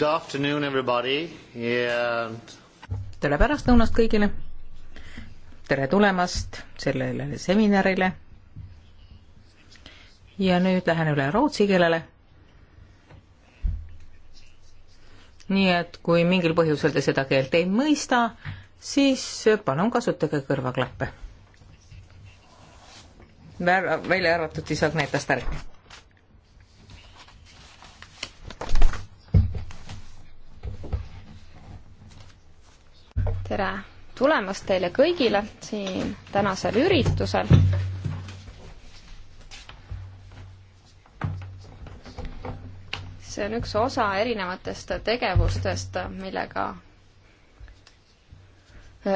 Good afternoon everybody yeah. tere pärastlõunast kõigile. tere tulemast sellele seminarile. ja nüüd lähen üle rootsi keelele. nii et kui mingil põhjusel te seda keelt ei mõista, siis palun kasutage kõrvaklappe. välja arvatud siis Agnetast ärk tere tulemast teile kõigile siin tänasel üritusel. see on üks osa erinevatest tegevustest, millega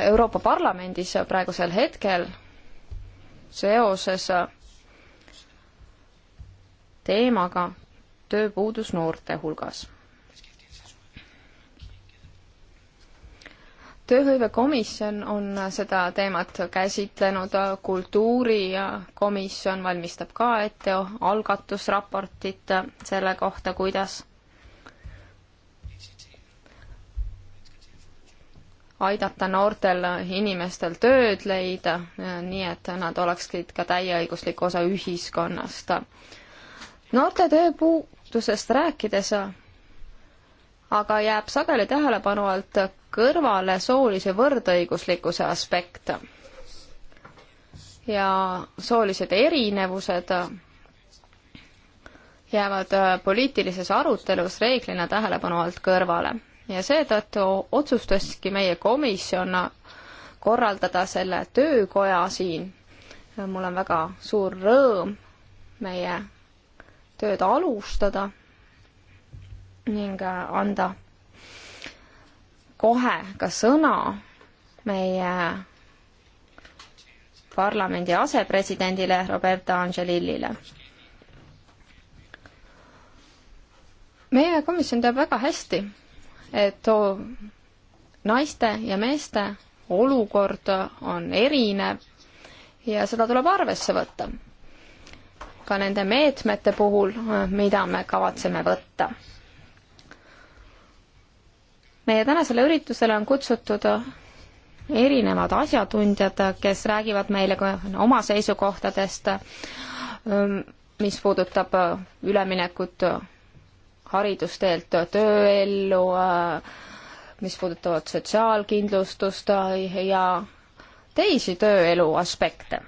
Euroopa Parlamendis praegusel hetkel seoses teemaga tööpuudus noorte hulgas tööhõivekomisjon on seda teemat käsitlenud, kultuurikomisjon valmistab ka ette algatusraportit selle kohta, kuidas aidata noortel inimestel tööd leida, nii et nad oleksid ka täieõiguslik osa ühiskonnast. noorte tööpuudusest rääkides aga jääb sageli tähelepanu alt kõrvale soolise võrdõiguslikkuse aspekt. ja soolised erinevused jäävad äh, poliitilises arutelus reeglina tähelepanu alt kõrvale ja seetõttu otsustaski meie komisjon korraldada selle töökoja siin. mul on väga suur rõõm meie tööd alustada ning äh, anda kohe ka sõna meie parlamendi asepresidendile Roberta Angelillile. meie komisjon teab väga hästi, et naiste ja meeste olukord on erinev ja seda tuleb arvesse võtta. ka nende meetmete puhul, äh, mida me kavatseme võtta meie tänasele üritusele on kutsutud erinevad asjatundjad, kes räägivad meile ka oma seisukohtadest, mis puudutab üleminekut haridusteelt tööellu, mis puudutavad sotsiaalkindlustust ja teisi tööelu aspekte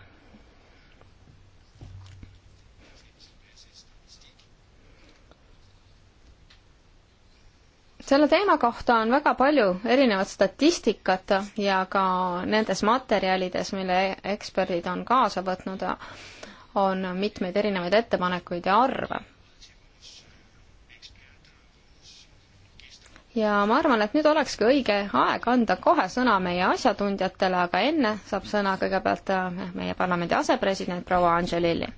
selle teema kohta on väga palju erinevat statistikat ja ka nendes materjalides, mille eksperdid on kaasa võtnud, on mitmeid erinevaid ettepanekuid ja arve. ja ma arvan, et nüüd olekski õige aeg anda kohe sõna meie asjatundjatele, aga enne saab sõna kõigepealt meie parlamendi asepresident proua Angelilli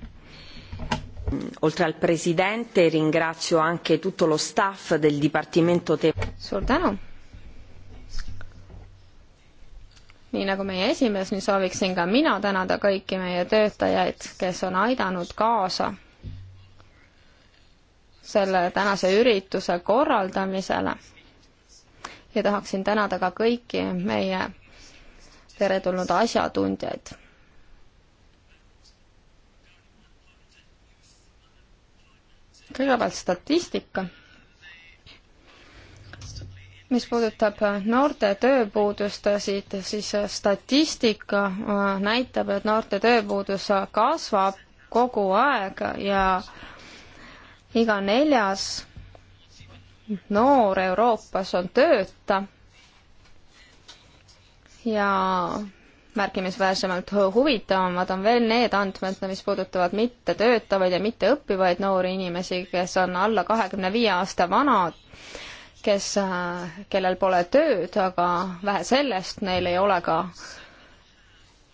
Mm, oltre al presidente ringrazio anche tutto lo staff del dipartimento te-. suur tänu. nii nagu meie esimees, nii sooviksin ka mina tänada kõiki meie töötajaid, kes on aidanud kaasa selle tänase ürituse korraldamisele. ja tahaksin tänada ka kõiki meie teretulnud asjatundjaid kõigepealt statistika, mis puudutab noorte tööpuudust, siit siis statistika äh, näitab, et noorte tööpuudus kasvab kogu aeg ja iga neljas noor Euroopas on tööta ja märkimisväärsemalt huvitavamad on veel need andmed, mis puudutavad mittetöötavaid ja mitteõppivaid noori inimesi, kes on alla kahekümne viie aasta vanad, kes, kellel pole tööd, aga vähe sellest, neil ei ole ka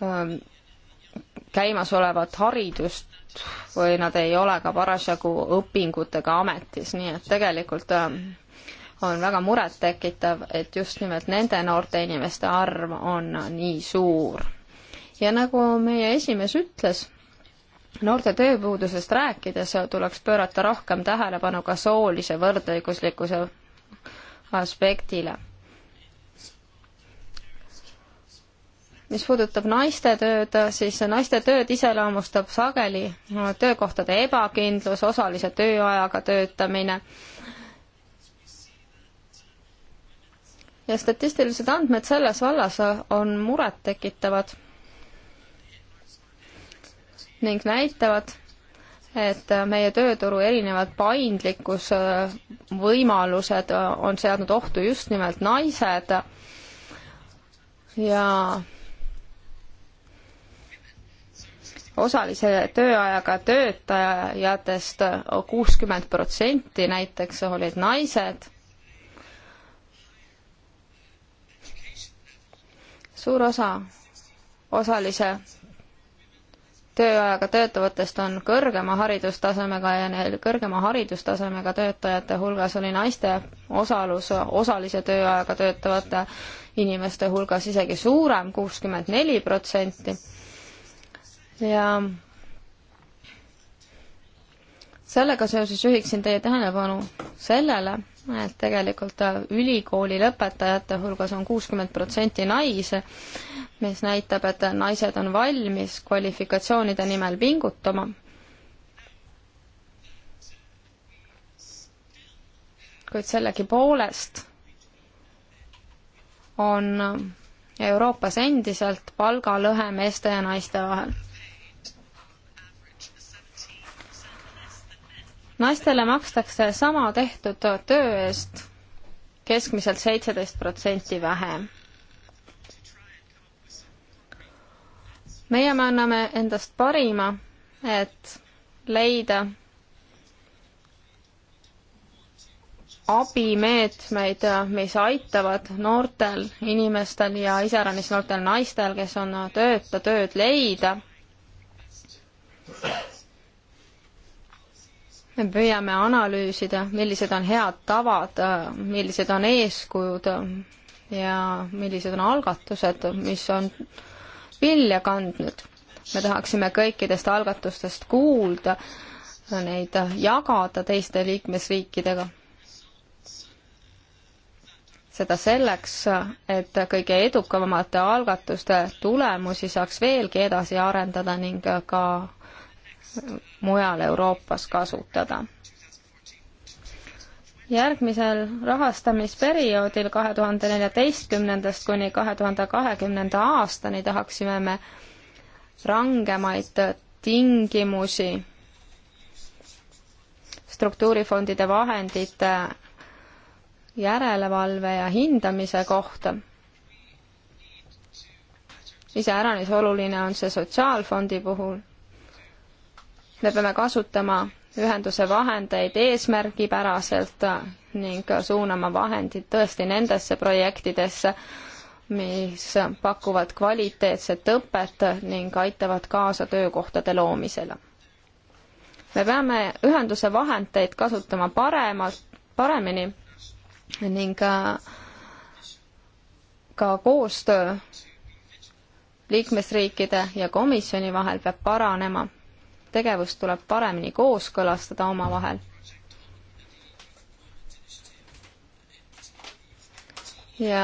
ähm, käimasolevat haridust või nad ei ole ka parasjagu õpingutega ametis, nii et tegelikult ähm, on väga murettekitav, et just nimelt nende noorte inimeste arv on nii suur. ja nagu meie esimees ütles, noorte tööpuudusest rääkides tuleks pöörata rohkem tähelepanu ka soolise võrdõiguslikkuse aspektile. mis puudutab naiste tööd, siis naiste tööd iseloomustab sageli töökohtade ebakindlus, osalise tööajaga töötamine ja statistilised andmed selles vallas on murettekitavad ning näitavad, et meie tööturu erinevad paindlikkusvõimalused on seadnud ohtu just nimelt naised ja osalise tööajaga töötajatest kuuskümmend protsenti näiteks olid naised suur osa osalise tööajaga töötavatest on kõrgema haridustasemega ja neil kõrgema haridustasemega töötajate hulgas oli naiste osalus osalise tööajaga töötavate inimeste hulgas isegi suurem, kuuskümmend neli protsenti. ja sellega seoses juhiksin teie tähelepanu sellele, et tegelikult ülikooli lõpetajate hulgas on kuuskümmend protsenti naisi, mis näitab, et naised on valmis kvalifikatsioonide nimel pingutama. kuid sellegipoolest on Euroopas endiselt palgalõhe meeste ja naiste vahel naistele makstakse sama tehtud töö eest keskmiselt seitseteist protsenti vähem. meie me anname endast parima, et leida abimeetmeid, mis aitavad noortel inimestel ja iseäranis noortel naistel, kes on tööta tööd leida me püüame analüüsida, millised on head tavad, millised on eeskujud ja millised on algatused, mis on vilja kandnud. me tahaksime kõikidest algatustest kuulda, neid jagada teiste liikmesriikidega. seda selleks, et kõige edukamate algatuste tulemusi saaks veelgi edasi arendada ning ka mujal Euroopas kasutada. järgmisel rahastamisperioodil kahe tuhande neljateistkümnendast kuni kahe tuhande kahekümnenda aastani tahaksime me rangemaid tingimusi struktuurifondide vahendite järelevalve ja hindamise kohta iseäranis oluline on see sotsiaalfondi puhul me peame kasutama ühenduse vahendeid eesmärgipäraselt ning suunama vahendid tõesti nendesse projektidesse, mis pakuvad kvaliteetset õpet ning aitavad kaasa töökohtade loomisele. me peame ühenduse vahendeid kasutama paremalt, paremini ning ka, äh, ka koostöö liikmesriikide ja komisjoni vahel peab paranema tegevust tuleb paremini kooskõlastada omavahel. ja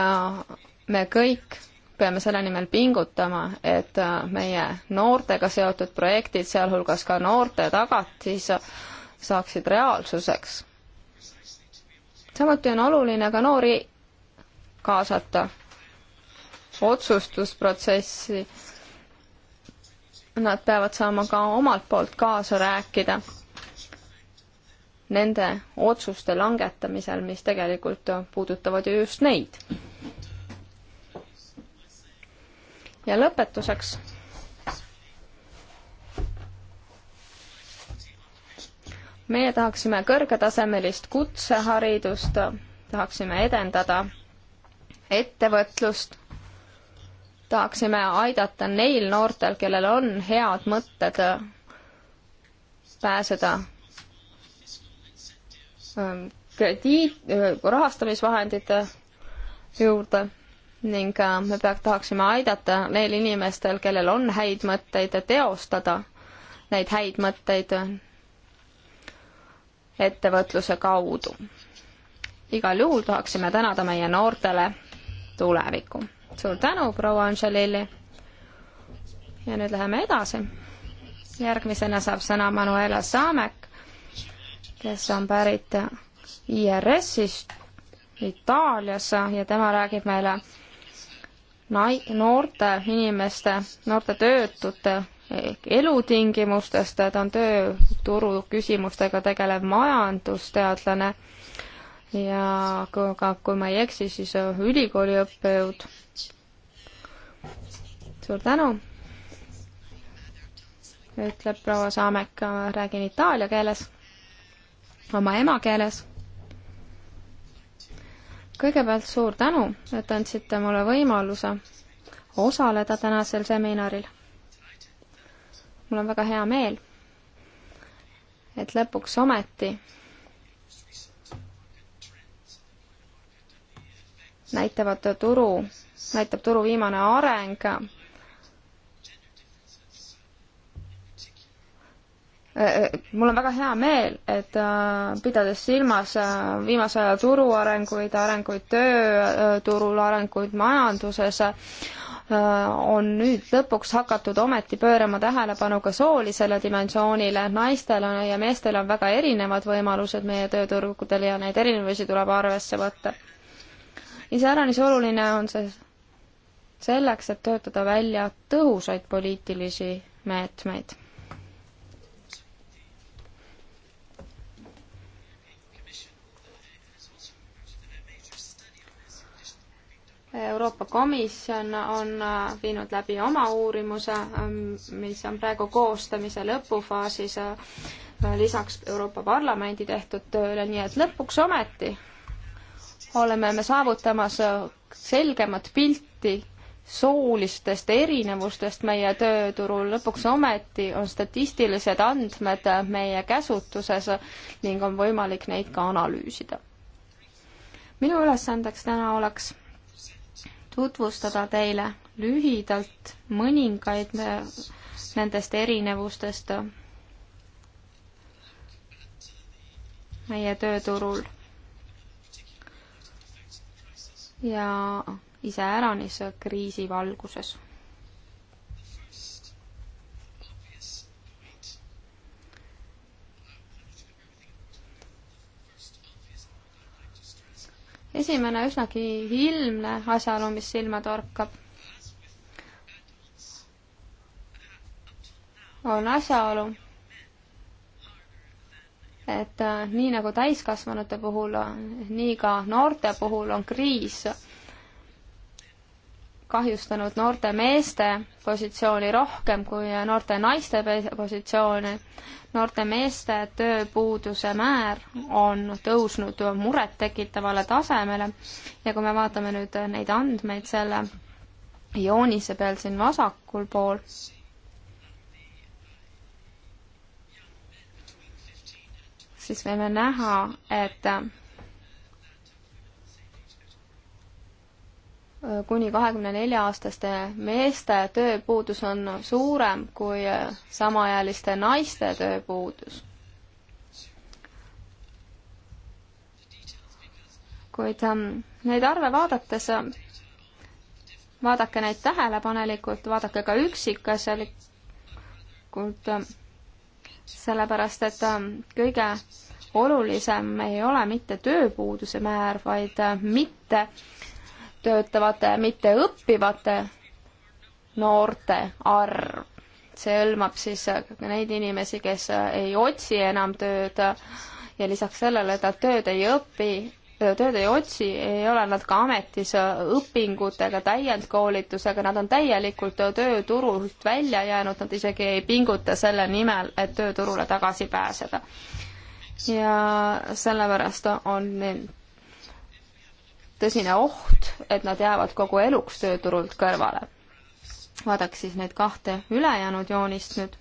me kõik peame selle nimel pingutama, et äh, meie noortega seotud projektid, sealhulgas ka noorte tagatis, saaksid reaalsuseks. samuti on oluline ka noori kaasata otsustusprotsessi nad peavad saama ka omalt poolt kaasa rääkida nende otsuste langetamisel, mis tegelikult puudutavad ju just neid. ja lõpetuseks. meie tahaksime kõrgetasemelist kutseharidust, tahaksime edendada ettevõtlust tahaksime aidata neil noortel, kellel on head mõtted äh, pääseda ähm, krediit, äh, rahastamisvahendite juurde ning äh, me peaks, tahaksime aidata neil inimestel, kellel on häid mõtteid, teostada neid häid mõtteid ettevõtluse kaudu. igal juhul tahaksime tänada meie noortele tulevikku suur tänu, proua Anželili. ja nüüd läheme edasi. järgmisena saab sõna Manuela Saamek, kes on pärit IRS-ist Itaalias ja tema räägib meile nai-, noorte inimeste, noorte töötute elutingimustest, ta on tööturu küsimustega tegelev majandusteadlane ja kui, aga kui ma ei eksi, siis äh, ülikooli õppejõud. suur tänu, ütleb proua Saamek, äh, räägin itaalia keeles, oma emakeeles. kõigepealt suur tänu, et andsite mulle võimaluse osaleda tänasel seminaril. mul on väga hea meel, et lõpuks ometi näitavad turu, näitab turu viimane areng. Äh, äh, mul on väga hea meel, et äh, pidades silmas viimase aja turu arenguid, arenguid tööturul, arenguid majanduses, on nüüd lõpuks hakatud ometi pöörama tähelepanu ka soolisele dimensioonile, naistel on ja meestel on väga erinevad võimalused meie tööturgudel ja neid erinevusi tuleb arvesse võtta iseäranis oluline on see selleks, et töötada välja tõhusaid poliitilisi meetmeid. Euroopa Komisjon on äh, viinud läbi oma uurimuse, ähm, mis on praegu koostamise lõpufaasis, äh, lisaks Euroopa Parlamendi tehtud tööle, nii et lõpuks ometi oleme me saavutamas selgemat pilti soolistest erinevustest meie tööturul. lõpuks ometi on statistilised andmed meie käsutuses ning on võimalik neid ka analüüsida. minu ülesandeks täna oleks tutvustada teile lühidalt mõningaid nendest erinevustest meie tööturul ja iseäranis kriisi valguses. esimene üsnagi ilmne asjaolu, mis silma torkab, on asjaolu, et äh, nii nagu täiskasvanute puhul, nii ka noorte puhul on kriis kahjustanud noorte meeste positsiooni rohkem kui noorte naiste positsiooni. noorte meeste tööpuuduse määr on tõusnud murettekitavale tasemele ja kui me vaatame nüüd neid andmeid selle joonise peal siin vasakul pool, siis võime näha, et äh, kuni kahekümne nelja aastaste meeste tööpuudus on suurem kui äh, samaealiste naiste tööpuudus. kuid ähm, neid arve vaadates, äh, vaadake neid tähelepanelikult, vaadake ka üksikasjalikult sellepärast et ähm, kõige olulisem ei ole mitte tööpuuduse määr, vaid äh, mitte töötavate, mitte õppivate noorte arv. see hõlmab siis äh, neid inimesi, kes äh, ei otsi enam tööd ja lisaks sellele, et nad tööd ei õpi, tööd ei otsi, ei ole nad ka ametis õpingutega, täiendkoolitusega, nad on täielikult tööturult välja jäänud, nad isegi ei pinguta selle nimel, et tööturule tagasi pääseda. ja sellepärast on tõsine oht, et nad jäävad kogu eluks tööturult kõrvale. vaadaks siis neid kahte ülejäänud joonist nüüd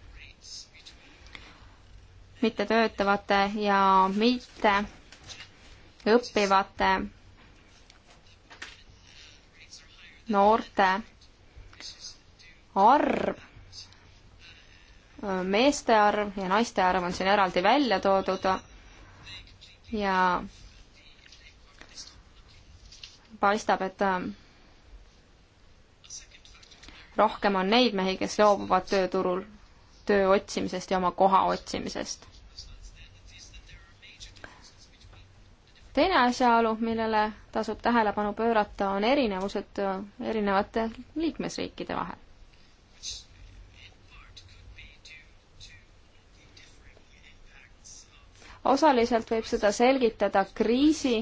mittetöötavate ja mitte õppivate noorte arv, meeste arv ja naiste arv on siin eraldi välja toodud ja paistab, et rohkem on neid mehi, kes loobuvad tööturul töö otsimisest ja oma koha otsimisest. teine asjaolu, millele tasub tähelepanu pöörata, on erinevused äh, erinevate liikmesriikide vahel. osaliselt võib seda selgitada kriisi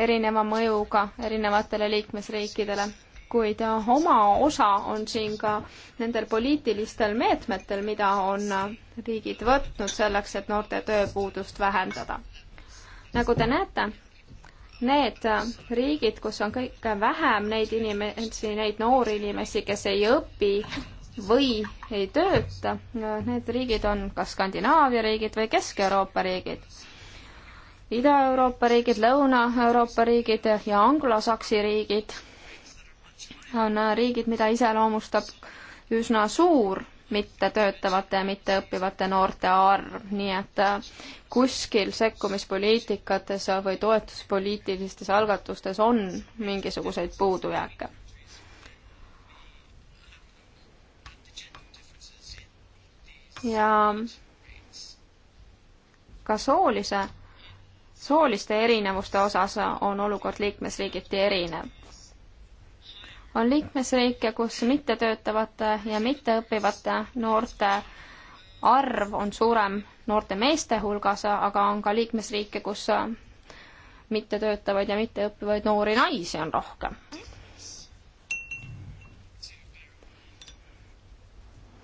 erineva mõjuga erinevatele liikmesriikidele, kuid äh, oma osa on siin ka nendel poliitilistel meetmetel, mida on äh, riigid võtnud selleks, et noorte tööpuudust vähendada nagu te näete, need riigid, kus on kõige vähem neid inimesi, neid noori inimesi, kes ei õpi või ei tööta, need riigid on kas Skandinaavia riigid või Kesk-Euroopa riigid. Ida-Euroopa riigid, Lõuna-Euroopa riigid ja anglosaksi riigid on riigid, mida iseloomustab üsna suur mittetöötavate ja mitteõppivate noorte arv, nii et äh, kuskil sekkumispoliitikates või toetuspoliitilistes algatustes on mingisuguseid puudujääke. ja ka soolise, sooliste erinevuste osas on olukord liikmesriigiti erinev on liikmesriike, kus mittetöötavate ja mitteõppivate noorte arv on suurem noorte meeste hulgas, aga on ka liikmesriike, kus mittetöötavaid ja mitteõppivaid noori naisi on rohkem.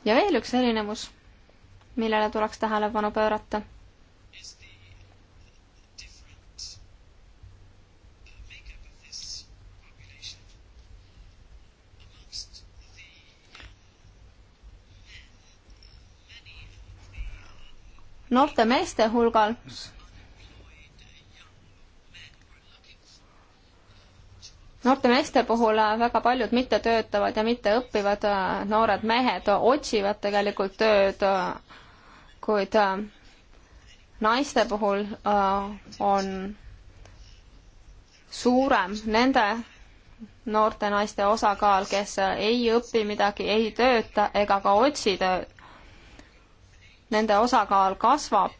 ja veel üks erinevus, millele tuleks tähelepanu pöörata noorte meeste hulgas. noorte meeste puhul väga paljud mittetöötavad ja mitteõppivad äh, noored mehed otsivad tegelikult tööd, äh, kuid äh, naiste puhul on suurem nende noorte naiste osakaal, kes ei õpi midagi, ei tööta ega ka otsi tööd nende osakaal kasvab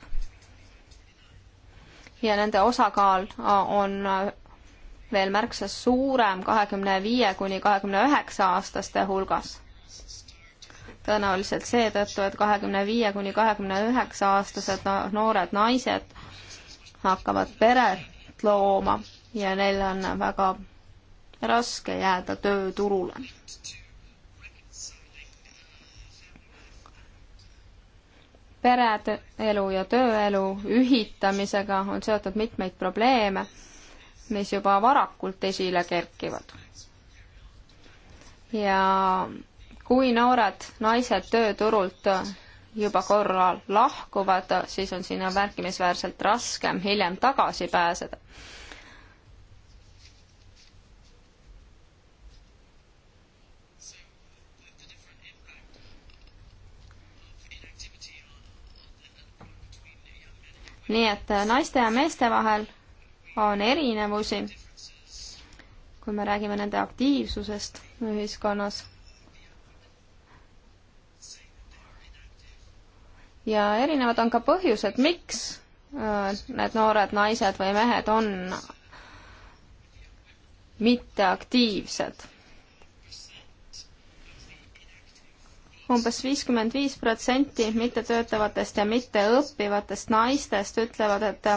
ja nende osakaal äh, on äh, veel märksa suurem kahekümne viie kuni kahekümne üheksa aastaste hulgas. tõenäoliselt seetõttu, et kahekümne viie kuni kahekümne üheksa aastased noored naised hakkavad peret looma ja neil on väga raske jääda tööturule. pereelu ja tööelu ühitamisega on seotud mitmeid probleeme, mis juba varakult esile kerkivad. ja kui noored naised tööturult juba korra lahkuvad, siis on sinna märkimisväärselt raskem hiljem tagasi pääseda nii et äh, naiste ja meeste vahel on erinevusi, kui me räägime nende aktiivsusest ühiskonnas. ja erinevad on ka põhjused, miks äh, need noored naised või mehed on mitteaktiivsed umbes viiskümmend viis protsenti mittetöötavatest ja mitteõppivatest naistest ütlevad, et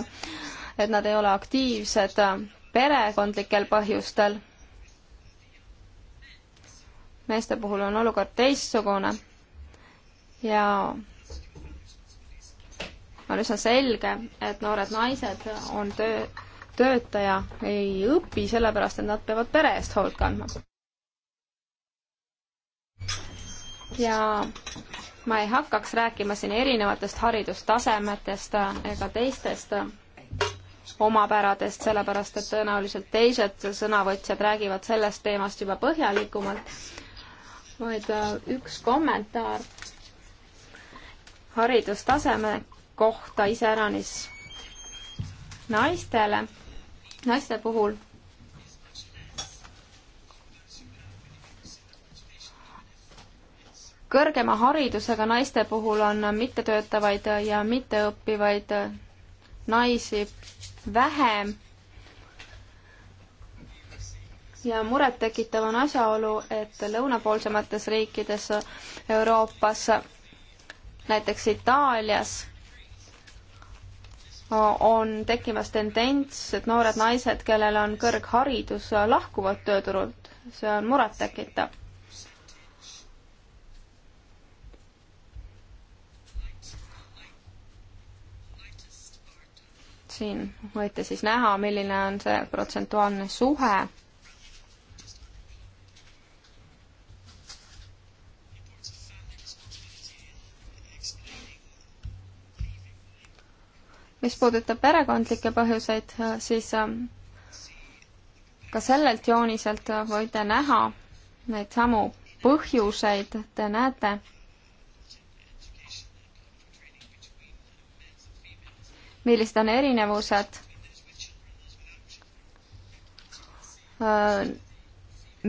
et nad ei ole aktiivsed perekondlikel põhjustel. meeste puhul on olukord teistsugune ja on üsna selge, et noored naised on töö, töötaja ei õpi sellepärast, et nad peavad pere eest hoolt kandma. ja ma ei hakkaks rääkima siin erinevatest haridustasemetest ega teistest omapäradest, sellepärast et tõenäoliselt teised sõnavõtjad räägivad sellest teemast juba põhjalikumalt, vaid äh, üks kommentaar haridustaseme kohta iseäranis naistele, naiste puhul kõrgema haridusega naiste puhul on mittetöötavaid ja mitteõppivaid naisi vähem. ja murettekitav on asjaolu, et lõunapoolsemates riikides Euroopas, näiteks Itaalias, on tekkimas tendents, et noored naised, kellel on kõrgharidus, lahkuvad tööturult. see on murettekitav siin võite siis näha, milline on see protsentuaalne suhe mis puudutab perekondlikke põhjuseid, siis äh, ka sellelt jooniselt võite näha neid samu põhjuseid, te näete, millised on erinevused äh,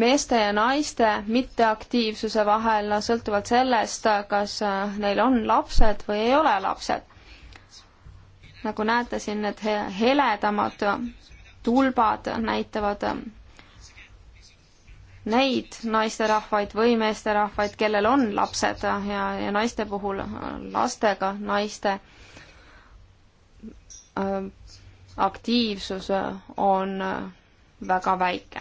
meeste ja naiste mitteaktiivsuse vahel no, sõltuvalt sellest, kas äh, neil on lapsed või ei ole lapsed. nagu näete, siin need heledamad tulbad näitavad äh, neid naisterahvaid või meesterahvaid, kellel on lapsed ja, ja naiste puhul lastega naiste äh, Äh, aktiivsus äh, on äh, väga väike.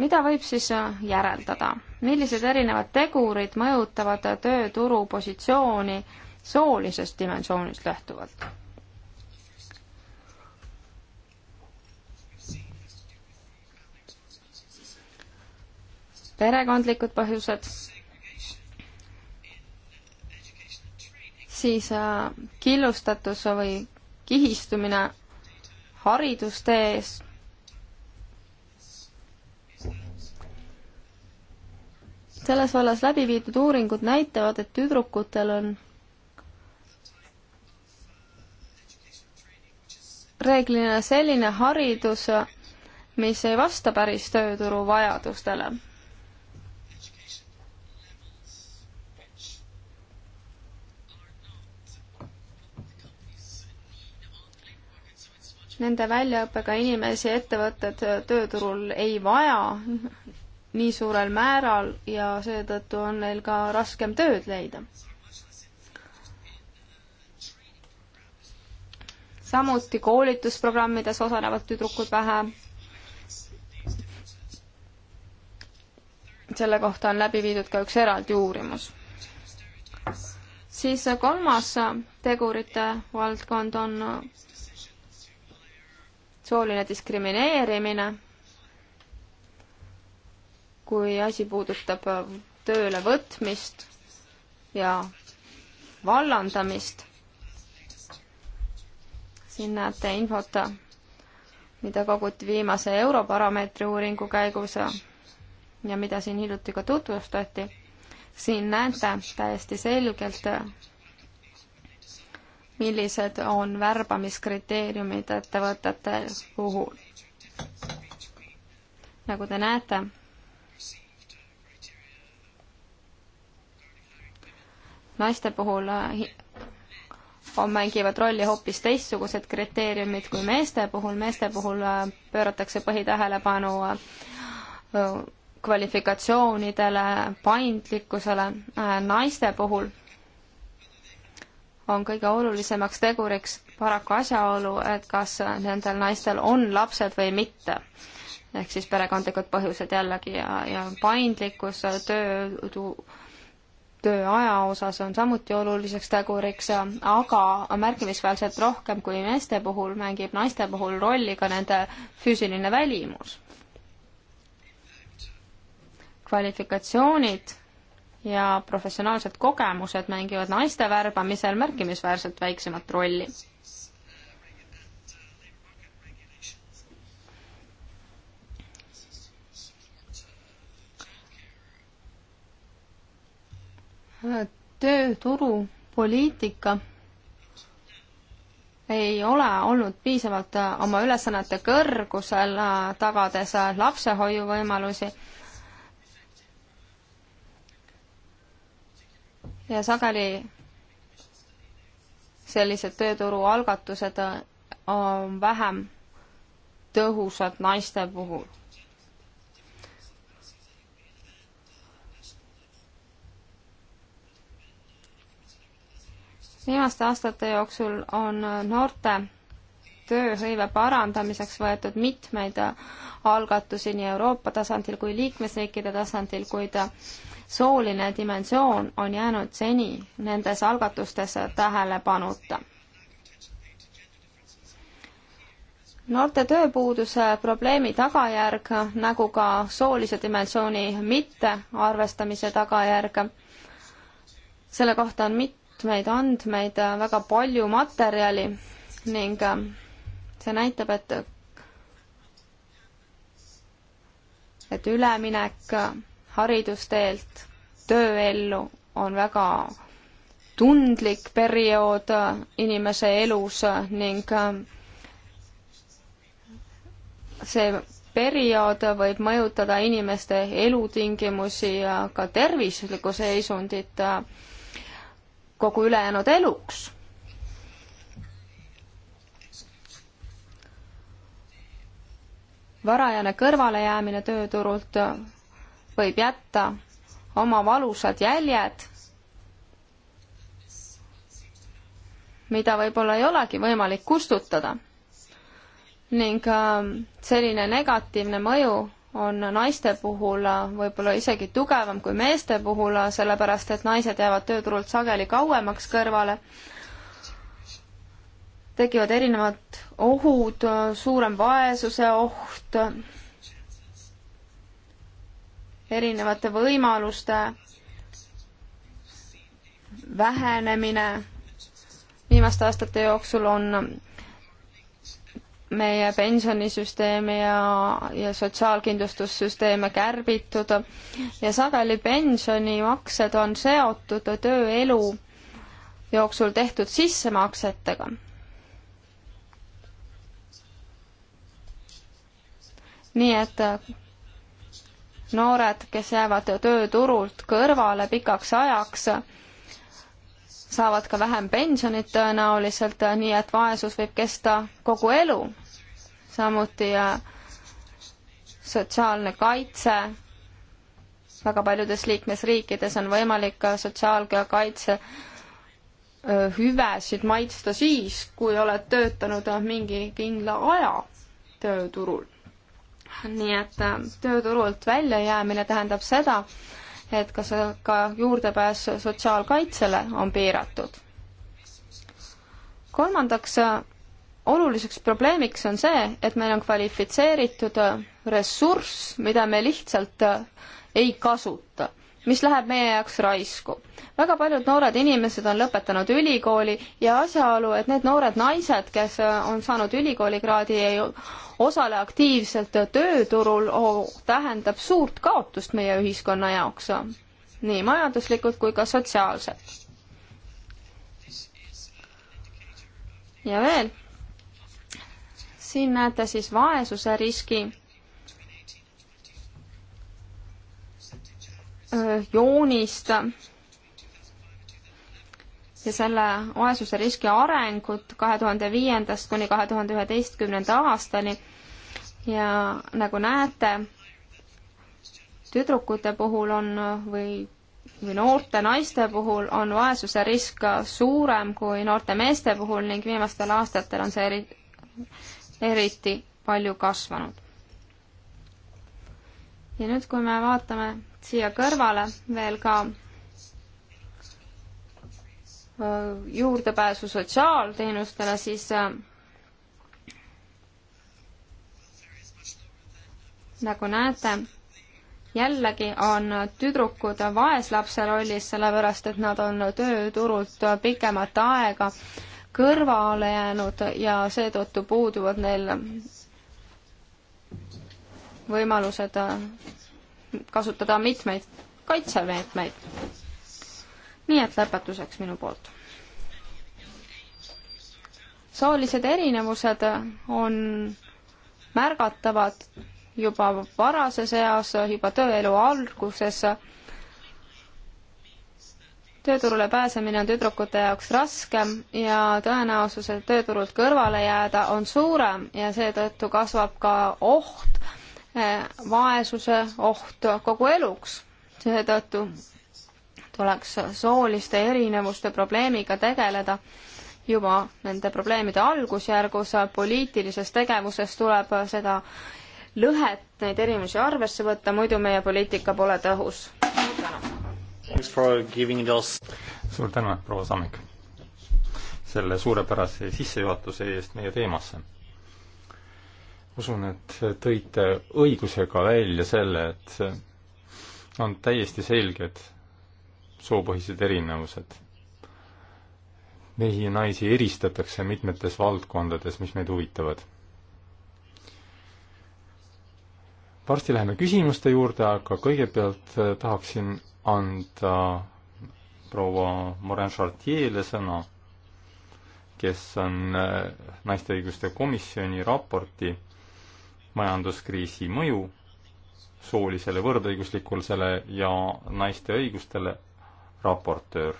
mida võib siis järeldada? millised erinevad tegurid mõjutavad tööturu positsiooni soolisest dimensioonist lähtuvalt? perekondlikud põhjused siis äh, killustatus või kihistumine haridustee ees. selles vallas läbi viidud uuringud näitavad, et tüdrukutel on reeglina selline haridus, mis ei vasta päris tööturu vajadustele nende väljaõppega inimesi ettevõtted äh, tööturul ei vaja nii suurel määral ja seetõttu on neil ka raskem tööd leida. samuti koolitusprogrammides osalevad tüdrukud vähe. selle kohta on läbi viidud ka üks eraldi uurimus siis kolmas tegurite valdkond on sooline diskrimineerimine, kui asi puudutab tööle võtmist ja vallandamist. siin näete infot, mida koguti viimase Europarameetri uuringu käigus ja mida siin hiljuti ka tutvustati. siin näete täiesti selgelt millised on värbamiskriteeriumid ettevõtete puhul. nagu te näete, naiste puhul eh, on, mängivad rolli hoopis teistsugused kriteeriumid kui meeste puhul. meeste puhul eh, pööratakse põhitähelepanu eh, kvalifikatsioonidele, paindlikkusele. naiste puhul on kõige olulisemaks teguriks paraku asjaolu, et kas nendel naistel on lapsed või mitte. ehk siis perekondlikud põhjused jällegi ja, ja paindlikkus töö, tööaja osas on samuti oluliseks teguriks, aga märkimisväärselt rohkem kui meeste puhul mängib naiste puhul rolli ka nende füüsiline välimus. kvalifikatsioonid ja professionaalsed kogemused mängivad naiste värbamisel märkimisväärselt väiksemat rolli. tööturu poliitika ei ole olnud piisavalt oma ülesannete kõrgusel, tagades lapsehoiuvõimalusi ja sageli sellised tööturualgatused äh, on vähem tõhusad naiste puhul. viimaste aastate jooksul on noorte tööhõive parandamiseks võetud mitmeid algatusi nii Euroopa tasandil kui liikmesriikide tasandil, kuid ta sooline dimensioon on jäänud seni nendes algatustes tähelepanuta noorte tööpuuduse probleemi tagajärg nagu ka soolise dimensiooni mittearvestamise tagajärg. selle kohta on mitmeid andmeid, väga palju materjali ning see näitab, et et üleminek haridusteelt tööellu on väga tundlik periood inimese elus ning äh, see periood võib mõjutada inimeste elutingimusi ja ka tervislikku seisundit äh, kogu ülejäänud eluks. varajane kõrvalejäämine tööturult võib jätta oma valusad jäljed, mida võib-olla ei olegi võimalik kustutada. ning ähm, selline negatiivne mõju on naiste puhul äh, võib-olla isegi tugevam kui meeste puhul, äh, sellepärast et naised jäävad tööturult sageli kauemaks kõrvale, tekivad erinevad ohud, äh, suurem vaesuse oht erinevate võimaluste vähenemine viimaste aastate jooksul on meie pensionisüsteemi ja, ja sotsiaalkindlustussüsteeme kärbitud ja sageli pensionimaksed on seotud tööelu jooksul tehtud sissemaksetega. nii et noored, kes jäävad tööturult kõrvale pikaks ajaks, saavad ka vähem pensionit tõenäoliselt, nii et vaesus võib kesta kogu elu. samuti äh, sotsiaalne kaitse, väga paljudes liikmesriikides on võimalik ka äh, sotsiaalkaitse äh, hüvesid maitsta siis, kui oled töötanud mingi kindla aja tööturul nii et äh, tööturult väljajäämine tähendab seda, et kas ka juurdepääs sotsiaalkaitsele on piiratud. kolmandaks äh, oluliseks probleemiks on see, et meil on kvalifitseeritud äh, ressurss, mida me lihtsalt ei kasuta mis läheb meie jaoks raisku. väga paljud noored inimesed on lõpetanud ülikooli ja asjaolu, et need noored naised, kes äh, on saanud ülikoolikraadi, ei osale aktiivselt äh, tööturul oh,, tähendab suurt kaotust meie ühiskonna jaoks, äh, nii majanduslikult kui ka sotsiaalselt. ja veel, siin näete siis vaesuse riski Äh, joonist ja selle vaesuse riski arengut kahe tuhande viiendast kuni kahe tuhande üheteistkümnenda aastani. ja nagu näete, tüdrukute puhul on või, või noorte naiste puhul on vaesuse risk suurem kui noorte meeste puhul ning viimastel aastatel on see eri, eriti palju kasvanud. ja nüüd, kui me vaatame siia kõrvale veel ka juurdepääsu sotsiaalteenustele, siis nagu näete, jällegi on tüdrukud vaeslapse rollis, sellepärast et nad on tööturult pikemat aega kõrvale jäänud ja seetõttu puuduvad neil võimalused kasutada mitmeid kaitsemeetmeid. nii et lõpetuseks minu poolt. soolised erinevused on märgatavad juba varases eas, juba tööelu alguses. tööturule pääsemine on tüdrukute jaoks raskem ja tõenäosus, et tööturult kõrvale jääda, on suurem ja seetõttu kasvab ka oht Äh, vaesuse oht kogu eluks. seetõttu tuleks sooliste erinevuste probleemiga tegeleda juba nende probleemide algusjärgus, poliitilises tegevuses tuleb seda lõhet, neid erinevusi arvesse võtta, muidu meie poliitika pole tõhus. suur tänu, proua Sammik, selle suurepärase sissejuhatuse eest meie teemasse usun, et tõite õigusega välja selle, et on täiesti selged soopõhised erinevused. mehi ja naisi eristatakse mitmetes valdkondades, mis meid huvitavad. varsti läheme küsimuste juurde, aga kõigepealt eh, tahaksin anda proua Morin Chartier'le sõna, kes on eh, naiste õiguste komisjoni raporti majanduskriisi mõju soolisele võrdõiguslikkusele ja naiste õigustele, raportöör.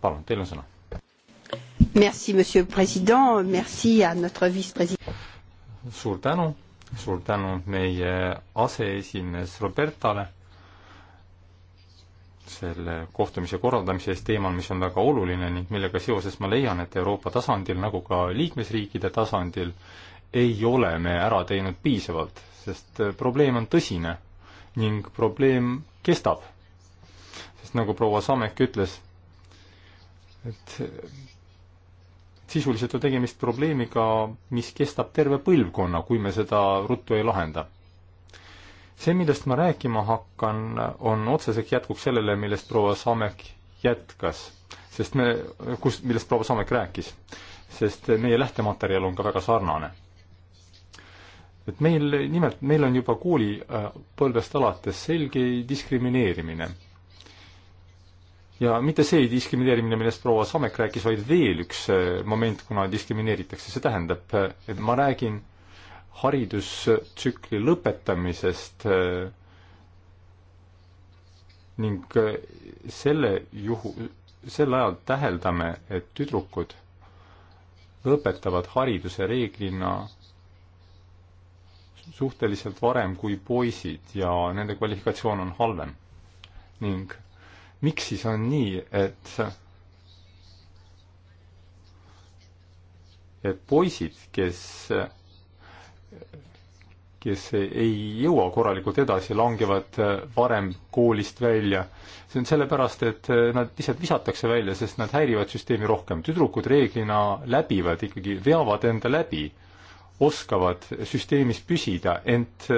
palun, teil on sõna. Merci, monsieur president, merci à notre vice-president. suur tänu, suur tänu meie aseesimees Robertale selle kohtumise korraldamise eest teemal, mis on väga oluline ning millega seoses ma leian, et Euroopa tasandil nagu ka liikmesriikide tasandil ei ole me ära teinud piisavalt, sest äh, probleem on tõsine ning probleem kestab. sest nagu proua Samek ütles, et äh, sisuliselt on tegemist probleemiga, mis kestab terve põlvkonna, kui me seda ruttu ei lahenda see, millest ma rääkima hakkan, on otseseks jätkuks sellele, millest proua Samek jätkas, sest me, kus, millest proua Samek rääkis. sest meie lähtematerjal on ka väga sarnane. et meil, nimelt meil on juba koolipõlvest äh, alates selge diskrimineerimine. ja mitte see diskrimineerimine, millest proua Samek rääkis, vaid veel üks äh, moment, kuna diskrimineeritakse, see tähendab, äh, et ma räägin haridustsükli lõpetamisest äh, ning äh, selle juhu, sel ajal täheldame, et tüdrukud lõpetavad hariduse reeglina suhteliselt varem kui poisid ja nende kvalifikatsioon on halvem. ning miks siis on nii, et et poisid, kes kes ei jõua korralikult edasi, langevad varem koolist välja. see on sellepärast, et nad lihtsalt visatakse välja, sest nad häirivad süsteemi rohkem. tüdrukud reeglina läbivad ikkagi, veavad enda läbi, oskavad süsteemis püsida, ent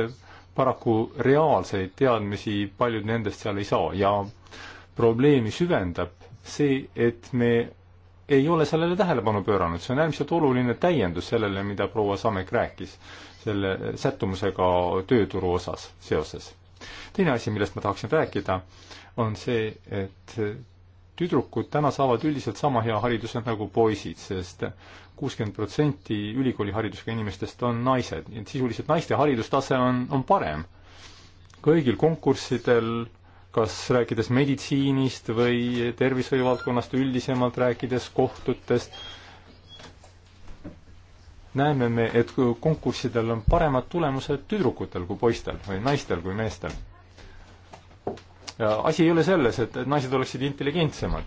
paraku reaalseid teadmisi paljud nendest seal ei saa ja probleemi süvendab see, et me ei ole sellele tähelepanu pööranud, see on äärmiselt oluline täiendus sellele, mida proua Samek rääkis selle sättumusega tööturu osas seoses. teine asi, millest ma tahaksin rääkida, on see, et tüdrukud täna saavad üldiselt sama hea hariduse nagu poisid, sest kuuskümmend protsenti ülikooliharidusega inimestest on naised, nii et sisuliselt naiste haridustase on, on parem. kõigil konkurssidel, kas rääkides meditsiinist või tervishoiu valdkonnast üldisemalt, rääkides kohtutest, näeme me, et konkurssidel on paremad tulemused tüdrukutel kui poistel või naistel kui meestel. asi ei ole selles, et, et naised oleksid intelligentsemad,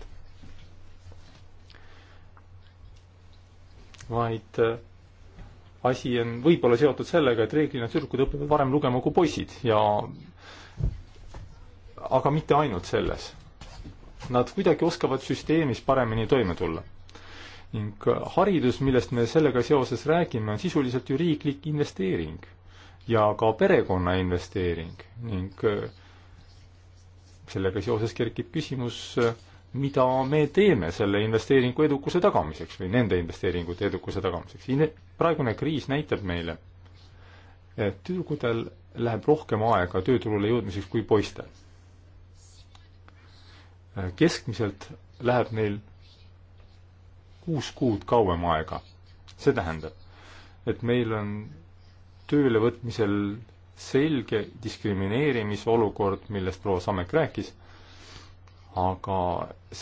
vaid äh, asi on võib-olla seotud sellega, et reeglina tüdrukud õpivad varem lugema kui poisid ja aga mitte ainult selles. Nad kuidagi oskavad süsteemis paremini toime tulla ning haridus, millest me sellega seoses räägime, on sisuliselt ju riiklik investeering ja ka perekonna investeering ning äh, sellega seoses kerkib küsimus, äh, mida me teeme selle investeeringu edukuse tagamiseks või nende investeeringute edukuse tagamiseks. praegune kriis näitab meile, et tüdrukudel läheb rohkem aega tööturule jõudmiseks kui poistel. Äh, keskmiselt läheb neil kuus kuud kauem aega. see tähendab, et meil on töölevõtmisel selge diskrimineerimisolukord, millest proua Samek rääkis, aga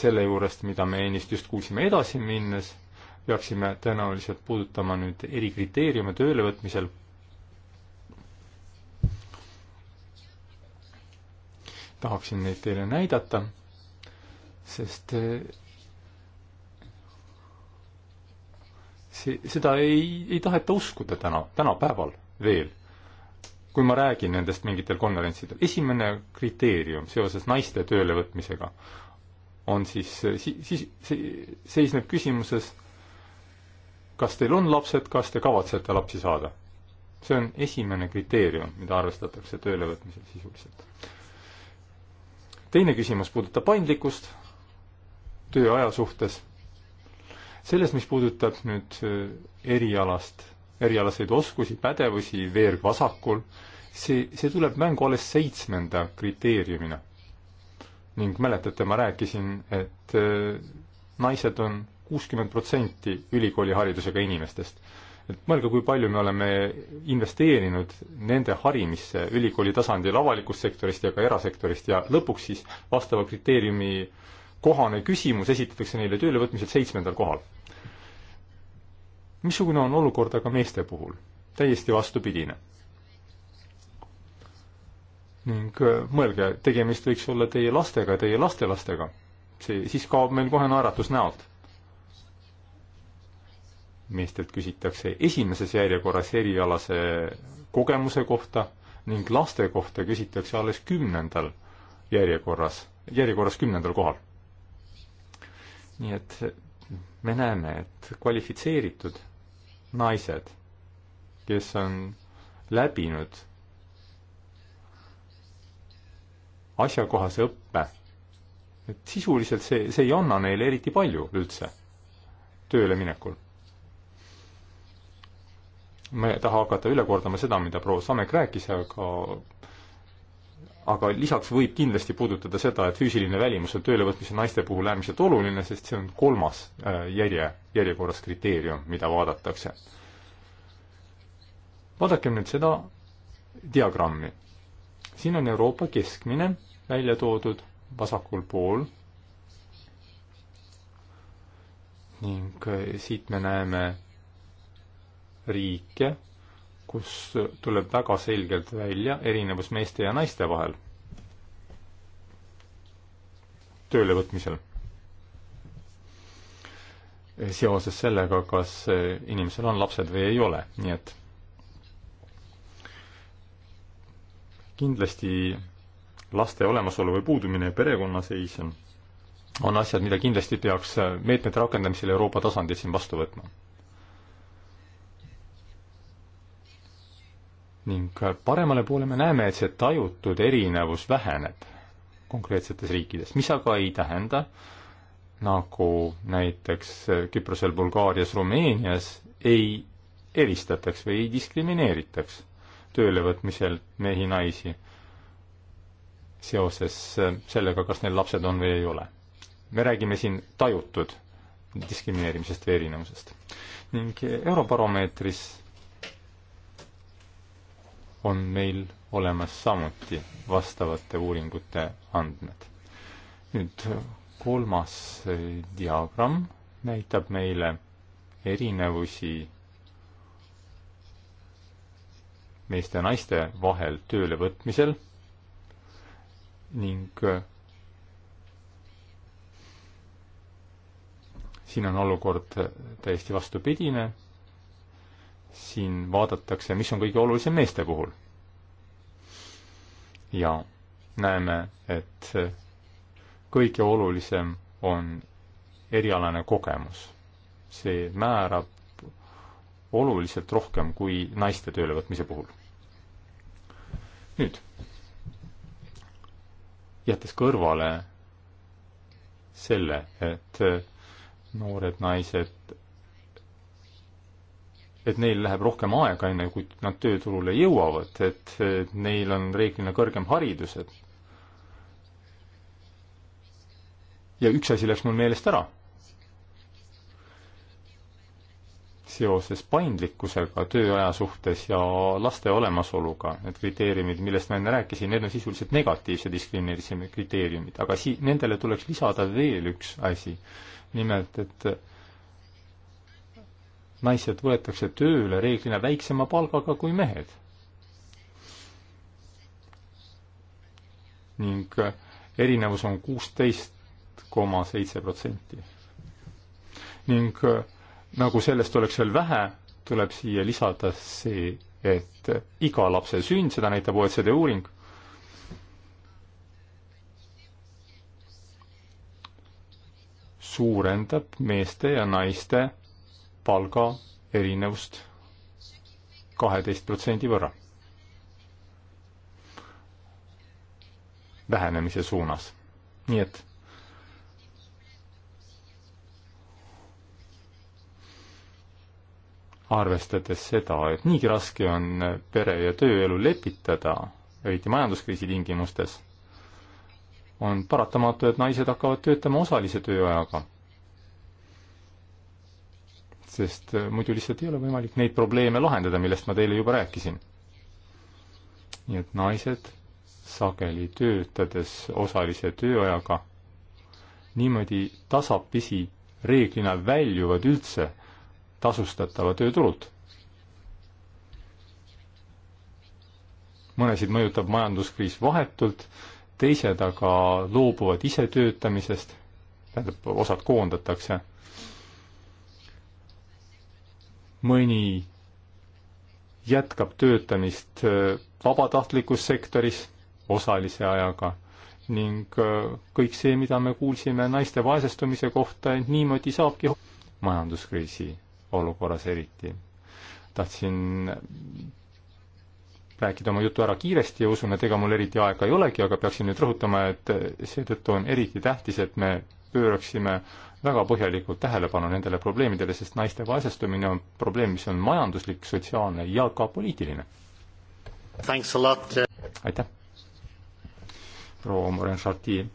selle juurest, mida me ennist just kuulsime edasi minnes, peaksime tõenäoliselt puudutama nüüd erikriteeriume töölevõtmisel. tahaksin neid teile näidata, sest see, seda ei, ei taheta uskuda täna, tänapäeval veel. kui ma räägin nendest mingitel konverentsidel, esimene kriteerium seoses naiste töölevõtmisega on siis, siis see seisneb küsimuses, kas teil on lapsed, kas te kavatsete lapsi saada? see on esimene kriteerium, mida arvestatakse töölevõtmisel sisuliselt. teine küsimus puudutab paindlikkust tööaja suhtes selles, mis puudutab nüüd äh, erialast, erialaseid oskusi, pädevusi veerg vasakul, see, see tuleb mängu alles seitsmenda kriteeriumina. ning mäletate, ma rääkisin, et äh, naised on kuuskümmend protsenti ülikooliharidusega inimestest. et mõelge, kui palju me oleme investeerinud nende harimisse ülikooli tasandil avalikust sektorist ja ka erasektorist ja lõpuks siis vastava kriteeriumi kohane küsimus esitatakse neile töölevõtmisel seitsmendal kohal missugune on olukord aga meeste puhul? täiesti vastupidine. ning äh, mõelge, tegemist võiks olla teie lastega, teie lastelastega. see, siis kaob meil kohe naeratus näolt. meestelt küsitakse esimeses järjekorras erialase kogemuse kohta ning laste kohta küsitakse alles kümnendal järjekorras, järjekorras kümnendal kohal. nii et me näeme, et kvalifitseeritud naised, kes on läbinud asjakohase õppe. et sisuliselt see, see ei anna neile eriti palju üldse tööle minekul. ma ei taha hakata üle kordama seda, mida proua Samek rääkis, aga aga lisaks võib kindlasti puudutada seda, et füüsiline välimus on töölevõtmise naiste puhul äärmiselt oluline, sest see on kolmas äh, järje, järjekorras kriteerium, mida vaadatakse. vaadakem nüüd seda diagrammi. siin on Euroopa keskmine välja toodud vasakul pool ning äh, siit me näeme riike kus tuleb väga selgelt välja erinevus meeste ja naiste vahel töölevõtmisel. seoses sellega, kas inimesel on lapsed või ei ole, nii et kindlasti laste olemasolu või puudumine perekonnaseis on asjad, mida kindlasti peaks meetmete rakendamisel Euroopa tasandil siin vastu võtma ning paremale poole me näeme, et see tajutud erinevus väheneb konkreetsetes riikides, mis aga ei tähenda, nagu näiteks Küprosel, Bulgaarias, Rumeenias ei eristataks või ei diskrimineeritaks töölevõtmisel mehi-naisi seoses sellega, kas neil lapsed on või ei ole. me räägime siin tajutud diskrimineerimisest või erinevusest. ning Eurobaromeetris on meil olemas samuti vastavate uuringute andmed. nüüd kolmas eh, diagramm näitab meile erinevusi meeste ja naiste vahel tööle võtmisel ning eh, siin on olukord eh, täiesti vastupidine siin vaadatakse, mis on kõige olulisem meeste puhul. ja näeme, et kõige olulisem on erialane kogemus. see määrab oluliselt rohkem kui naiste töölevõtmise puhul. nüüd, jättes kõrvale selle, et noored naised et neil läheb rohkem aega, enne kui nad tööturule jõuavad, et neil on reeglina kõrgem haridus, et ja üks asi läks mul meelest ära. seoses paindlikkusega tööaja suhtes ja laste olemasoluga, need kriteeriumid, millest ma enne rääkisin, need on sisuliselt negatiivse diskrimineerimise kriteeriumid, aga sii-, nendele tuleks lisada veel üks asi. nimelt, et naised võetakse tööle reeglina väiksema palgaga kui mehed. ning erinevus on kuusteist koma seitse protsenti. ning äh, nagu sellest oleks veel vähe, tuleb siia lisada see, et iga lapse sünd, seda näitab OECD uuring, suurendab meeste ja naiste palga erinevust kaheteist protsendi võrra vähenemise suunas. nii et arvestades seda, et niigi raske on pere- ja tööelu lepitada, eriti majanduskriisi tingimustes, on paratamatu, et naised hakkavad töötama osalise tööajaga sest äh, muidu lihtsalt ei ole võimalik neid probleeme lahendada, millest ma teile juba rääkisin. nii et naised sageli töötades osalise tööajaga niimoodi tasapisi reeglina väljuvad üldse tasustatava tööturult. mõnesid mõjutab majanduskriis vahetult, teised aga loobuvad ise töötamisest, tähendab, osad koondatakse mõni jätkab töötamist äh, vabatahtlikus sektoris osalise ajaga ning äh, kõik see, mida me kuulsime naiste vaesestumise kohta, niimoodi saabki majanduskriisi olukorras eriti. tahtsin rääkida oma jutu ära kiiresti ja usun, et ega mul eriti aega ei olegi, aga peaksin nüüd rõhutama, et seetõttu on eriti tähtis, et me pööraksime väga põhjalikult tähelepanu nendele probleemidele, sest naiste vaesestumine on probleem, mis on majanduslik, sotsiaalne ja ka poliitiline. aitäh! proua Morin Chartier.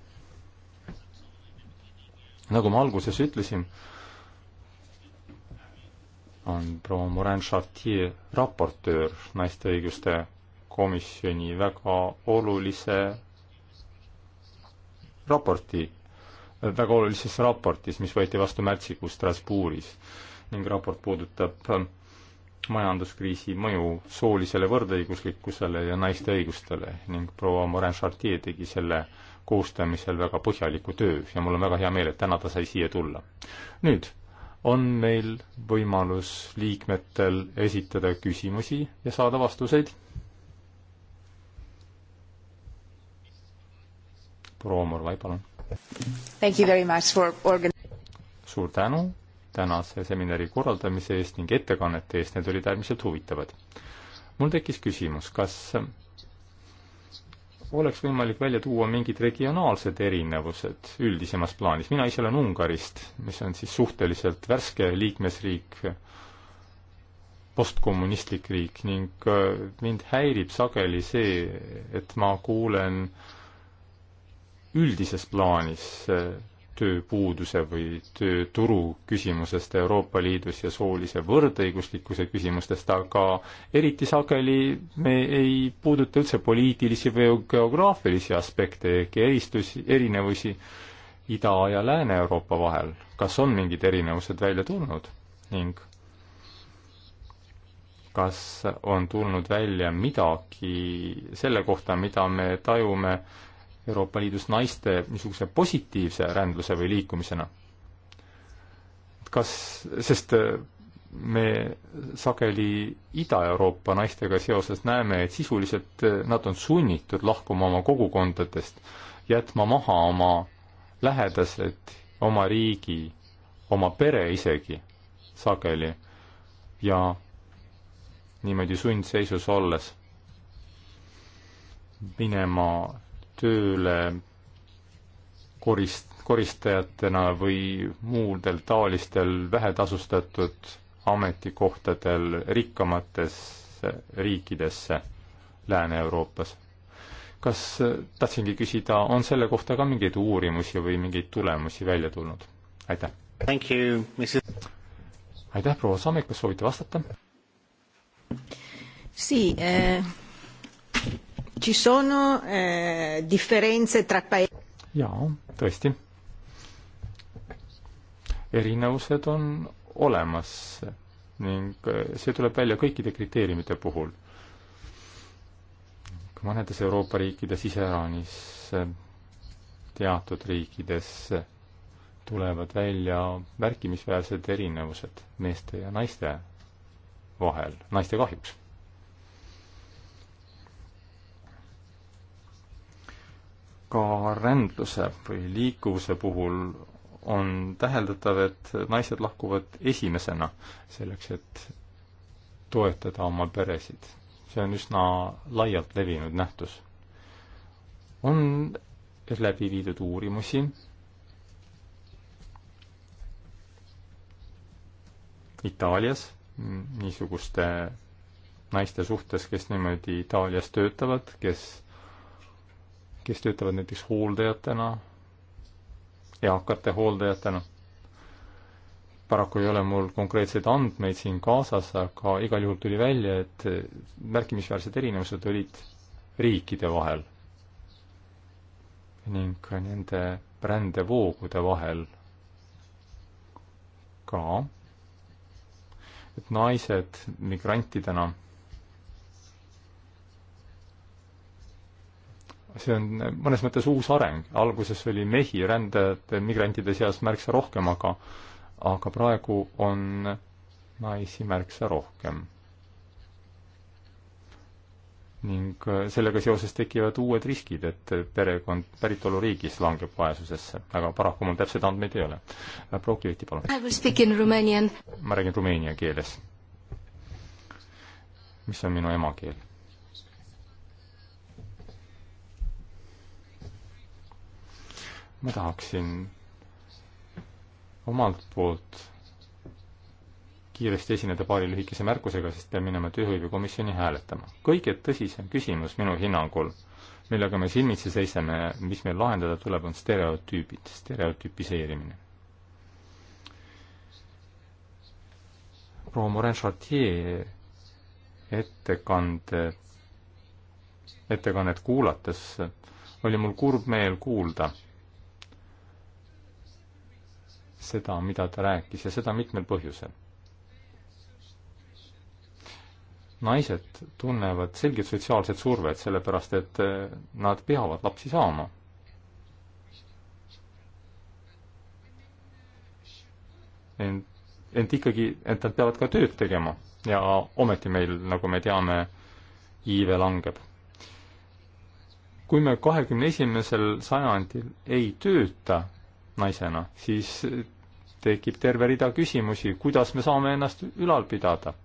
nagu ma alguses ütlesin, on proua Morin Chartier raportöör naiste õiguste komisjoni väga olulise raporti, väga olulises raportis, mis võeti vastu märtsikuus Strasbourgis ning raport puudutab majanduskriisi mõju soolisele võrdõiguslikkusele ja naiste õigustele ning proua Morin Chartier tegi selle koostamisel väga põhjaliku töö ja mul on väga hea meel, et täna ta sai siia tulla. nüüd on meil võimalus liikmetel esitada küsimusi ja saada vastuseid. proua Morvai, palun. suur tänu tänase seminari korraldamise eest ning ettekannete eest, need olid äärmiselt huvitavad. mul tekkis küsimus, kas oleks võimalik välja tuua mingid regionaalsed erinevused üldisemas plaanis. mina ise olen Ungarist, mis on siis suhteliselt värske liikmesriik, postkommunistlik riik ning äh, mind häirib sageli see, et ma kuulen üldises plaanis äh, tööpuuduse või tööturu küsimusest Euroopa Liidus ja soolise võrdõiguslikkuse küsimustest, aga eriti sageli me ei puuduta üldse poliitilisi või geograafilisi aspekte, eristusi, erinevusi Ida- ja Lääne-Euroopa vahel. kas on mingid erinevused välja tulnud ning kas on tulnud välja midagi selle kohta, mida me tajume Euroopa Liidus naiste niisuguse positiivse rändluse või liikumisena. kas, sest äh, me sageli Ida-Euroopa naistega seoses näeme, et sisuliselt äh, nad on sunnitud lahkuma oma kogukondadest, jätma maha oma lähedased, oma riigi, oma pere isegi sageli ja niimoodi sundseisus olles minema tööle korist-, koristajatena või muudel taolistel vähetasustatud ametikohtadel rikkamatesse riikidesse Lääne-Euroopas. kas, tahtsingi küsida, on selle kohta ka mingeid uurimusi või mingeid tulemusi välja tulnud? aitäh! aitäh, proua Sammik, kas soovite vastata? Sì, eh, Ci sono eh, differenze tra paesi? jaa, tõesti. erinevused on olemas ning eh, see tuleb välja kõikide kriteeriumite puhul. mõnedes Euroopa riikides, iseäranis teatud riikides tulevad välja märkimisväärsed erinevused meeste ja naiste vahel, naiste kahjuks ka rändluse või liikuvuse puhul on täheldatav, et naised lahkuvad esimesena selleks, et toetada oma peresid. see on üsna laialt levinud nähtus. on läbi viidud uurimusi Itaalias niisuguste naiste suhtes, kes niimoodi Itaalias töötavad, kes kes töötavad näiteks hooldajatena, eakate hooldajatena. paraku ei ole mul konkreetseid andmeid siin kaasas, aga igal juhul tuli välja, et märkimisväärsed erinevused olid riikide vahel ning ka nende rändevoogude vahel ka, et naised migrantidena see on mõnes mõttes uus areng, alguses oli mehi rändajate, migrantide seas märksa rohkem, aga aga praegu on naisi märksa rohkem. ning äh, sellega seoses tekivad uued riskid, et perekond päritoluriigis langeb vaesusesse, aga paraku mul täpseid andmeid ei ole. Äh, proua Kirti, palun. ma räägin rumeenia keeles, mis on minu emakeel ma tahaksin omalt poolt kiiresti esineda paari lühikese märkusega, sest pean minema tööhõivekomisjoni hääletama. kõige tõsisem küsimus minu hinnangul, millega me silmitsi seisame ja mis meil lahendada tuleb, on stereotüübid, stereotüüpiseerimine. proua Morin Chartier ettekande, ettekannet kuulates oli mul kurb meel kuulda, seda, mida ta rääkis ja seda mitmel põhjusel. naised tunnevad selget sotsiaalset survet, sellepärast et eh, nad peavad lapsi saama. ent, ent ikkagi, et nad peavad ka tööd tegema ja ometi meil, nagu me teame, iive langeb. kui me kahekümne esimesel sajandil ei tööta naisena, siis tekib terve rida küsimusi, kuidas me saame ennast ülal pidada.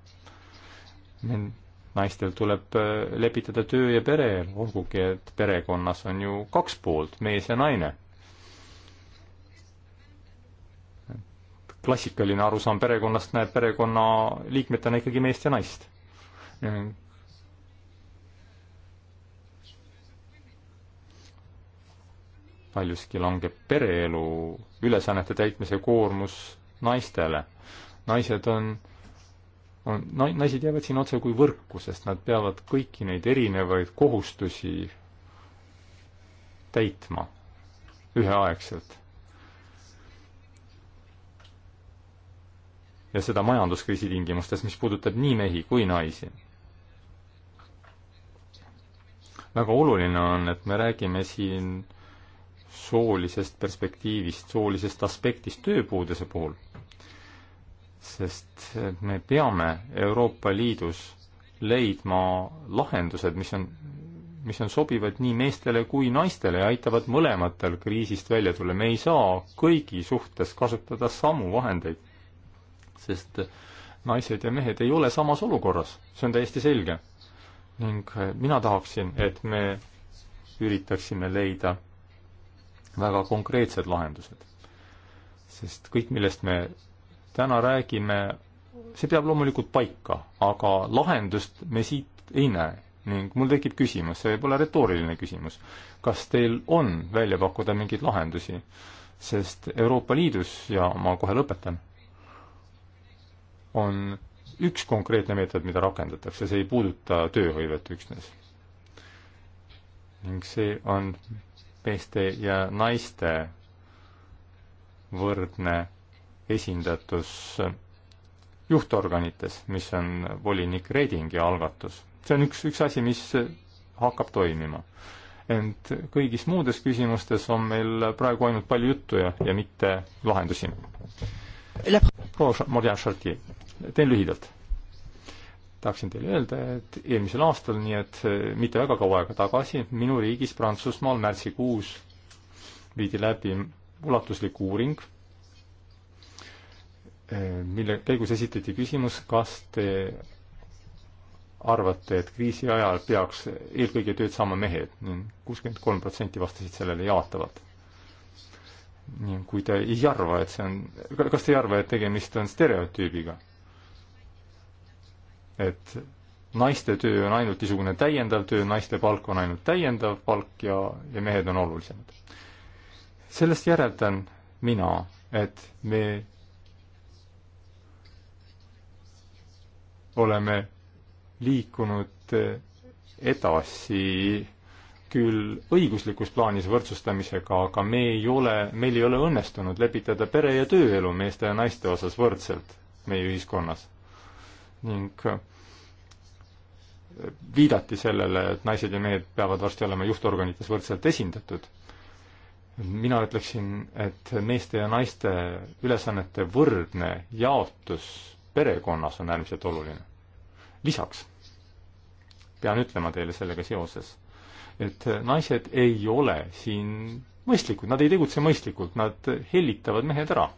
naistel tuleb äh, lepitada töö ja pere, olgugi et perekonnas on ju kaks poolt, mees ja naine. klassikaline arusaam perekonnast näeb perekonna liikmetena ikkagi meest ja naist paljuski langeb pereelu ülesannete täitmise koormus naistele. naised on, on, naised jäävad siin otse kui võrku, sest nad peavad kõiki neid erinevaid kohustusi täitma üheaegselt. ja seda majanduskriisi tingimustes, mis puudutab nii mehi kui naisi väga oluline on, et me räägime siin soolisest perspektiivist, soolisest aspektist tööpuuduse puhul. sest me peame Euroopa Liidus leidma lahendused, mis on, mis on sobivad nii meestele kui naistele ja aitavad mõlematel kriisist välja tulla. me ei saa kõigi suhtes kasutada samu vahendeid, sest naised ja mehed ei ole samas olukorras, see on täiesti selge. ning mina tahaksin, et me üritaksime leida väga konkreetsed lahendused. sest kõik, millest me täna räägime, see peab loomulikult paika, aga lahendust me siit ei näe ning mul tekib küsimus, see võib olla retooriline küsimus, kas teil on välja pakkuda mingeid lahendusi, sest Euroopa Liidus, ja ma kohe lõpetan, on üks konkreetne meetod, mida rakendatakse, see ei puuduta tööhõivet üksnes. ning see on meeste ja naiste võrdne esindatus juhtorganites, mis on volinik Redingi algatus. see on üks, üks asi, mis hakkab toimima. ent kõigis muudes küsimustes on meil praegu ainult palju juttu ja, ja mitte lahendusi. proua Morjan Chartier, teen lühidalt tahaksin teile öelda, et eelmisel aastal, nii et eh, mitte väga kaua aega tagasi, minu riigis Prantsusmaal märtsikuus viidi läbi ulatuslik uuring, eh, mille käigus esitati küsimus, kas te arvate, et kriisi ajal peaks eelkõige tööd saama mehed. kuuskümmend kolm protsenti vastasid sellele jaatavalt. nii, kui te ei arva, et see on, kas te ei arva, et tegemist on stereotüübiga? et naiste töö on ainult niisugune täiendav töö, naiste palk on ainult täiendav palk ja, ja mehed on olulisemad. sellest järeldan mina, et me oleme liikunud edasi küll õiguslikus plaanis võrdsustamisega, aga me ei ole, meil ei ole õnnestunud lepitada pere- ja tööelu meeste ja naiste osas võrdselt meie ühiskonnas ning äh, viidati sellele, et naised ja mehed peavad varsti olema juhtorganites võrdselt esindatud. mina ütleksin, et meeste ja naiste ülesannete võrdne jaotus perekonnas on äärmiselt oluline. lisaks pean ütlema teile sellega seoses, et naised ei ole siin mõistlikud, nad ei tegutse mõistlikult, nad hellitavad mehed ära.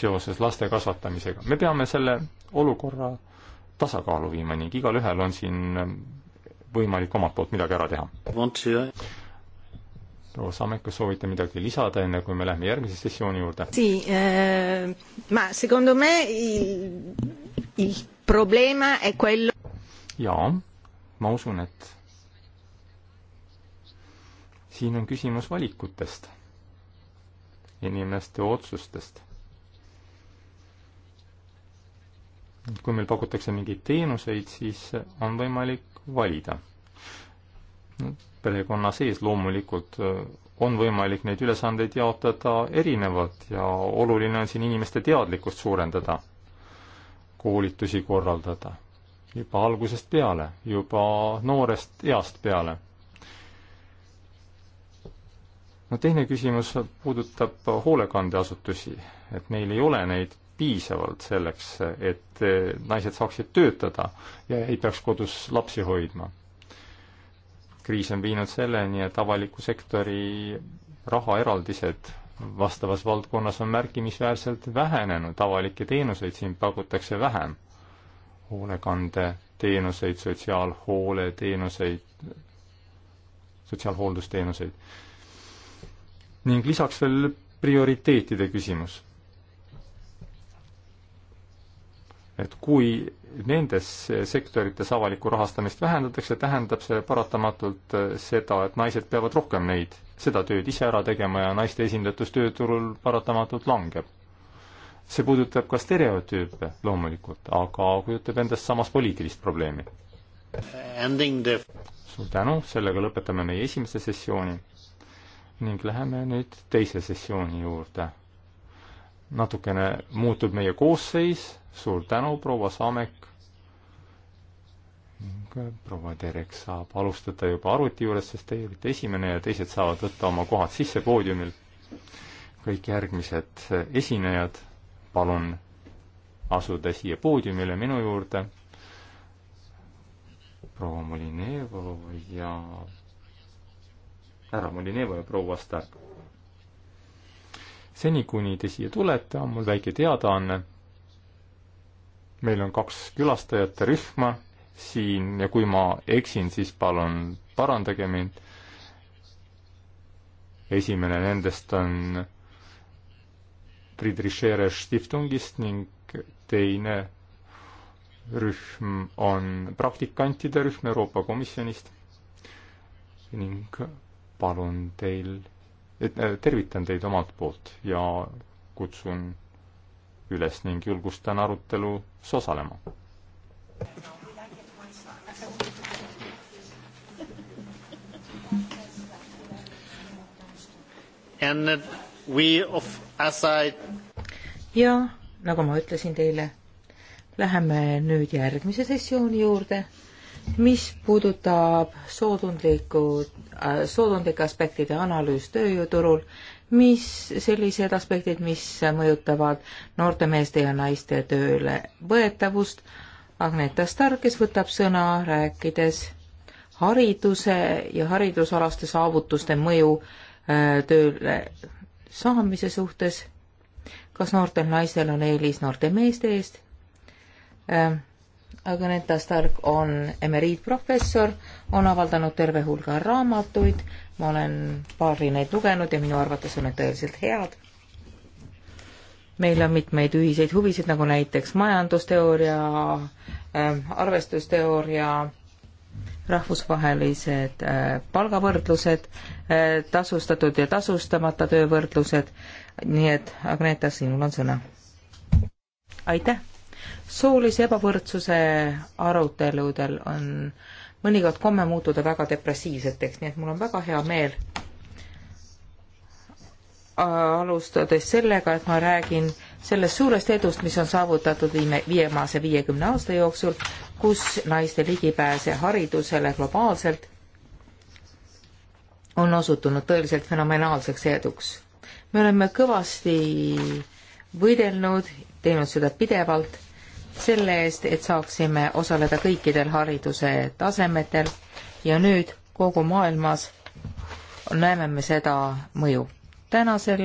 seoses laste kasvatamisega. me peame selle olukorra tasakaalu viima ning igalühel on siin võimalik omalt poolt midagi ära teha. proua Samek, kas soovite midagi lisada, enne kui me läheme järgmise sessiooni juurde? Eh, jaa, ma usun, et siin on küsimus valikutest, inimeste otsustest kui meil pakutakse mingeid teenuseid, siis on võimalik valida. perekonna sees loomulikult äh, on võimalik neid ülesandeid jaotada erinevalt ja oluline on siin inimeste teadlikkust suurendada, koolitusi korraldada juba algusest peale, juba noorest east peale. no teine küsimus puudutab hoolekandeasutusi, et meil ei ole neid piisavalt selleks, et eh, naised saaksid töötada ja ei peaks kodus lapsi hoidma. kriis on viinud selleni, et avaliku sektori rahaeraldised vastavas valdkonnas on märkimisväärselt vähenenud, avalikke teenuseid siin pakutakse vähem. hoolekandeteenuseid, sotsiaalhooleteenuseid, sotsiaalhooldusteenuseid. ning lisaks veel prioriteetide küsimus et kui nendes sektorites avalikku rahastamist vähendatakse, tähendab see paratamatult äh, seda, et naised peavad rohkem neid, seda tööd ise ära tegema ja naiste esindatus tööturul paratamatult langeb. see puudutab ka stereotüüpe loomulikult, aga kujutab endast samas poliitilist probleemi. The... suur tänu, sellega lõpetame meie esimese sessiooni ning läheme nüüd teise sessiooni juurde natukene muutub meie koosseis, suur tänu, proua Samek. Äh, proua Terek saab alustada juba arvuti juures, sest teie olite esimene ja teised saavad võtta oma kohad sisse poodiumil. kõik järgmised äh, esinejad, palun asuda siia poodiumile minu juurde. proua Molinevo ja härra Molinevo ja proua Stark seni, kuni te siia tulete, on mul väike teadaanne. meil on kaks külastajate rühma siin ja kui ma eksin, siis palun parandage mind. esimene nendest on Friedrichsere Stiftungist ning teine rühm on praktikantide rühm Euroopa Komisjonist ning palun teil et äh, tervitan teid omalt poolt ja kutsun üles ning julgustan arutelus osalema. ja nagu ma ütlesin teile, läheme nüüd järgmise sessiooni juurde mis puudutab sootundliku, äh, sootundlike aspektide analüüs tööjõuturul, mis sellised aspektid, mis mõjutavad noorte meeste ja naiste tööle võetavust. Agneta Star, kes võtab sõna, rääkides hariduse ja haridusalaste saavutuste mõju äh, tööle saamise suhtes. kas noortel naistel on eelis noorte meeste eest? Äh, Agneta Stark on emeriitprofessor, on avaldanud terve hulga raamatuid, ma olen paari neid lugenud ja minu arvates on need tõeliselt head. meil on mitmeid ühiseid huvisid, nagu näiteks majandusteooria äh,, arvestusteooria, rahvusvahelised äh, palgavõrdlused äh,, tasustatud ja tasustamata töövõrdlused, nii et Agneta, sinul on sõna. aitäh! soolise ebavõrdsuse aruteludel on mõnikord komme muutuda väga depressiivseteks, nii et mul on väga hea meel alustades sellega, et ma räägin sellest suurest edust, mis on saavutatud viime, viimase viiekümne aasta jooksul, kus naiste ligipääs haridusele globaalselt on osutunud tõeliselt fenomenaalseks eduks. me oleme kõvasti võidelnud, teinud seda pidevalt selle eest, et saaksime osaleda kõikidel hariduse tasemetel ja nüüd kogu maailmas näeme me seda mõju. tänasel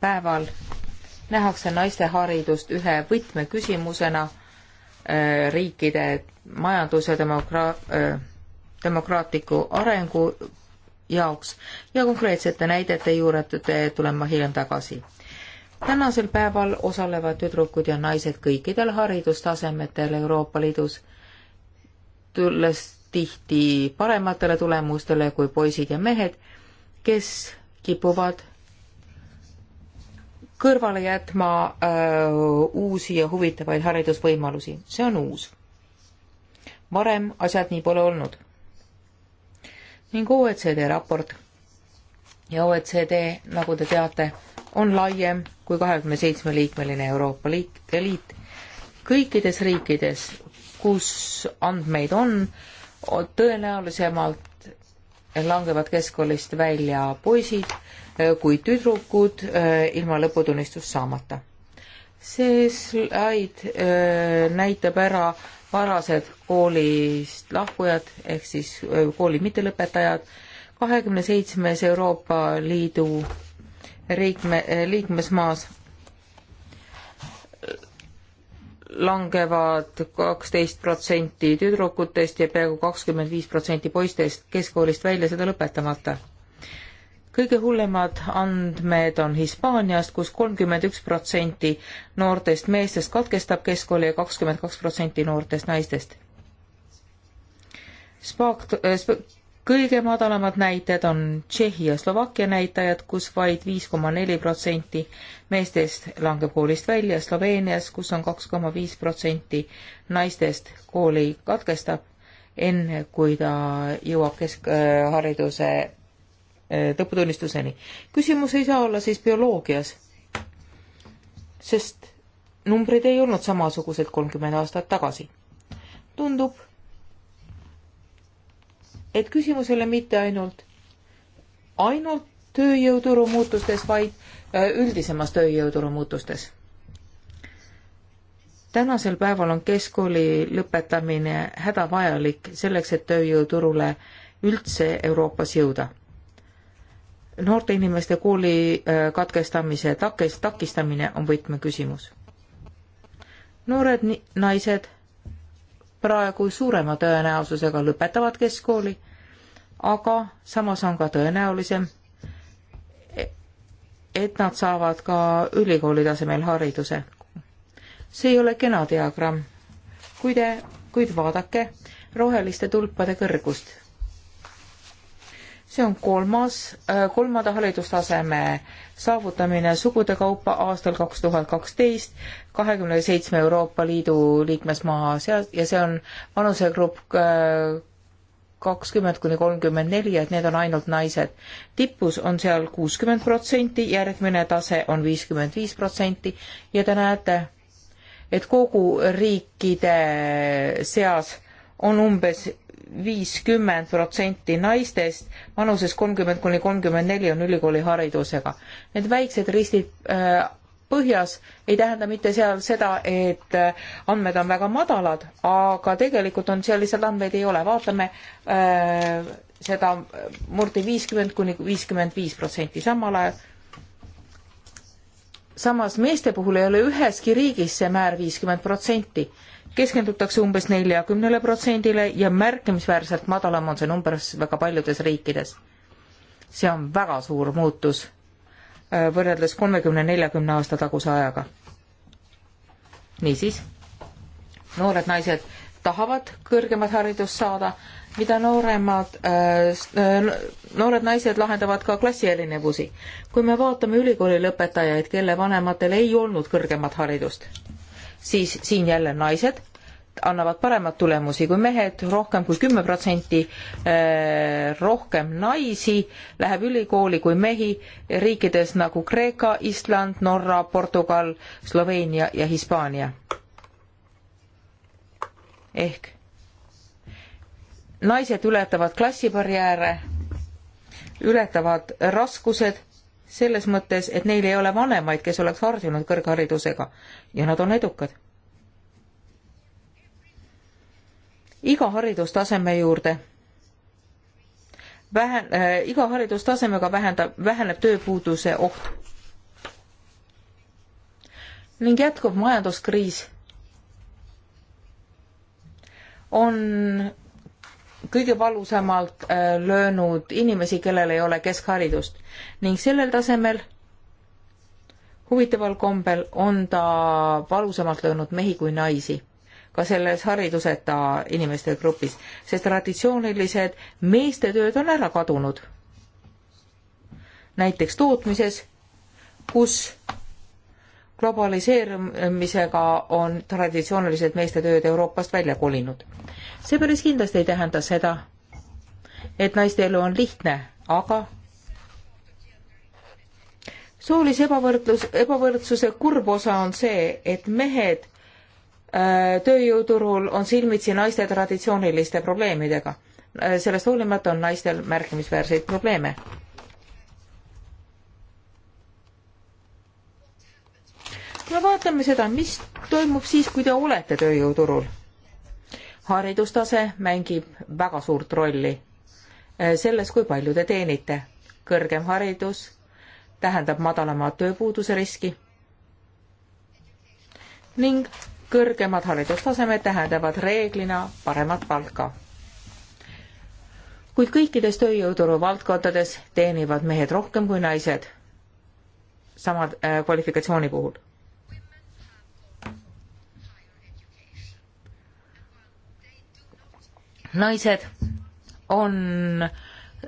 päeval nähakse naiste haridust ühe võtmeküsimusena äh, riikide majanduse demokra-, äh, demokraatliku arengu jaoks ja konkreetsete näidete juurde tulen ma hiljem tagasi tänasel päeval osalevad tüdrukud ja naised kõikidel haridustasemetel Euroopa Liidus, tulles tihti parematele tulemustele kui poisid ja mehed, kes kipuvad kõrvale jätma öö, äh, uusi ja huvitavaid haridusvõimalusi. see on uus. varem asjad nii pole olnud. ning OECD raport ja OECD, nagu te teate, on laiem kui kahekümne seitsme liikmeline Euroopa Liit, liit. kõikides riikides, kus andmeid on, tõenäolisemalt langevad keskkoolist välja poisid kui tüdrukud ilma lõputunnistust saamata. see slaid näitab ära varased koolist lahkujad ehk siis kooli mittelõpetajad, kahekümne seitsmes Euroopa Liidu liikme, liikmesmaas langevad kaksteist protsenti tüdrukutest ja peaaegu kakskümmend viis protsenti poistest keskkoolist välja seda lõpetamata. kõige hullemad andmed on Hispaaniast kus, kus kolmkümmend üks protsenti noortest meestest katkestab keskkooli ja kakskümmend kaks protsenti noortest naistest. Spaak-, kõige madalamad näitajad on Tšehhi ja Slovakkia näitajad, kus vaid viis koma neli protsenti meestest langeb koolist välja, Sloveenias, kus on kaks koma viis protsenti naistest kooli katkestab, enne kui ta jõuab keskhariduse eh, lõputunnistuseni. küsimus ei saa olla siis bioloogias, sest numbrid ei olnud samasugused kolmkümmend aastat tagasi. tundub et küsimus ei ole mitte ainult, ainult tööjõuturu muutustes, vaid äh, üldisemas tööjõuturu muutustes. tänasel päeval on keskkooli lõpetamine hädavajalik selleks, et tööjõuturule üldse Euroopas jõuda. noorte inimeste kooli äh, katkestamise takes, takistamine on võtmeküsimus. noored naised praegu suurema tõenäosusega lõpetavad keskkooli aga samas on ka tõenäolisem, et nad saavad ka ülikooli tasemel hariduse. see ei ole kena diagramm, kui te, kuid vaadake roheliste tulpade kõrgust. see on kolmas, äh, kolmanda haridustaseme saavutamine sugude kaupa aastal kaks tuhat kaksteist kahekümne seitsme Euroopa Liidu liikmesmaa seas ja see on vanusegrupp äh, kakskümmend kuni kolmkümmend neli, et need on ainult naised. tipus on seal kuuskümmend protsenti, järgmine tase on viiskümmend viis protsenti ja te näete, et kogu riikide seas on umbes viiskümmend protsenti naistest vanuses kolmkümmend kuni kolmkümmend neli on ülikooliharidusega. Need väiksed ristid äh, põhjas, ei tähenda mitte seal seda, et äh, andmed on väga madalad, aga tegelikult on seal lihtsalt andmeid ei ole, vaatame äh, seda äh, murdi viiskümmend kuni viiskümmend viis protsenti, samal ajal samas meeste puhul ei ole üheski riigis see määr viiskümmend protsenti. keskendutakse umbes neljakümnele protsendile ja märkimisväärselt madalam on see number väga paljudes riikides. see on väga suur muutus Äh, võrreldes kolmekümne, neljakümne aasta taguse ajaga. niisiis, noored naised tahavad kõrgemat haridust saada, mida nooremad, äh, noored naised lahendavad ka klassierinevusi. kui me vaatame ülikooli lõpetajaid, kelle vanematel ei olnud kõrgemat haridust, siis siin jälle naised annavad paremat tulemusi kui mehed rohkem, rohkem kui kümme protsenti eh, rohkem naisi läheb ülikooli kui mehi riikides nagu Kreeka, Island, Norra, Portugal, Sloveenia ja Hispaania. ehk naised ületavad klassibarjääre, ületavad raskused selles mõttes, et neil ei ole vanemaid, kes oleks harjunud kõrgharidusega ja nad on edukad iga haridustaseme juurde vähen- äh,, iga haridustasemega vähendab, väheneb tööpuuduse oht. ning jätkuv majanduskriis on kõige valusamalt äh, löönud inimesi, kellel ei ole keskharidust ning sellel tasemel huvitaval kombel on ta valusamalt löönud mehi kui naisi ka selles hariduseta inimeste grupis, sest traditsioonilised meestetööd on ära kadunud. näiteks tootmises, kus globaliseerumisega on traditsioonilised meestetööd Euroopast välja kolinud. see päris kindlasti ei tähenda seda, et naiste elu on lihtne, aga soolise ebavõrdlus, ebavõrdsuse kurb osa on see, et mehed Äh, tööjõuturul on silmitsi naiste traditsiooniliste probleemidega. Äh, sellest hoolimata on naistel märkimisväärseid probleeme. kui me vaatame seda, mis toimub siis, kui te olete tööjõuturul, haridustase mängib väga suurt rolli äh, selles, kui palju te teenite. kõrgem haridus tähendab madalama tööpuuduse riski ning kõrgemad haridustasemed tähendavad reeglina paremat palka. kuid kõikides tööjõuturu valdkondades teenivad mehed rohkem kui naised sama äh, kvalifikatsiooni puhul. naised on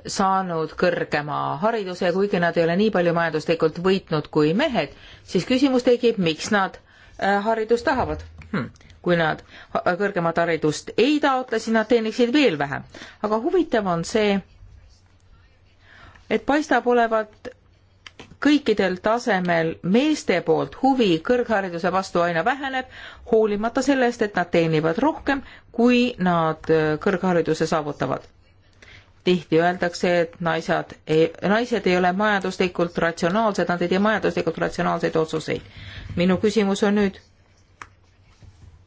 saanud kõrgema hariduse ja kuigi nad ei ole nii palju majanduslikult võitnud kui mehed, siis küsimus tekib, miks nad Äh, haridust tahavad hm.. kui nad kõrgemat haridust ei taotle, siis nad teeniksid veel vähem. aga huvitav on see, et paistab olevat kõikidel tasemel meeste poolt huvi kõrghariduse vastu aina väheneb, hoolimata sellest, et nad teenivad rohkem, kui nad äh, kõrghariduse saavutavad tihti öeldakse, et naised ei, naised ei ole majanduslikult ratsionaalsed, nad ei tee majanduslikult ratsionaalseid otsuseid. minu küsimus on nüüd,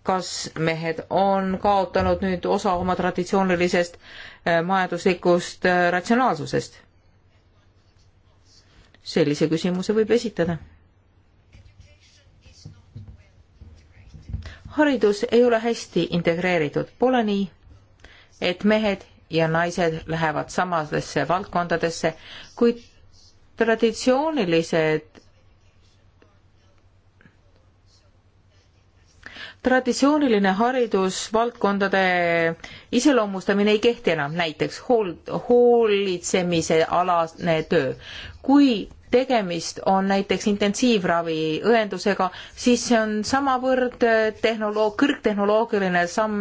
kas mehed on kaotanud nüüd osa oma traditsioonilisest äh, majanduslikust äh, ratsionaalsusest? sellise küsimuse võib esitada. haridus ei ole hästi integreeritud, pole nii, et mehed ja naised lähevad samadesse valdkondadesse, kuid traditsioonilised traditsiooniline haridusvaldkondade iseloomustamine ei kehti enam, näiteks hool, hoolitsemise alane töö. kui tegemist on näiteks intensiivravi õendusega, siis see on samavõrd tehnoloog-, kõrgtehnoloogiline samm,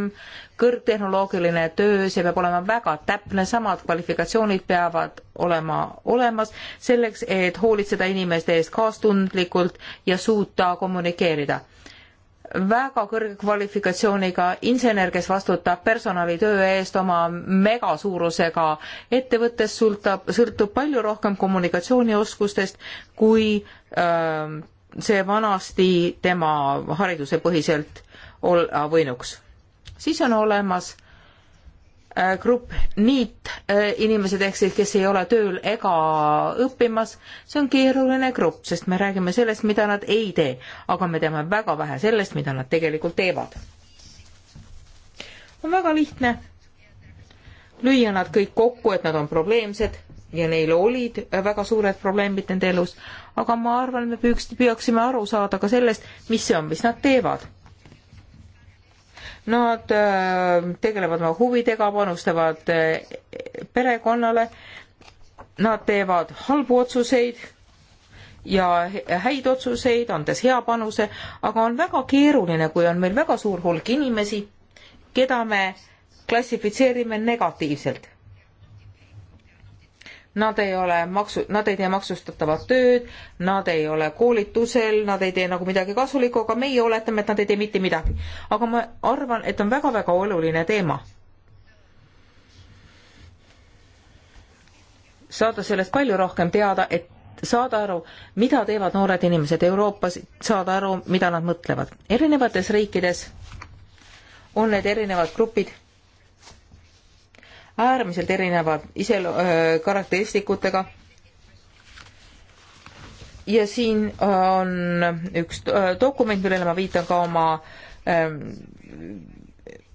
kõrgtehnoloogiline töö, see peab olema väga täpne, samad kvalifikatsioonid peavad olema olemas selleks, et hoolitseda inimeste eest kaastundlikult ja suuta kommunikeerida väga kõrge kvalifikatsiooniga insener, kes vastutab personalitöö eest oma megasuurusega ettevõttes, sõltub, sõltub palju rohkem kommunikatsioonioskustest kui öö, ähm, see vanasti tema hariduse põhiselt olla äh, võinuks. siis on olemas öö, Äh, grupp NEET äh, inimesed ehk siis, kes ei ole tööl ega õppimas, see on keeruline grupp, sest me räägime sellest, mida nad ei tee, aga me teame väga vähe sellest, mida nad tegelikult teevad. on väga lihtne lüüa nad kõik kokku, et nad on probleemsed ja neil olid väga suured probleemid nende elus, aga ma arvan, me püüaks, püüaksime aru saada ka sellest, mis see on, mis nad teevad Nad äh, tegelevad oma huvidega, panustavad äh, perekonnale, nad teevad halbu otsuseid ja häid otsuseid, andes hea panuse, aga on väga keeruline, kui on meil väga suur hulk inimesi, keda me klassifitseerime negatiivselt. Nad ei ole maksu, nad ei tee maksustatavat tööd, nad ei ole koolitusel, nad ei tee nagu midagi kasulikku, aga meie oletame, et nad ei tee mitte midagi. aga ma arvan, et on väga-väga oluline teema saada sellest palju rohkem teada, et saada aru, mida teevad noored inimesed Euroopas, saada aru, mida nad mõtlevad. erinevates riikides on need erinevad grupid äärmiselt erineva iseloom-, äh, karakteristikutega ja siin on üks äh, dokument, millele ma viitan ka oma, ähm,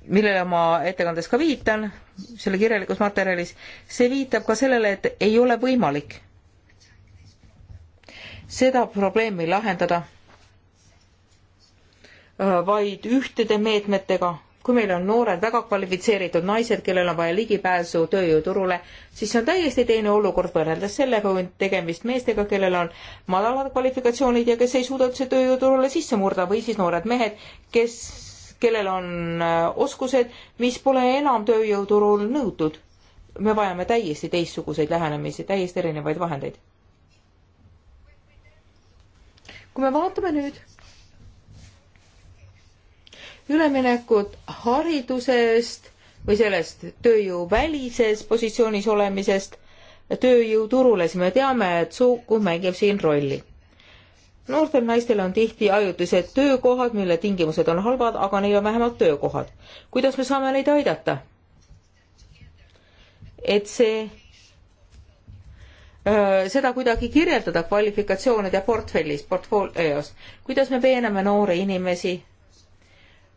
millele ma ettekandes ka viitan, selle kirjalikus materjalis, see viitab ka sellele, et ei ole võimalik seda probleemi lahendada äh, vaid ühtede meetmetega kui meil on noored väga kvalifitseeritud naised, kellel on vaja ligipääsu tööjõuturule, siis see on täiesti teine olukord võrreldes sellega, kui on tegemist meestega, kellel on madalad kvalifikatsioonid ja kes ei suuda üldse tööjõuturule sisse murda või siis noored mehed, kes, kellel on äh, oskused, mis pole enam tööjõuturul nõutud. me vajame täiesti teistsuguseid lähenemisi, täiesti erinevaid vahendeid. kui me vaatame nüüd üleminekut haridusest või sellest tööjõuvälises positsioonis olemisest tööjõuturule, siis me teame, et sugu mängib siin rolli. noortel naistel on tihti ajutised töökohad, mille tingimused on halvad, aga neil on vähemalt töökohad. kuidas me saame neid aidata? et see seda kuidagi kirjeldada kvalifikatsioonide portfellis, portfoolios, kuidas me peename noori inimesi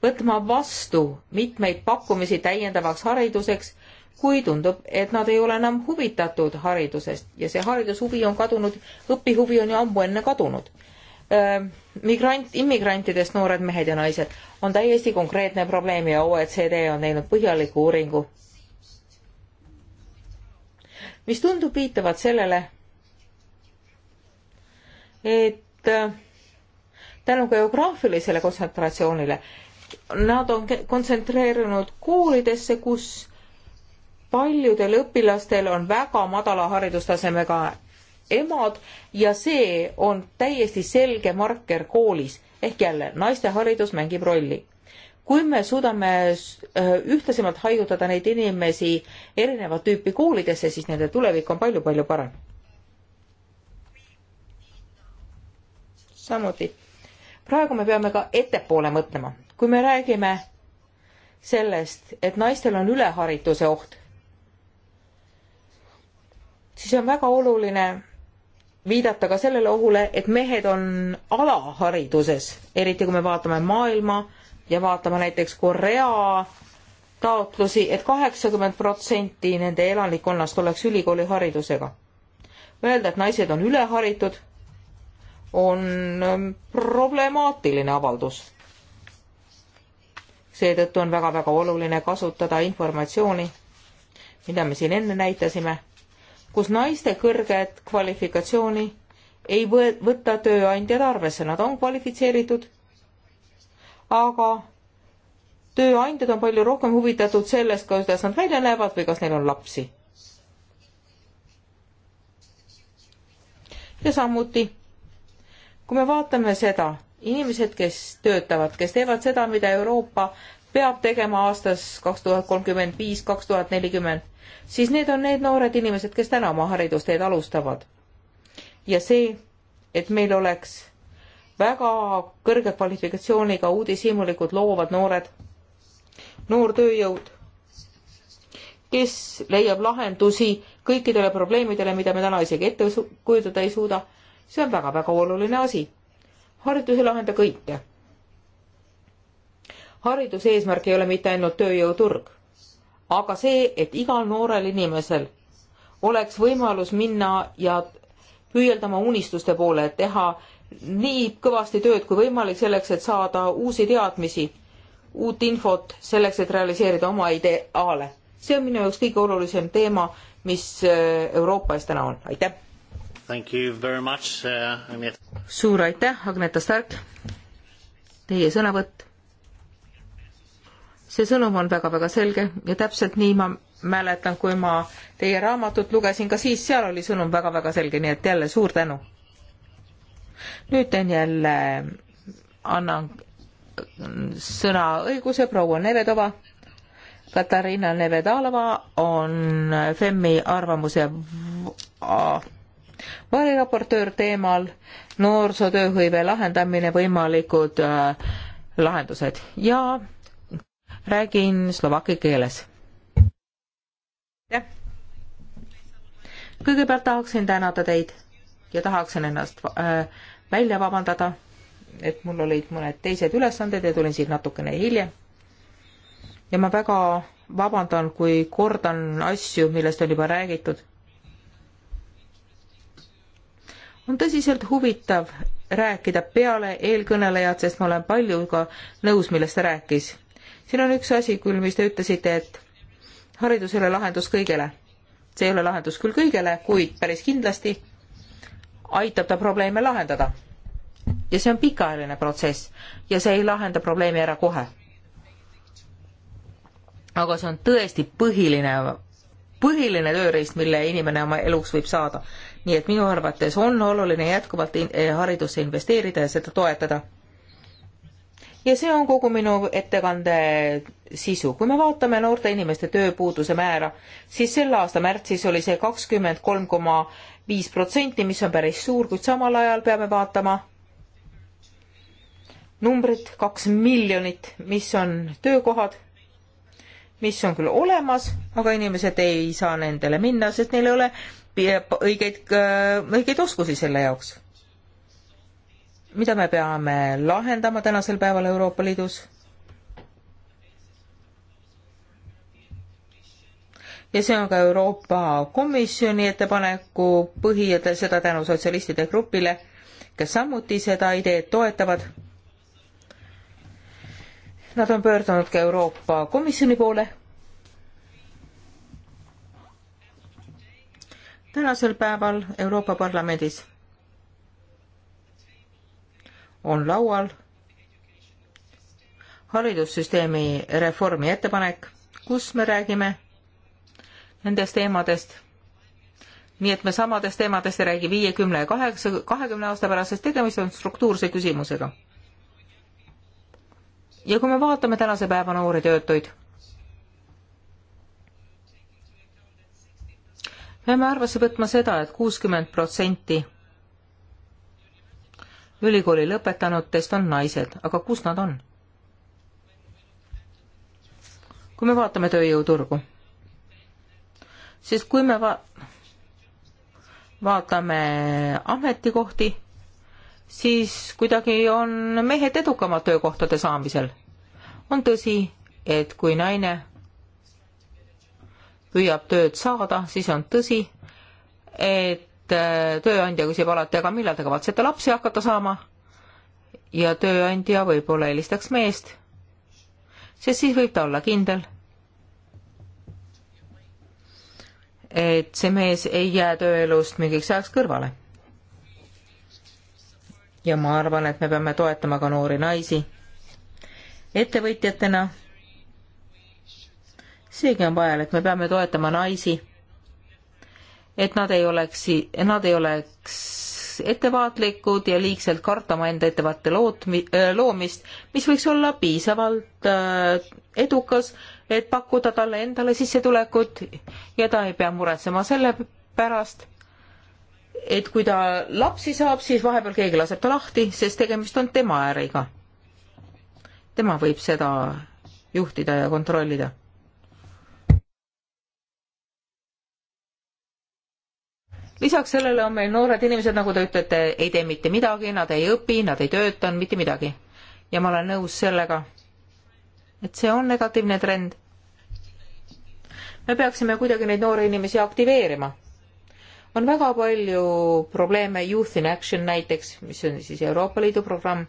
võtma vastu mitmeid pakkumisi täiendavaks hariduseks, kui tundub, et nad ei ole enam huvitatud haridusest ja see haridushuvi on kadunud, õpihuvi on ju ammu enne kadunud. Ehm, migrant, immigrantidest noored mehed ja naised on täiesti konkreetne probleem ja OECD on teinud põhjaliku uuringu, mis tundub viitavat sellele, et äh, tänu geograafilisele kontsentratsioonile nad on kontsentreerunud koolidesse, kus paljudel õpilastel on väga madala haridustasemega emad ja see on täiesti selge marker koolis. ehk jälle, naiste haridus mängib rolli. kui me suudame äh, ühtlasemalt hajutada neid inimesi erinevat tüüpi koolidesse, siis nende tulevik on palju-palju parem. samuti, praegu me peame ka ettepoole mõtlema kui me räägime sellest, et naistel on üleharituse oht, siis on väga oluline viidata ka sellele ohule, et mehed on alahariduses, eriti kui me vaatame maailma ja vaatame näiteks Korea taotlusi et, et kaheksakümmend protsenti nende elanikkonnast oleks ülikooliharidusega. Öelda, et naised on üleharitud, on ähm, problemaatiline avaldus seetõttu on väga-väga oluline kasutada informatsiooni, mida me siin enne näitasime, kus naiste kõrget kvalifikatsiooni ei võ-, võta tööandjad arvesse, nad on kvalifitseeritud, aga tööandjad on palju rohkem huvitatud sellest, kuidas nad välja näevad või kas neil on lapsi. ja samuti, kui me vaatame seda, inimesed, kes töötavad, kes teevad seda, mida Euroopa peab tegema aastas kaks tuhat kolmkümmend viis, kaks tuhat nelikümmend, siis need on need noored inimesed, kes täna oma haridusteed alustavad. ja see, et meil oleks väga kõrge kvalifikatsiooniga uudishimulikud loovad noored, noortööjõud, kes leiab lahendusi kõikidele probleemidele, mida me täna isegi ette kujutada ei suuda, see on väga-väga oluline asi haridus ei lahenda kõike. hariduse eesmärk ei ole mitte ainult tööjõuturg, aga see, et igal noorel inimesel oleks võimalus minna ja püüelda oma unistuste poole, et teha nii kõvasti tööd kui võimalik selleks, et saada uusi teadmisi, uut infot, selleks, et realiseerida oma ideaale. see on minu jaoks kõige olulisem teema, mis äh, Euroopa ees täna on. aitäh! Uh, suur aitäh, Agneta Stark, teie sõnavõtt. see sõnum on väga-väga selge ja täpselt nii ma mäletan, kui ma teie raamatut lugesin, ka siis seal oli sõnum väga-väga selge, nii et jälle suur tänu. nüüd teen jälle, annan sõna õiguse proua Nevedova. Katariina Nevedalova on FEMi arvamuse variraportöör teemal noorsootööhõive lahendamine, võimalikud äh, lahendused ja räägin slovaki keeles. jah. kõigepealt tahaksin tänada teid ja tahaksin ennast äh, välja vabandada, et mul olid mõned teised ülesanded ja tulin siin natukene hiljem. ja ma väga vabandan, kui kordan asju, millest on juba räägitud on tõsiselt huvitav rääkida peale eelkõnelejat, sest ma olen paljuga nõus, millest ta rääkis. siin on üks asi küll, mis te ütlesite, et haridus ei ole lahendus kõigele. see ei ole lahendus küll kõigele, kuid päris kindlasti aitab ta probleeme lahendada. ja see on pikaajaline protsess ja see ei lahenda probleemi ära kohe. aga see on tõesti põhiline, põhiline tööriist, mille inimene oma eluks võib saada nii et minu arvates on oluline jätkuvalt in eh, haridusse investeerida ja seda toetada. ja see on kogu minu ettekande sisu. kui me vaatame noorte inimeste tööpuuduse määra, siis selle aasta märtsis oli see kakskümmend kolm koma viis protsenti, mis on päris suur, kuid samal ajal peame vaatama numbrit kaks miljonit, mis on töökohad, mis on küll olemas, aga inimesed ei saa nendele minna, sest neil ei ole õigeid, äh, õigeid oskusi selle jaoks. mida me peame lahendama tänasel päeval Euroopa Liidus? ja see on ka Euroopa Komisjoni ettepaneku põhi ja seda tänu sotsialistide grupile, kes samuti seda ideed toetavad. Nad on pöördunud ka Euroopa Komisjoni poole tänasel päeval Euroopa Parlamendis on laual haridussüsteemi reformi ettepanek, kus me räägime nendest teemadest, nii et me samadest teemadest ei räägi viiekümne ja kaheksa, kahekümne aasta pärast, sest tegemist on struktuurse küsimusega. ja kui me vaatame tänase päeva noori töötuid peame arvesse võtma seda et, et kuuskümmend protsenti ülikooli lõpetanutest on naised, aga kus nad on? kui me vaatame tööjõuturgu, siis kui me va-, vaatame ametikohti, siis kuidagi on mehed edukamad töökohtade saamisel. on tõsi, et kui naine püüab tööd saada, siis on tõsi, et äh, tööandja küsib alati, aga millal te kavatsete lapsi hakata saama? ja tööandja võib-olla eelistaks meest, sest siis võib ta olla kindel, et see mees ei jää tööelust mingiks ajaks kõrvale. ja ma arvan, et me peame toetama ka noori naisi ettevõtjatena seegi on vajalik, me peame toetama naisi, et nad ei oleks, nad ei oleks ettevaatlikud ja liigselt kartama enda ettevaate lootmi-, äh, loomist, mis võiks olla piisavalt äh, edukas, et pakkuda talle endale sissetulekut ja ta ei pea muretsema selle pärast, et kui ta lapsi saab, siis vahepeal keegi laseb ta lahti, sest tegemist on tema äriga. tema võib seda juhtida ja kontrollida lisaks sellele on meil noored inimesed, nagu te ütlete, ei tee mitte midagi, nad ei õpi, nad ei tööta, mitte midagi. ja ma olen nõus sellega, et see on negatiivne trend. me peaksime kuidagi neid noori inimesi aktiveerima. on väga palju probleeme Youth in Action näiteks, mis on siis Euroopa Liidu programm,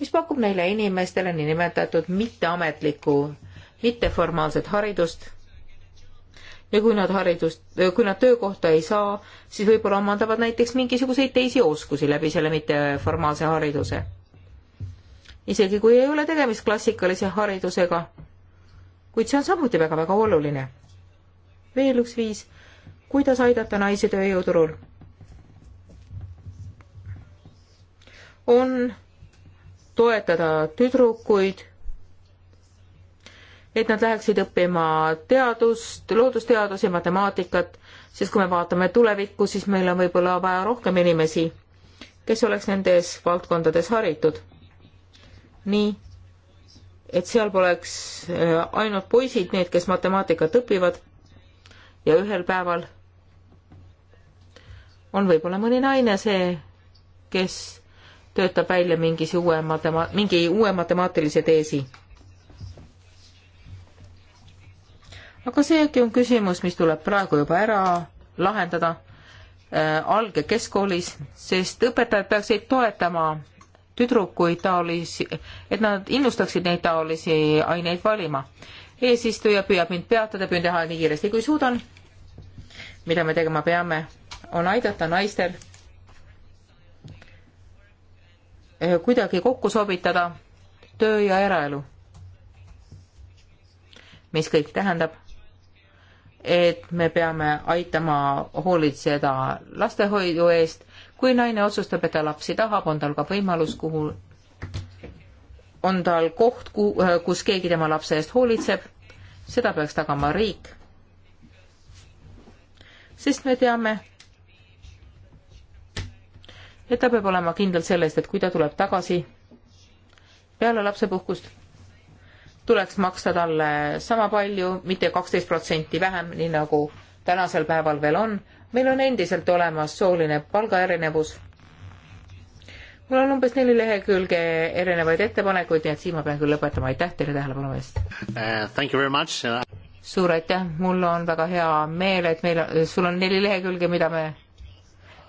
mis pakub neile inimestele niinimetatud mitteametlikku, mitteformaalset haridust ja kui nad haridust, kui nad töökohta ei saa, siis võib-olla omandavad näiteks mingisuguseid teisi oskusi läbi selle mitteformaalse hariduse. isegi kui ei ole tegemist klassikalise haridusega, kuid see on samuti väga-väga oluline. veel üks viis, kuidas aidata naisi tööjõuturul on toetada tüdrukuid et nad läheksid õppima teadust, loodusteadusi, matemaatikat, sest kui me vaatame tulevikku, siis meil on võib-olla vaja rohkem inimesi, kes oleks nendes valdkondades haritud. nii, et seal poleks äh, ainult poisid, need, kes matemaatikat õpivad ja ühel päeval on võib-olla mõni naine see, kes töötab välja mingis uue matema-, mingi uue matemaatilise teesi aga seegi on küsimus, mis tuleb praegu juba ära lahendada äh, alg- ja keskkoolis, sest õpetajad peaksid toetama tüdrukuid taolisi, et nad innustaksid neid taolisi aineid valima. eesistuja püüab mind peatada, püüan teha nii kiiresti kui suudan. mida me tegema peame, on aidata naistel äh, kuidagi kokku sobitada töö ja eraelu. mis kõik tähendab et me peame aitama hoolitseda lastehoidu eest. kui naine otsustab, et ta lapsi tahab, on tal ka võimalus, kuhu, on tal koht, kus keegi tema lapse eest hoolitseb. seda peaks tagama riik. sest me teame, et ta peab olema kindel sellest, et kui ta tuleb tagasi peale lapsepuhkust tuleks maksta talle sama palju, mitte kaksteist protsenti vähem, nii nagu tänasel päeval veel on. meil on endiselt olemas sooline palgaerinevus. mul on umbes neli lehekülge erinevaid ettepanekuid, nii et siin ma pean küll lõpetama. aitäh teile tähelepanu eest uh,! uh suur aitäh, mul on väga hea meel, et meil, sul on neli lehekülge, mida me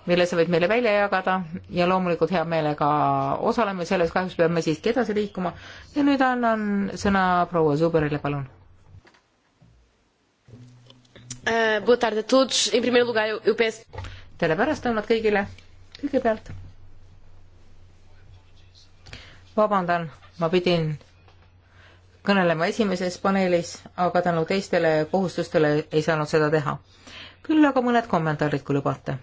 mille sa võid meile välja jagada ja loomulikult hea meelega osaleme selles, kahjuks peame siiski edasi liikuma. ja nüüd annan sõna proua Zuberile, palun. Eh, tere pärastlõunat kõigile, kõigepealt. vabandan, ma pidin kõnelema esimeses paneelis, aga tänu teistele kohustustele ei saanud seda teha. küll aga mõned kommentaarid, kui lubate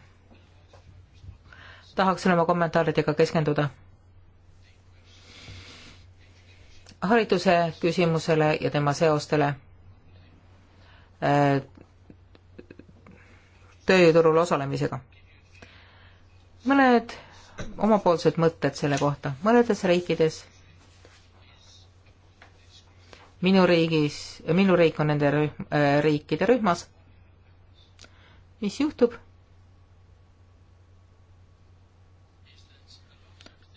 tahaksin oma kommentaaridega keskenduda hariduse küsimusele ja tema seostele äh, tööjõuturul osalemisega. mõned omapoolsed mõtted selle kohta, mõnedes riikides, minu riigis, minu riik on nende rühm, äh, riikide rühmas, mis juhtub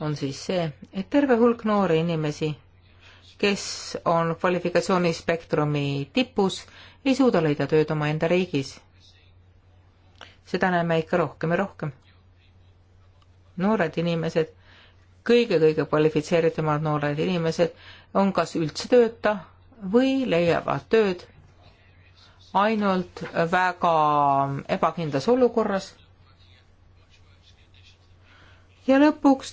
on siis see, et terve hulk noori inimesi, kes on kvalifikatsioonispektrumi tipus, ei suuda leida tööd omaenda riigis. seda näeme ikka rohkem ja rohkem. noored inimesed kõige,, kõige-kõige kvalifitseeritumad noored inimesed on kas üldse tööta või leiavad tööd ainult väga ebakindlas olukorras ja lõpuks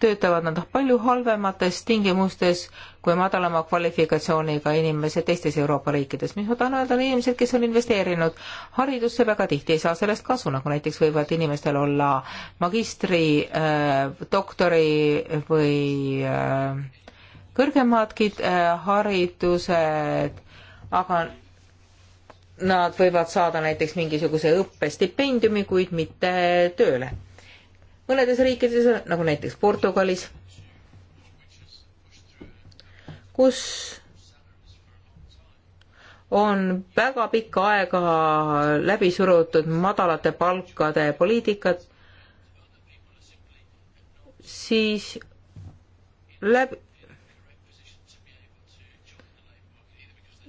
töötavad nad palju halvemates tingimustes kui madalama kvalifikatsiooniga inimesed teistes Euroopa riikides. mis ma tahan öelda, on inimesed, kes on investeerinud haridusse, väga tihti ei saa sellest kasu, nagu näiteks võivad inimestel olla magistri äh,, doktori või äh, kõrgemadki äh, haridused, aga nad võivad saada näiteks mingisuguse õppestipendiumi, kuid mitte tööle mõnedes riikides, nagu näiteks Portugalis, kus on väga pikka aega läbi surutud madalate palkade poliitikat, siis läbi,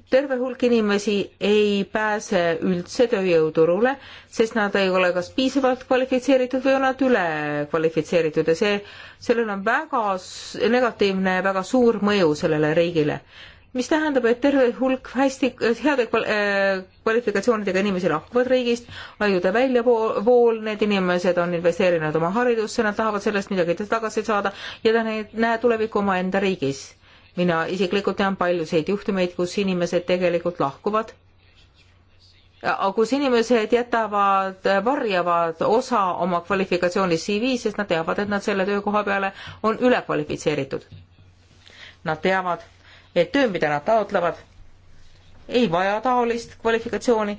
terve hulk inimesi ei pääse üldse tööjõuturule, sest nad ei ole kas piisavalt kvalifitseeritud või on nad ülekvalifitseeritud ja see, sellel on väga negatiivne, väga suur mõju sellele riigile. mis tähendab, et terve hulk hästi heade kval-, äh, kvalifikatsioonidega inimesi lahkuvad riigist, ajude väljavool, need inimesed on investeerinud oma haridusse, nad tahavad sellest midagi tagasi saada ja ta näe tulevikku omaenda riigis mina isiklikult tean paljusid juhtumeid, kus inimesed tegelikult lahkuvad, kus inimesed jätavad, äh, varjavad osa oma kvalifikatsioonist CV-s, sest nad teavad, et nad selle töökoha peale on ülekvalifitseeritud. Nad teavad, et töö, mida nad taotlevad, ei vaja taolist kvalifikatsiooni,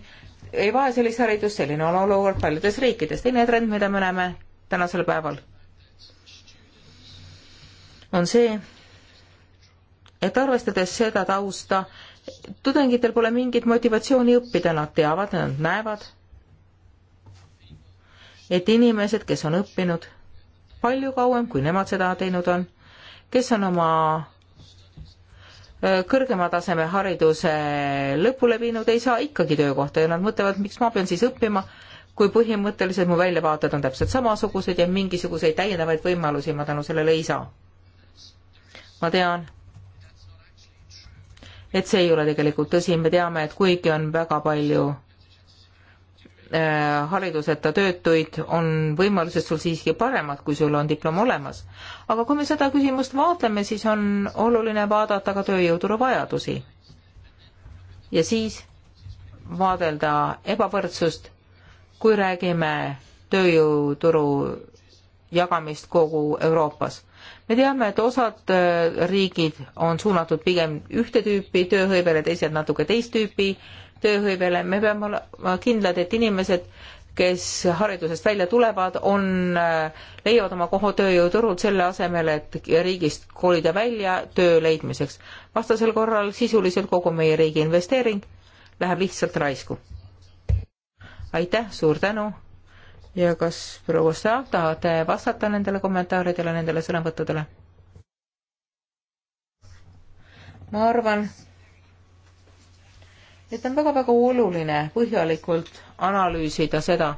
ei vaja sellist haridust, selline on olukord paljudes riikides. teine trend, mida me näeme tänasel päeval, on see, et arvestades seda tausta, tudengitel pole mingit motivatsiooni õppida, nad teavad, nad näevad, et inimesed, kes on õppinud palju kauem, kui nemad seda teinud on, kes on oma äh, kõrgema taseme hariduse lõpule viinud, ei saa ikkagi töökohta ja nad mõtlevad, miks ma pean siis õppima, kui põhimõtteliselt mu väljavaated on täpselt samasugused ja mingisuguseid täiendavaid võimalusi ma tänu sellele ei saa. ma tean, et see ei ole tegelikult tõsi, me teame, et kuigi on väga palju äh, hariduseta töötuid, on võimalused sul siiski paremad, kui sul on diplom olemas. aga kui me seda küsimust vaatleme, siis on oluline vaadata ka tööjõuturu vajadusi. ja siis vaadelda ebavõrdsust, kui räägime tööjõuturu jagamist kogu Euroopas me teame, et osad äh, riigid on suunatud pigem ühte tüüpi tööhõivele, teised natuke teist tüüpi tööhõivele, me peame olema kindlad, et inimesed, kes haridusest välja tulevad, on, äh, leiavad oma koha tööjõuturul selle asemel, et riigist kolida välja töö leidmiseks. vastasel korral sisuliselt kogu meie riigi investeering läheb lihtsalt raisku. aitäh, suur tänu ja kas proua Stav, tahate vastata nendele kommentaaridele, nendele sõnavõttudele? ma arvan, et on väga-väga oluline põhjalikult analüüsida seda,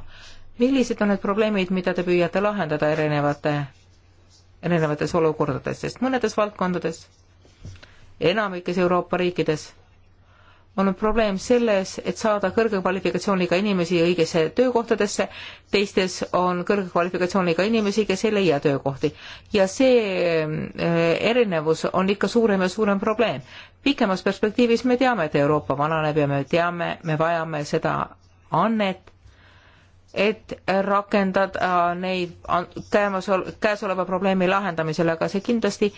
millised on need probleemid, mida te püüate lahendada erinevate, erinevates olukordades, sest mõnedes valdkondades, enamikes Euroopa riikides on probleem selles, et saada kõrge kvalifikatsiooniga inimesi õigesse töökohtadesse, teistes on kõrge kvalifikatsiooniga inimesi, kes ei leia töökohti. ja see eh, erinevus on ikka suurem ja suurem probleem. pikemas perspektiivis me teame, et Euroopa vananeb ja me teame, me vajame seda annet, et rakendada neid käemas, käesoleva probleemi lahendamisel, aga see kindlasti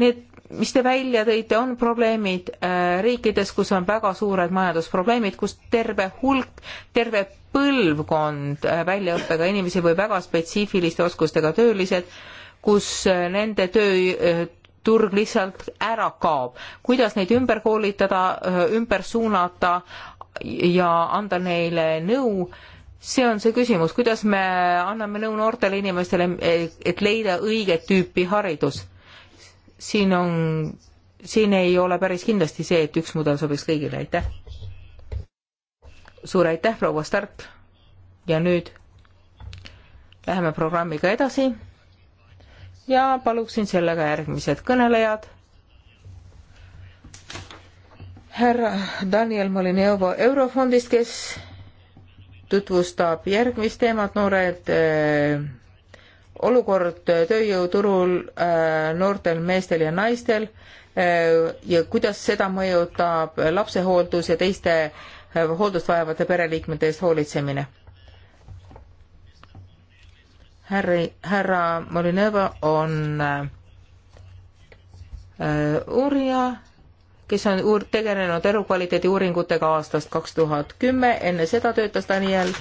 Need, mis te välja tõite, on probleemid äh, riikides, kus on väga suured majandusprobleemid, kus terve hulk, terve põlvkond äh, väljaõppega inimesi või väga spetsiifiliste oskustega töölised, kus äh, nende töö turg lihtsalt ära kaob. kuidas neid ümber koolitada, ümber suunata ja anda neile nõu, see on see küsimus, kuidas me anname nõu noortele inimestele, et leida õiget tüüpi haridus siin on, siin ei ole päris kindlasti see, et üks mudel sobiks kõigile, aitäh. suur aitäh, proua Stark. ja nüüd läheme programmiga edasi. ja paluksin sellega järgmised kõnelejad. härra Daniel Molineovo Eurofondist, kes tutvustab järgmist teemat, noored äh, olukord tööjõuturul äh, noortel meestel ja naistel äh, ja kuidas seda mõjutab lapsehooldus ja teiste äh, hooldust vajavate pereliikmete eest hoolitsemine. härra, härra Molineva on uurija, kes on uur-, tegelenud elukvaliteedi uuringutega aastast kaks tuhat kümme, enne seda töötas Daniel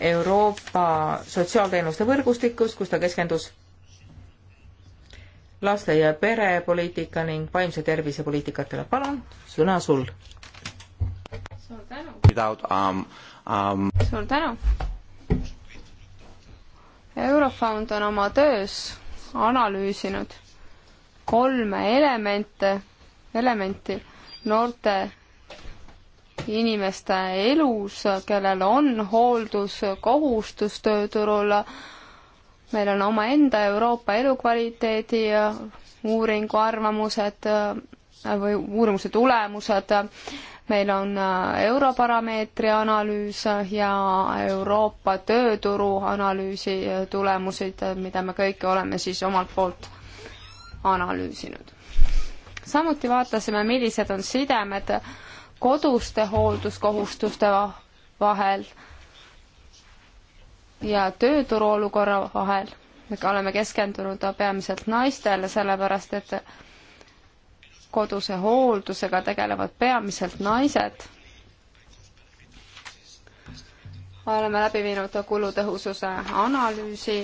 Euroopa sotsiaalteenuste võrgustikus, kus ta keskendus laste ja perepoliitika ning vaimse tervise poliitikatele. palun, sõna sul. suur tänu. Um, um... suur tänu. Eurofond on oma töös analüüsinud kolme elemente, elementi noorte inimeste elus, kellel on hoolduskohustus tööturul. meil on omaenda Euroopa elukvaliteedi uuringu arvamused või uurimuse tulemused, meil on Europarameetri analüüs ja Euroopa tööturu analüüsi tulemused, mida me kõik oleme siis omalt poolt analüüsinud. samuti vaatasime, millised on sidemed koduste hoolduskohustuste vahel ja tööturu olukorra vahel. me oleme keskendunud peamiselt naistele, sellepärast et koduse hooldusega tegelevad peamiselt naised. oleme läbi viinud kulutõhususe analüüsi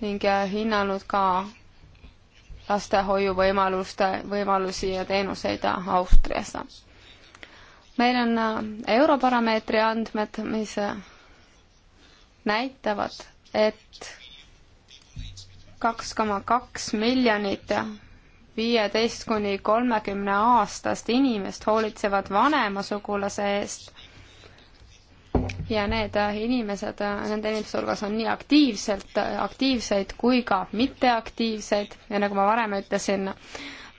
ning hinnanud ka lastehoiuvõimaluste, võimalusi ja teenuseid Austrias. meil on äh, Eurobaromeetri andmed, mis äh, näitavad, et kaks koma kaks miljonit viieteist kuni kolmekümne aastast inimest hoolitsevad vanema sugulase eest ja need äh, inimesed, äh, nende inimeste hulgas on nii aktiivselt, äh, aktiivseid kui ka mitteaktiivseid ja nagu ma varem ütlesin,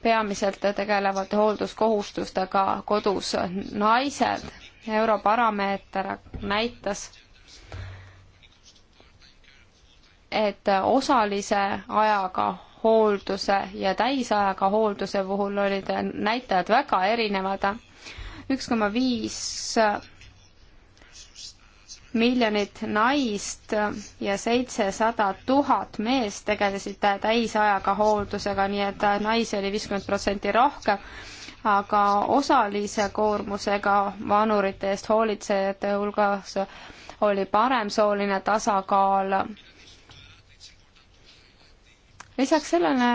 peamiselt tegelevad hoolduskohustustega kodus naised. Europarameeter näitas, et osalise ajaga hoolduse ja täisajaga hoolduse puhul olid näitajad väga erinevad. üks koma viis miljonit naist ja seitsesada tuhat meest tegelesid täisajaga hooldusega, nii et naisi oli viiskümmend protsenti rohkem, aga osalise koormusega vanurite eest hoolitsejate hulgas oli parem sooline tasakaal. lisaks sellele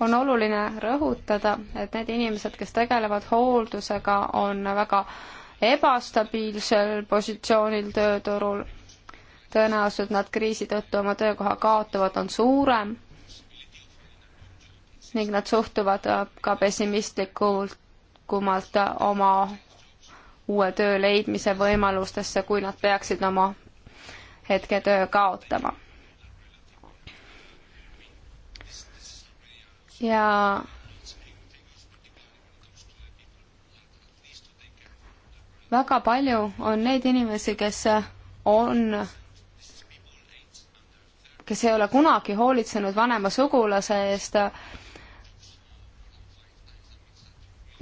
on oluline rõhutada, et need inimesed, kes tegelevad hooldusega, on väga äh, ebastabiilsel positsioonil tööturul. tõenäosus, et nad kriisi tõttu oma töökoha kaotavad, on suurem ning nad suhtuvad äh, ka pessimistlikumalt oma uue töö leidmise võimalustesse, kui nad peaksid oma hetketöö kaotama. ja väga palju on neid inimesi, kes on, kes ei ole kunagi hoolitsenud vanema sugulase eest.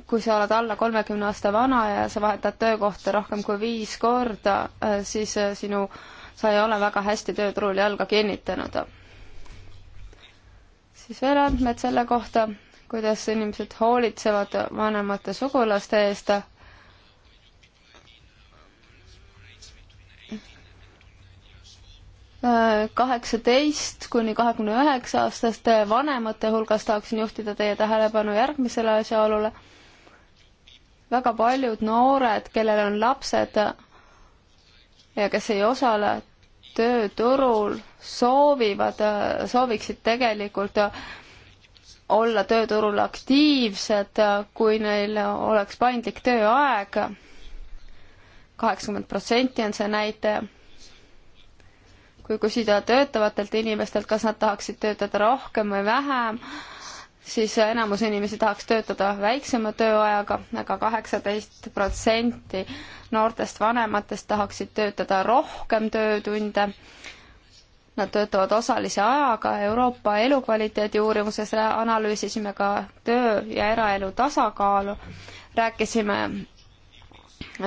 kui sa oled alla kolmekümne aasta vana ja sa vahetad töökohta rohkem kui viis korda, siis sinu, sa ei ole väga hästi tööturul jalga kinnitanud. siis veel andmed selle kohta, kuidas inimesed hoolitsevad vanemate sugulaste eest kaheksateist kuni kahekümne üheksa aastaste vanemate hulgas tahaksin juhtida teie tähelepanu järgmisele asjaolule. väga paljud noored, kellel on lapsed ja kes ei osale tööturul, soovivad, sooviksid tegelikult olla tööturul aktiivsed, kui neil oleks paindlik tööaeg. kaheksakümmend protsenti on see näitaja kui küsida töötavatelt inimestelt, kas nad tahaksid töötada rohkem või vähem, siis enamus inimesi tahaks töötada väiksema tööajaga aga, aga kaheksateist protsenti noortest vanematest tahaksid töötada rohkem töötunde. Nad töötavad osalise ajaga, Euroopa elukvaliteedi uurimuses analüüsisime ka töö ja eraelu tasakaalu, rääkisime,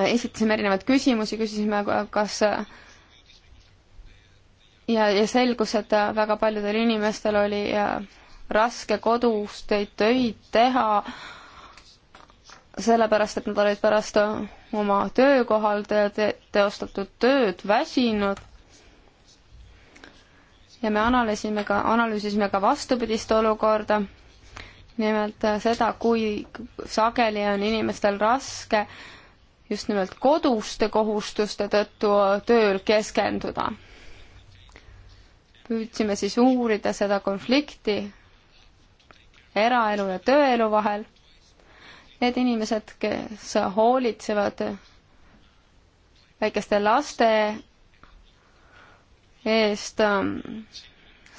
esitasime erinevaid küsimusi, küsisime, kas äh, ja, ja selgus, et äh, väga paljudel inimestel oli äh, raske kodust neid töid teha, sellepärast et nad olid pärast äh, oma töökohal te te teostatud tööd väsinud. ja me analüüsime ka, analüüsisime ka vastupidist olukorda, nimelt seda, kui sageli on inimestel raske just nimelt koduste kohustuste tõttu tööl keskenduda püüdsime siis uurida seda konflikti eraelu ja tööelu vahel. Need inimesed, kes hoolitsevad väikeste laste eest, ähm,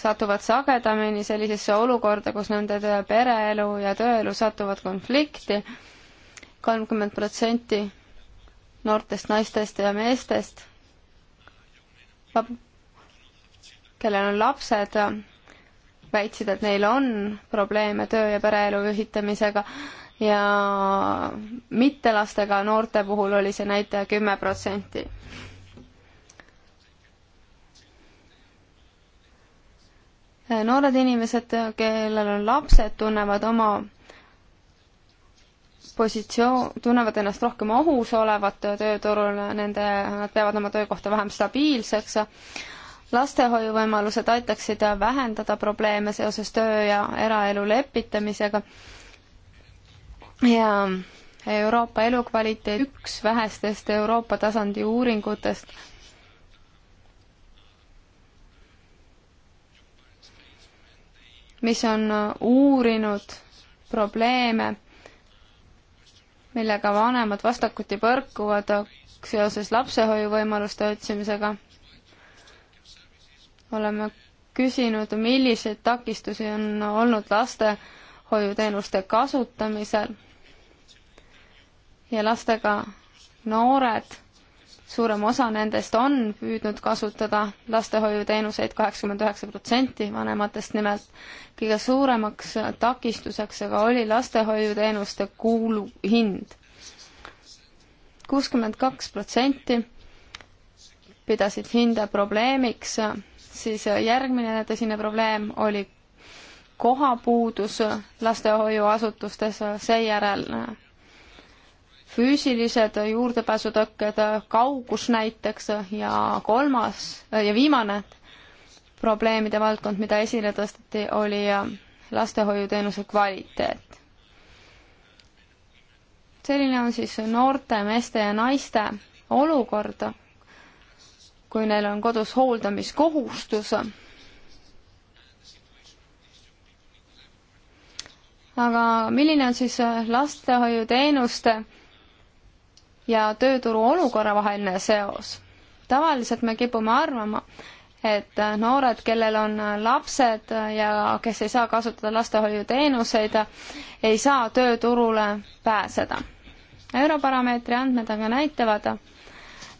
satuvad sagedamini sellisesse olukorda, kus nende pereelu ja tööelu satuvad konflikti. kolmkümmend protsenti noortest naistest ja meestest kellel on lapsed, väitsid, et neil on probleeme töö- ja pereelu ühitamisega ja mitte lastega noorte puhul oli see näitaja kümme protsenti. noored inimesed, kellel on lapsed, tunnevad oma positsioon, tunnevad ennast rohkem ohus olevat tööturul, nende, nad peavad oma töökohta vähem stabiilseks lastehoiuvõimalused aitaksid vähendada probleeme seoses töö ja eraelu lepitamisega ja Euroopa elukvaliteet üks vähestest Euroopa tasandi uuringutest, mis on uurinud probleeme, millega vanemad vastakuti põrkuvad seoses lapsehoiuvõimaluste otsimisega oleme küsinud, milliseid takistusi on olnud lastehoiuteenuste kasutamisel ja lastega noored, suurem osa nendest on püüdnud kasutada lastehoiuteenuseid, kaheksakümmend üheksa protsenti vanematest nimelt. kõige suuremaks takistuseks aga oli lastehoiuteenuste kuulu hind. kuuskümmend kaks protsenti pidasid hinda probleemiks siis äh, järgmine tõsine probleem oli kohapuudus lastehoiuasutustes, äh, seejärel äh, füüsilised juurdepääsutõkked, kaugus näiteks ja kolmas ja viimane probleemide valdkond, mida esile tõsteti, oli lastehoiuteenuse kvaliteet. selline on siis noorte meeste ja naiste olukord kui neil on kodus hooldamiskohustus. aga milline on siis lastehoiuteenuste ja tööturu olukorra vaheline seos? tavaliselt me kipume arvama, et noored, kellel on lapsed ja kes ei saa kasutada lastehoiuteenuseid, ei saa tööturule pääseda. Eurobaromeetri andmed aga näitavad,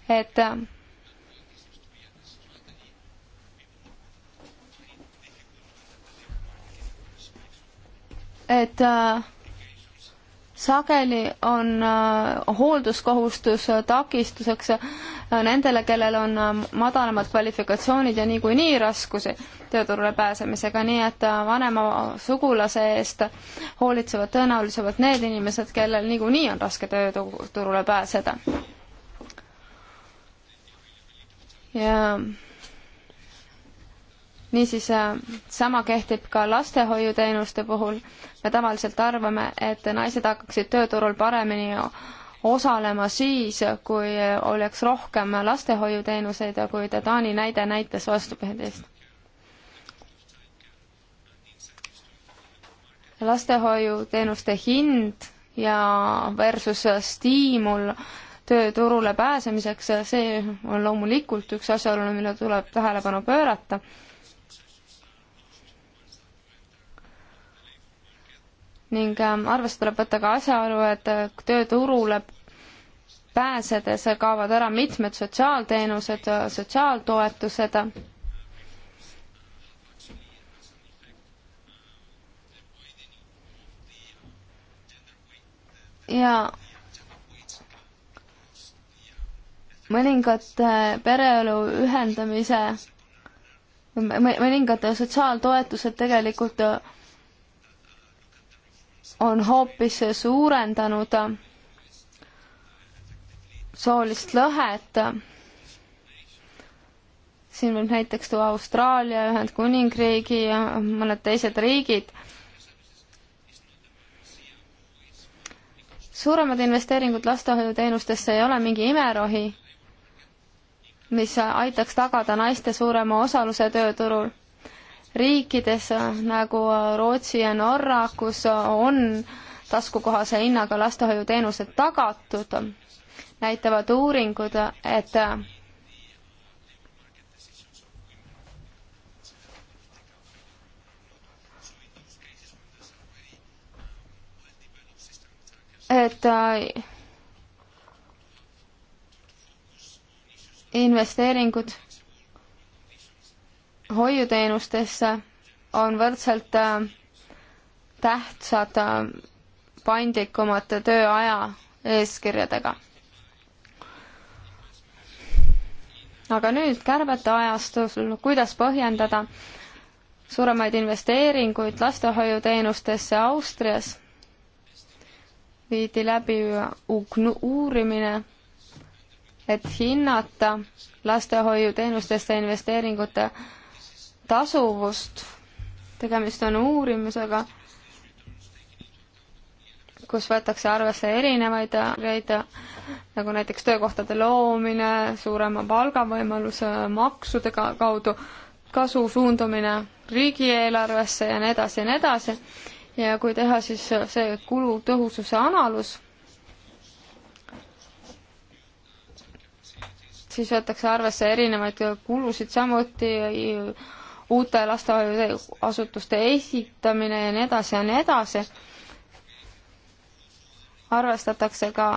et et äh, sageli on äh, hoolduskohustus takistuseks äh, nendele, kellel on madalamad kvalifikatsioonid ja niikuinii raskusi tööturule pääsemisega, nii et vanema sugulase eest hoolitsevad tõenäolisemalt need inimesed, kellel niikuinii on raske tööturule pääseda. ja yeah niisiis äh, sama kehtib ka lastehoiuteenuste puhul. me tavaliselt arvame, et naised hakkaksid tööturul paremini osalema siis, kui oleks rohkem lastehoiuteenuseid, kuid ta Taani näide näitas vastupidist. lastehoiuteenuste hind ja versus stiimul tööturule pääsemiseks, see on loomulikult üks asjaolu, millele tuleb tähelepanu pöörata ning ähm, arvesse tuleb võtta ka asjaolu, et äh, tööturule pääsedes kaovad ära mitmed sotsiaalteenused, äh, sotsiaaltoetused. ja mõningate pereelu ühendamise, mõningad sotsiaaltoetused tegelikult äh, on hoopis suurendanud soolist lõhet. siin võib näiteks tuua Austraalia, Ühendkuningriigi ja mõned teised riigid. suuremad investeeringud lastehoiuteenustesse ei ole mingi imerohi, mis aitaks tagada naiste suurema osaluse tööturul riikides äh, nagu Rootsi ja Norra, kus äh, on taskukohase hinnaga lastehoiuteenused tagatud, näitavad uuringud, et et äh, investeeringud hoiuteenustesse on võrdselt äh, tähtsad äh, paindlikumate tööaja eeskirjadega. aga nüüd kärbete ajastusel, kuidas põhjendada suuremaid investeeringuid lastehoiuteenustesse Austrias, viidi läbi uurimine, et hinnata lastehoiuteenustesse investeeringute tasuvust, tegemist on uurimisega, kus võetakse arvesse erinevaid reid, nagu näiteks töökohtade loomine, suurema palgavõimaluse maksude kaudu, kasu suundumine riigieelarvesse ja nii edasi ja nii edasi. ja kui teha siis see kulutõhususe analüüs, siis võetakse arvesse erinevaid kulusid, samuti uute lasteasutuste esitamine ja nii edasi ja nii edasi. arvestatakse ka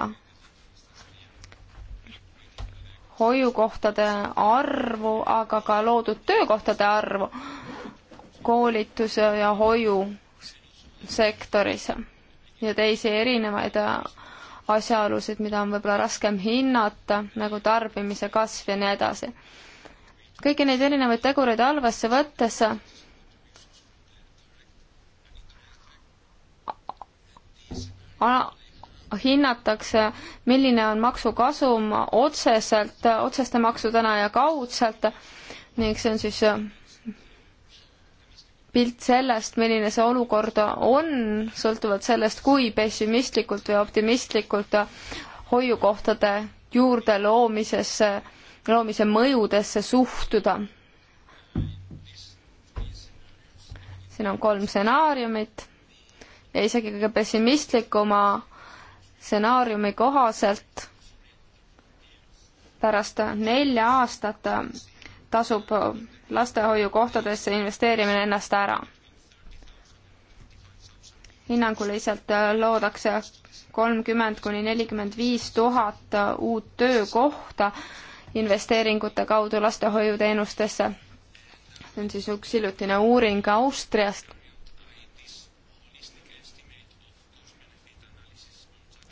hoiukohtade arvu, aga ka loodud töökohtade arvu koolitus- ja hoiusektoris ja teisi erinevaid asjaolusid, mida on võib-olla raskem hinnata, nagu tarbimise kasv ja nii edasi kõiki neid erinevaid tegureid halvasse võttes hinnatakse, milline on maksukasum otseselt, otseste maksudena ja kaudselt ning see on siis pilt sellest, milline see olukord on, sõltuvalt sellest, kui pessimistlikult või optimistlikult hoiukohtade juurde loomisesse loomise mõjudesse suhtuda. siin on kolm stsenaariumit ja isegi kõige pessimistlikuma stsenaariumi kohaselt pärast nelja aastat tasub lastehoiukohtadesse investeerimine ennast ära. hinnanguliselt loodakse kolmkümmend kuni nelikümmend viis tuhat uut töökohta investeeringute kaudu lastehoiuteenustesse. see on siis üks hiljutine uuring Austriast.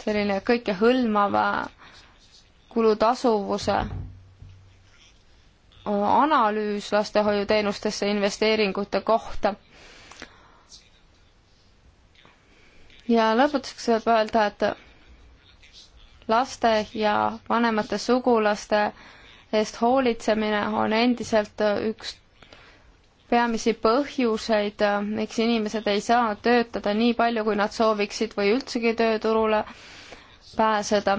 selline kõikehõlmav kulutasuvuse analüüs lastehoiuteenustesse investeeringute kohta ja lõpetuseks võib öelda, et laste ja vanemate sugulaste eest hoolitsemine on endiselt äh, üks peamisi põhjuseid, äh, miks inimesed ei saa töötada nii palju, kui nad sooviksid või üldsegi tööturule pääseda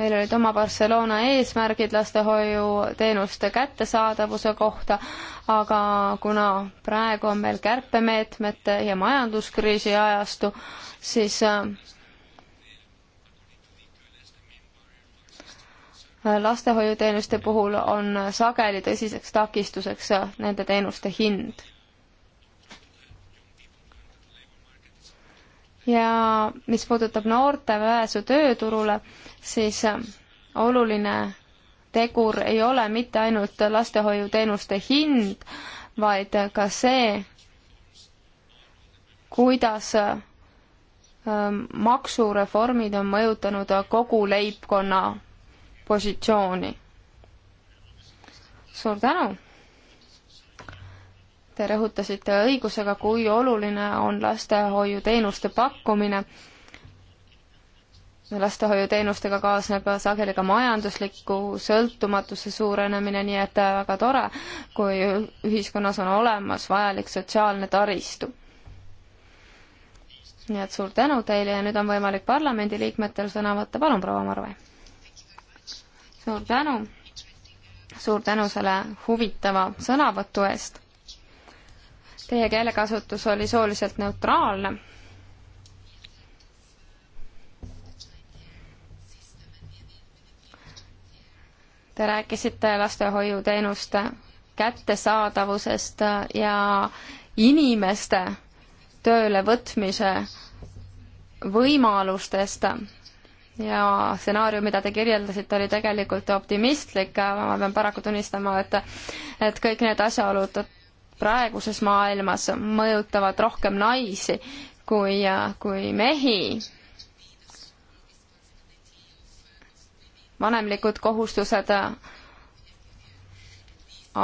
meil olid oma Barcelona eesmärgid lastehoiuteenuste kättesaadavuse kohta, aga kuna praegu on meil kärpemeetmete ja majanduskriisi ajastu, siis äh, lastehoiuteenuste puhul on sageli tõsiseks takistuseks äh, nende teenuste hind. ja mis puudutab noorte pääsu tööturule, siis äh, oluline tegur ei ole mitte ainult lastehoiuteenuste hind, vaid ka see, kuidas äh, maksureformid on mõjutanud kogu leibkonna positsiooni. suur tänu! Te rõhutasite õigusega, kui oluline on lastehoiuteenuste pakkumine lastehoiuteenustega kaasneb sageli ka majandusliku sõltumatuse suurenemine, nii et äh, väga tore, kui ühiskonnas on olemas vajalik sotsiaalne taristu. nii et suur tänu teile ja nüüd on võimalik parlamendiliikmetel sõna võtta, palun, proua Marve. suur tänu, suur tänu selle huvitava sõnavõtu eest. Teie keelekasutus oli sooliselt neutraalne Te rääkisite lastehoiuteenuste kättesaadavusest ja inimeste töölevõtmise võimalustest ja stsenaarium, mida te kirjeldasite, oli tegelikult optimistlik, ma pean paraku tunnistama, et et kõik need asjaolud praeguses maailmas mõjutavad rohkem naisi kui, kui mehi vanemlikud kohustused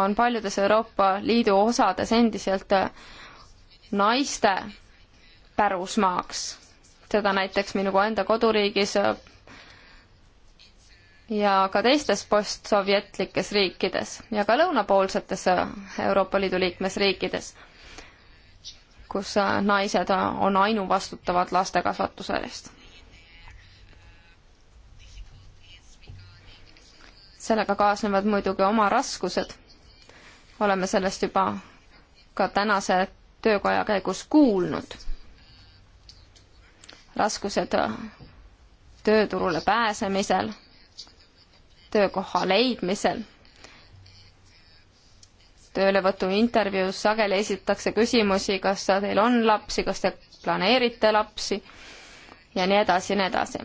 on paljudes Euroopa Liidu osades endiselt naiste pärusmaaks. seda näiteks minu enda koduriigis ja ka teistes postsovjetlikes riikides ja ka lõunapoolsetes Euroopa Liidu liikmesriikides, kus naised on ainuvastutavad laste kasvatuse eest. sellega kaasnevad muidugi oma raskused. oleme sellest juba ka tänase töökoja käigus kuulnud. raskused tööturule pääsemisel, töökoha leidmisel, töölevõtu intervjuus sageli esitakse küsimusi, kas teil on lapsi, kas te planeerite lapsi ja nii edasi ja nii edasi.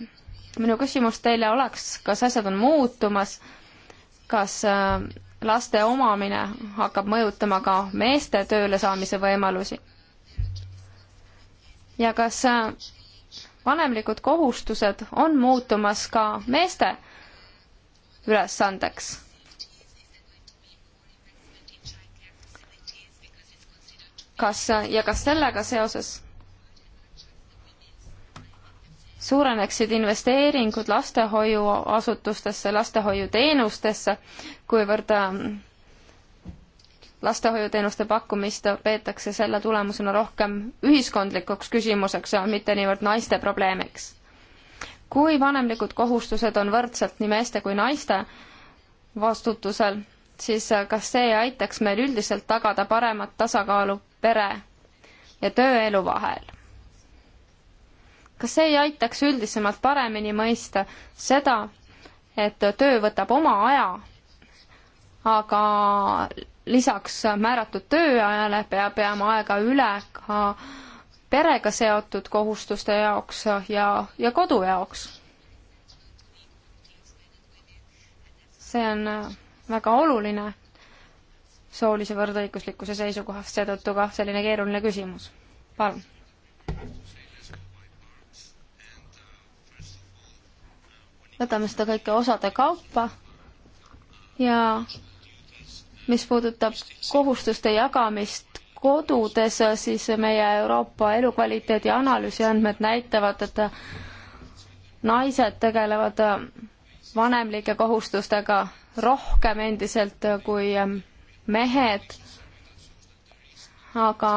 minu küsimus teile oleks, kas asjad on muutumas kas äh, laste omamine hakkab mõjutama ka meeste tööle saamise võimalusi? ja kas äh, vanemlikud kohustused on muutumas ka meeste ülesandeks? kas äh, ja kas sellega seoses suureneksid investeeringud lastehoiuasutustesse, lastehoiuteenustesse, kuivõrd ähm, lastehoiuteenuste pakkumist peetakse selle tulemusena rohkem ühiskondlikuks küsimuseks ja mitte niivõrd naiste probleemiks. kui vanemlikud kohustused on võrdselt nii meeste kui naiste vastutusel, siis kas see aitaks meil üldiselt tagada paremat tasakaalu pere ja tööelu vahel? kas see ei aitaks üldisemalt paremini mõista seda, et töö võtab oma aja, aga lisaks määratud tööajale peab jääma aega üle ka perega seotud kohustuste jaoks ja, ja kodu jaoks. see on väga oluline soolise võrdõiguslikkuse seisukohast, seetõttu ka selline keeruline küsimus. palun võtame seda kõike osade kaupa ja mis puudutab kohustuste jagamist kodudes, siis meie Euroopa elukvaliteedi analüüsi andmed näitavad, et naised tegelevad vanemlike kohustustega rohkem endiselt kui mehed. aga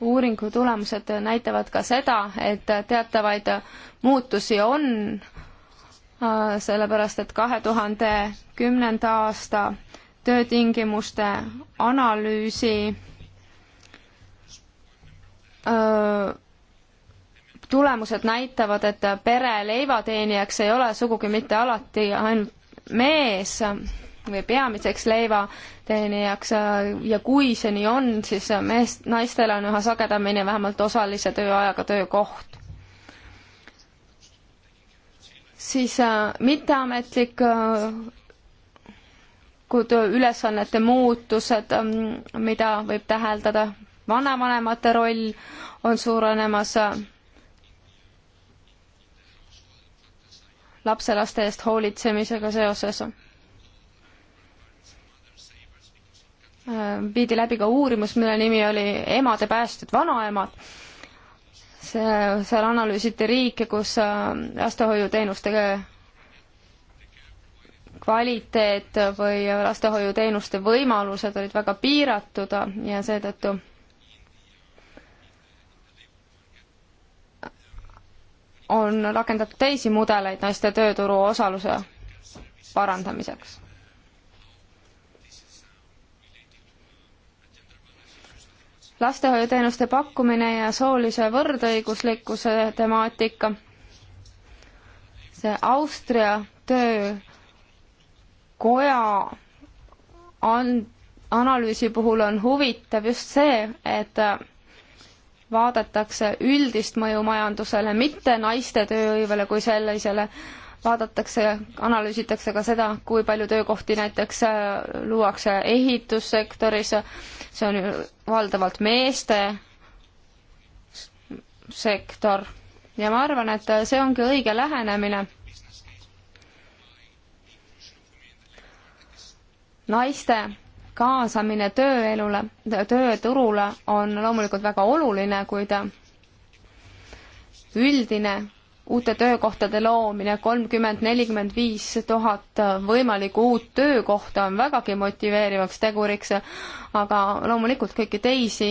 uuringu tulemused näitavad ka seda, et teatavaid muutusi on Äh, sellepärast et kahe tuhande kümnenda aasta töötingimuste analüüsi äh, tulemused näitavad, et pere leivateenijaks ei ole sugugi mitte alati ainult mees või peamiseks leivateenijaks äh, ja kui see nii on, siis mees, naistel on üha sagedamini vähemalt osalise tööajaga töökoht siis äh, mitteametlik äh, ülesannete muutused, ähm, mida võib täheldada, vanavanemate roll on suurenemas, äh, lapselaste eest hoolitsemisega seoses. viidi läbi ka uurimus, mille nimi oli Emade päästjad, vanaemad see, seal analüüsiti riike, kus äh, lastehoiuteenuste kvaliteet või lastehoiuteenuste võimalused olid väga piiratud ja seetõttu on rakendatud teisi mudeleid naiste tööturu osaluse parandamiseks lastehoiuteenuste pakkumine ja soolise võrdõiguslikkuse temaatika. see Austria töökoja and-, analüüsi puhul on huvitav just see, et vaadatakse üldist mõju majandusele, mitte naiste tööhõivele kui sellisele, vaadatakse, analüüsitakse ka seda, kui palju töökohti näiteks luuakse ehitussektoris, see on valdavalt meeste sektor ja ma arvan, et see ongi õige lähenemine. naiste kaasamine tööelule, tööturule on loomulikult väga oluline, kuid üldine uute töökohtade loomine, kolmkümmend, nelikümmend viis tuhat võimalikku uut töökohta on vägagi motiveerivaks teguriks, aga loomulikult kõiki teisi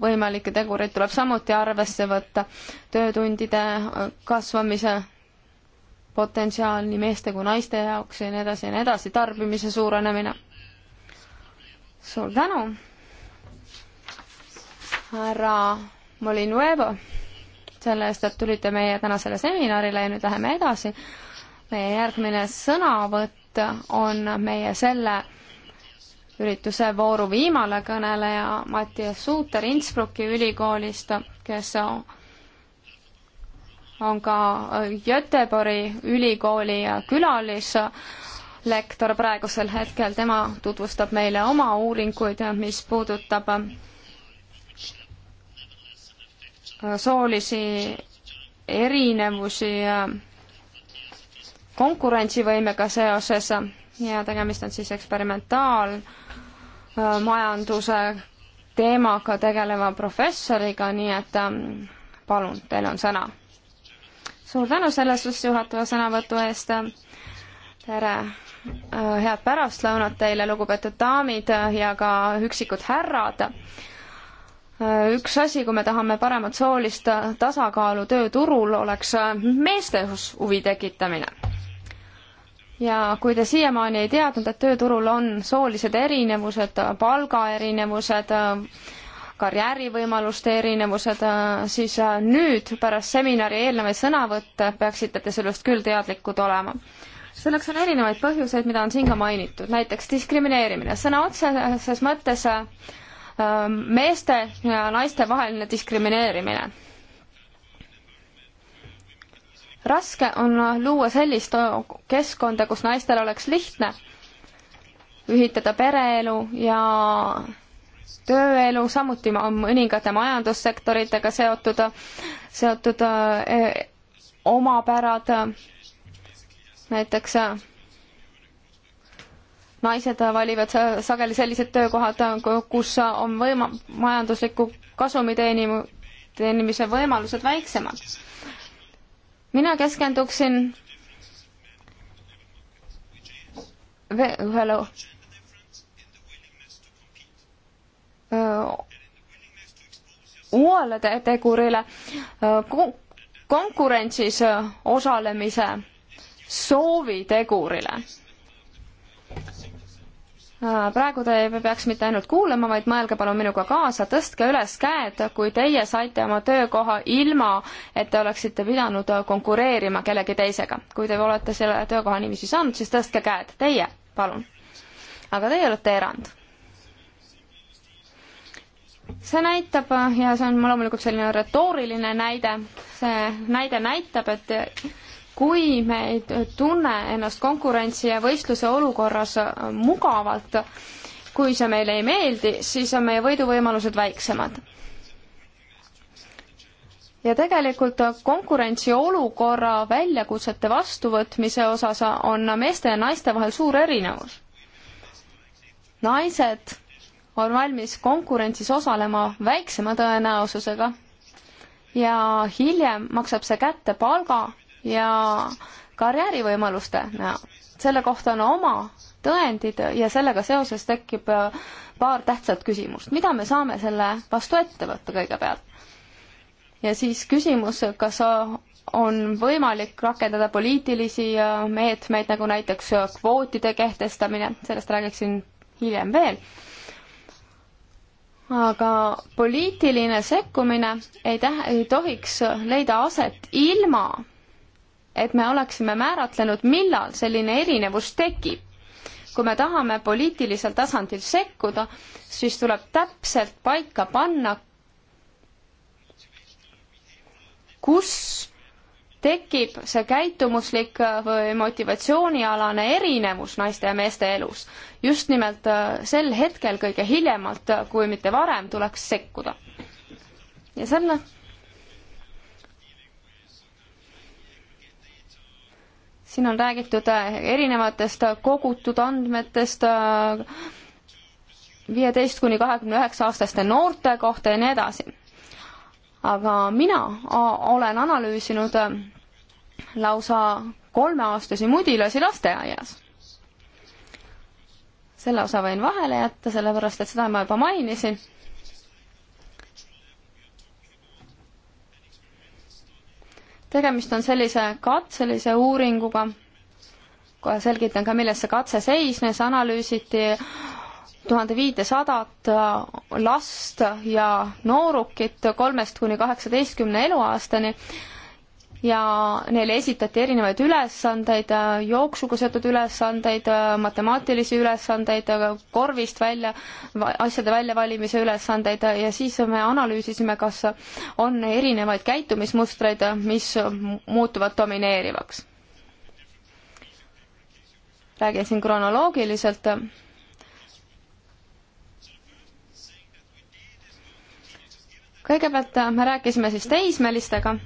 võimalikke tegureid tuleb samuti arvesse võtta. töötundide kasvamise potentsiaal nii meeste kui naiste jaoks ja nii edasi ja nii edasi, tarbimise suurenemine. suur tänu, härra Molinuevo selle eest, et tulite meie tänasele seminarile ja nüüd läheme edasi. meie järgmine sõnavõtt on meie selle ürituse vooru viimane kõneleja Mattias Suuter Innsbrucki ülikoolist, kes on ka Göteborgi ülikooli külalislektor praegusel hetkel, tema tutvustab meile oma uuringuid, mis puudutab soolisi erinevusi konkurentsivõimega seoses ja tegemist on siis eksperimentaalmajanduse teemaga tegeleva professoriga, nii et ähm, palun, teil on sõna. suur tänu selle sissejuhatava sõnavõtu eest. tere, äh, head pärastlõunat teile, lugupeetud daamid ja ka üksikud härrad Äh, üks asi, kui me tahame paremat soolist tasakaalu tööturul, oleks äh, meeste huvi tekitamine. ja kui te siiamaani ei teadnud, et tööturul on soolised erinevused, palgaerinevused, äh, karjäärivõimaluste erinevused, siis nüüd pärast seminari eelnevaid sõnavõtte peaksite te sellest küll teadlikud olema selleks on erinevaid põhjuseid, mida on siin ka mainitud, näiteks diskrimineerimine. sõna otseses mõttes Ähm, meeste ja naiste vaheline diskrimineerimine. raske on luua sellist keskkonda, kus naistel oleks lihtne ühitada pereelu ja tööelu, samuti mõningate majandussektoritega seotud, seotud äh, omapärad, näiteks äh, naised valivad sageli sellised töökohad, kus on võima-, majandusliku kasumi teeni-, teenimise võimalused väiksemad. mina keskenduksin ühele uuele tegurile konkurentsis osalemise soovitegurile Äh, praegu te ei peaks mitte ainult kuulama, vaid mõelge palun minuga kaasa, tõstke üles käed, kui teie saite oma töökoha ilma, et te oleksite pidanud konkureerima kellegi teisega. kui te olete selle töökoha niiviisi saanud, siis tõstke käed, teie, palun. aga teie olete erand. see näitab ja see on loomulikult selline retooriline näide, see näide näitab, et kui me ei tunne ennast konkurentsi ja võistluse olukorras mugavalt, kui see meile ei meeldi, siis on meie võiduvõimalused väiksemad. ja tegelikult konkurentsi olukorra väljakutsete vastuvõtmise osas on meeste ja naiste vahel suur erinevus. naised on valmis konkurentsis osalema väiksema tõenäosusega ja hiljem maksab see kätte palga ja karjäärivõimaluste näol. selle kohta on oma tõendid ja sellega seoses tekib äh, paar tähtsat küsimust. mida me saame selle vastu ette võtta kõigepealt? ja siis küsimus, kas on võimalik rakendada poliitilisi äh, meetmeid, nagu näiteks äh, kvootide kehtestamine, sellest räägiksin hiljem veel. aga poliitiline sekkumine ei tähe-, ei tohiks leida aset ilma, et me oleksime määratlenud, millal selline erinevus tekib. kui me tahame poliitilisel tasandil sekkuda, siis tuleb täpselt paika panna, kus tekib see käitumuslik või motivatsioonialane erinevus naiste ja meeste elus. just nimelt äh, sel hetkel kõige hiljemalt, kui mitte varem, tuleks sekkuda. ja selle siin on räägitud äh, erinevatest äh, kogutud andmetest äh, viieteist kuni kahekümne üheksa aastaste noorte kohta ja nii edasi. aga mina olen analüüsinud lausa kolmeaastasi mudilasi lasteaias. selle osa võin vahele jätta, sellepärast et seda ma juba mainisin tegemist on sellise katselise uuringuga, kohe selgitan ka, milles see katse seisnes, analüüsiti tuhande viitesadat last ja noorukit kolmest kuni kaheksateistkümne eluaastani ja neile esitati erinevaid ülesandeid, jooksuga seotud ülesandeid, matemaatilisi ülesandeid, korvist välja, asjade väljavalimise ülesandeid ja siis me analüüsisime, kas on erinevaid käitumismustreid, mis muutuvad domineerivaks. räägin siin kronoloogiliselt kõigepealt me rääkisime siis teismelistega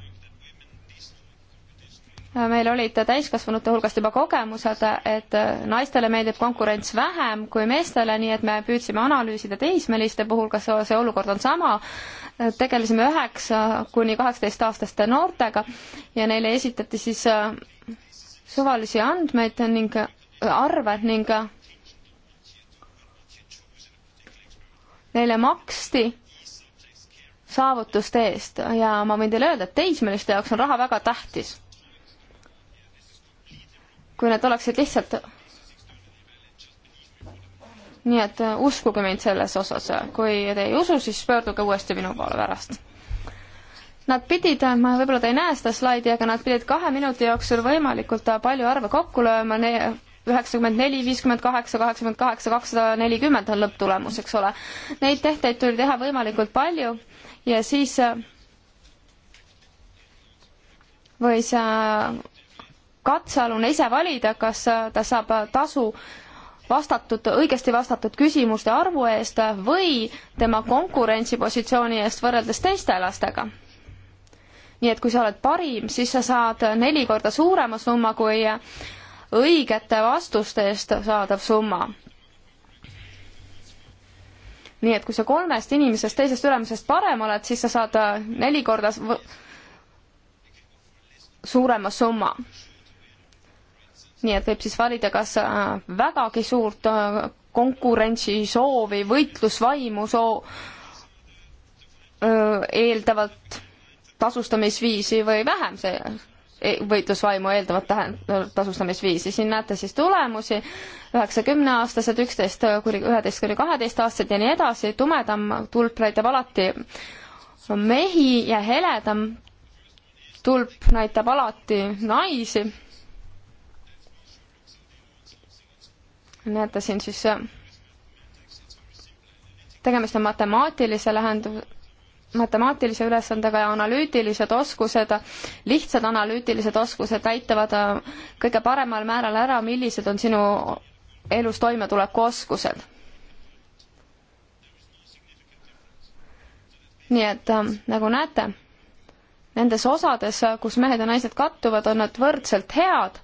meil olid täiskasvanute hulgast juba kogemused, et naistele meeldib konkurents vähem kui meestele, nii et me püüdsime analüüsida teismeliste puhul, kas see olukord on sama. tegelesime üheksa kuni kaheksateistaastaste noortega ja neile esitati siis suvalisi andmeid ning arve ning neile maksti saavutuste eest ja ma võin teile öelda, et teismeliste jaoks on raha väga tähtis kui need oleksid lihtsalt nii et äh, uskuge mind selles osas, kui te ei usu, siis pöörduge uuesti minu poole pärast. Nad pidid, äh, ma võib-olla te ei näe seda slaidi, aga nad pidid kahe minuti jooksul võimalikult äh, palju arve kokku lööma, üheksakümmend neli, viiskümmend kaheksa, kaheksakümmend kaheksa, kakssada nelikümmend on lõpptulemus, eks ole. Neid tehteid tuli teha võimalikult palju ja siis võis katsealune ise valida, kas äh, ta saab äh, tasu vastatud, õigesti vastatud küsimuste arvu eest või tema konkurentsipositsiooni eest võrreldes teiste lastega. nii et kui sa oled parim, siis sa saad neli korda suurema summa kui õigete vastuste eest saadav summa. nii et kui sa kolmest inimesest teisest ülemusest parem oled, siis sa saad äh, neli korda suurema summa nii et võib siis valida, kas äh, vägagi suurt äh, konkurentsisoovi, võitlusvaimu soo-, äh, eeldavat tasustamisviisi või vähem see e, võitlusvaimu eeldavat tähen-, tasustamisviisi, siin näete siis tulemusi, üheksa-kümneaastased, üksteist kuni, üheteist kuni kaheteistaastased ja nii edasi, tumedam tulp näitab alati mehi ja heledam tulp näitab alati naisi näete siin siis, äh, tegemist on matemaatilise lähendu-, matemaatilise ülesandega ja analüütilised oskused, lihtsad analüütilised oskused aitavad äh, kõige paremal määral ära, millised on sinu elus toimetuleku oskused. nii et äh, nagu näete, nendes osades, äh, kus mehed ja naised kattuvad, on nad võrdselt head.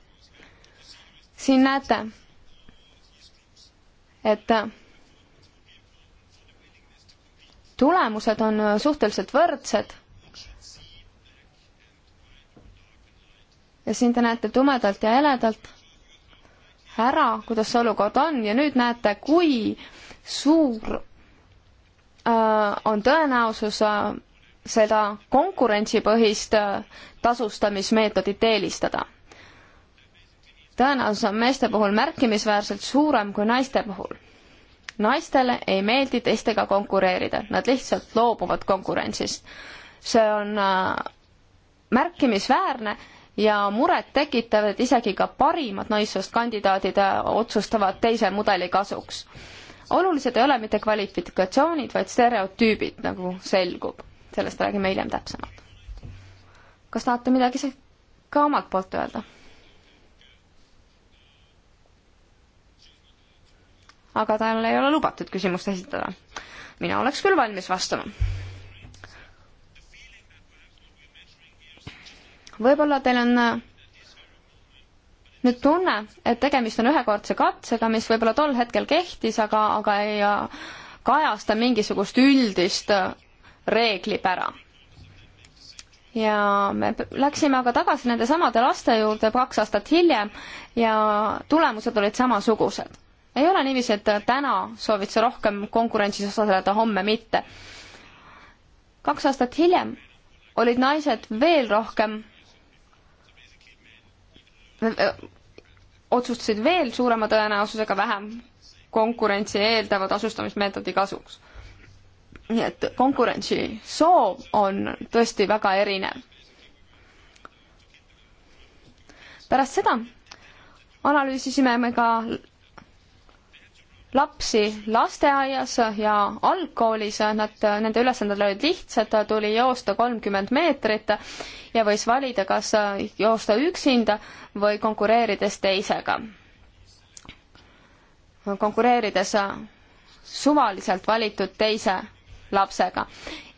siin näete et tulemused on suhteliselt võrdsed. ja siin te näete tumedalt ja heledalt ära, kuidas see olukord on ja nüüd näete, kui suur äh, on tõenäosus äh, seda konkurentsipõhist äh, tasustamismeetodit eelistada tõenäosus on meeste puhul märkimisväärselt suurem kui naiste puhul. naistele ei meeldi teistega konkureerida, nad lihtsalt loobuvad konkurentsist. see on äh, märkimisväärne ja muret tekitav, et isegi ka parimad naissoost kandidaadid äh, otsustavad teise mudeli kasuks. olulised ei ole mitte kvalifikatsioonid, vaid stereotüübid, nagu selgub. sellest räägime hiljem täpsemalt. kas tahate midagi ka omalt poolt öelda? aga tal ei ole lubatud küsimust esitada. mina oleks küll valmis vastama. võib-olla teil on äh, nüüd tunne, et tegemist on ühekordse katsega, mis võib-olla tol hetkel kehtis, aga, aga ei äh, kajasta mingisugust üldist äh, reeglipära ja me läksime aga tagasi nende samade laste juurde kaks aastat hiljem ja tulemused olid samasugused ei ole niiviisi, et täna soovid sa rohkem konkurentsis osaleda, homme mitte. kaks aastat hiljem olid naised veel rohkem otsustasid veel suurema tõenäosusega vähem konkurentsi eeldava tasustamismeetodi kasuks. nii et konkurentsi soov on tõesti väga erinev. pärast seda analüüsisime me ka lapsi lasteaias ja algkoolis, nad, nende ülesanded olid lihtsad, tuli joosta kolmkümmend meetrit ja võis valida, kas joosta üksinda või konkureerides teisega. konkureerides suvaliselt valitud teise lapsega.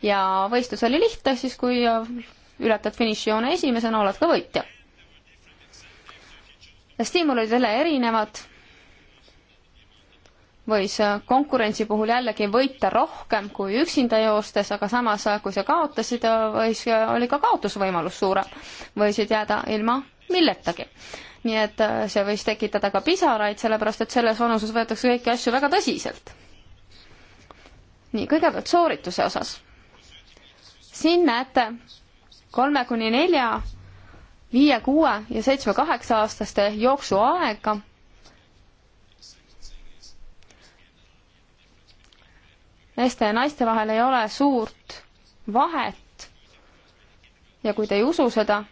ja võistlus oli lihtne, siis kui ületad finišijoone esimesena, oled ka võitja. ja stiimulid jälle erinevad võis äh, konkurentsi puhul jällegi võita rohkem kui üksinda joostes, aga samas, äh, kui sa kaotasid, äh, võis, oli ka kaotusvõimalus suurem. võisid jääda ilma milletagi. nii et see võis tekitada ka pisaraid, sellepärast et selles vanuses võetakse kõiki asju väga tõsiselt. nii, kõigepealt soorituse osas. siin näete kolme kuni nelja, viie, kuue ja seitsme-kaheksa aastaste jooksuaega meeste ja naiste vahel ei ole suurt vahet. ja kui te ei usu seda,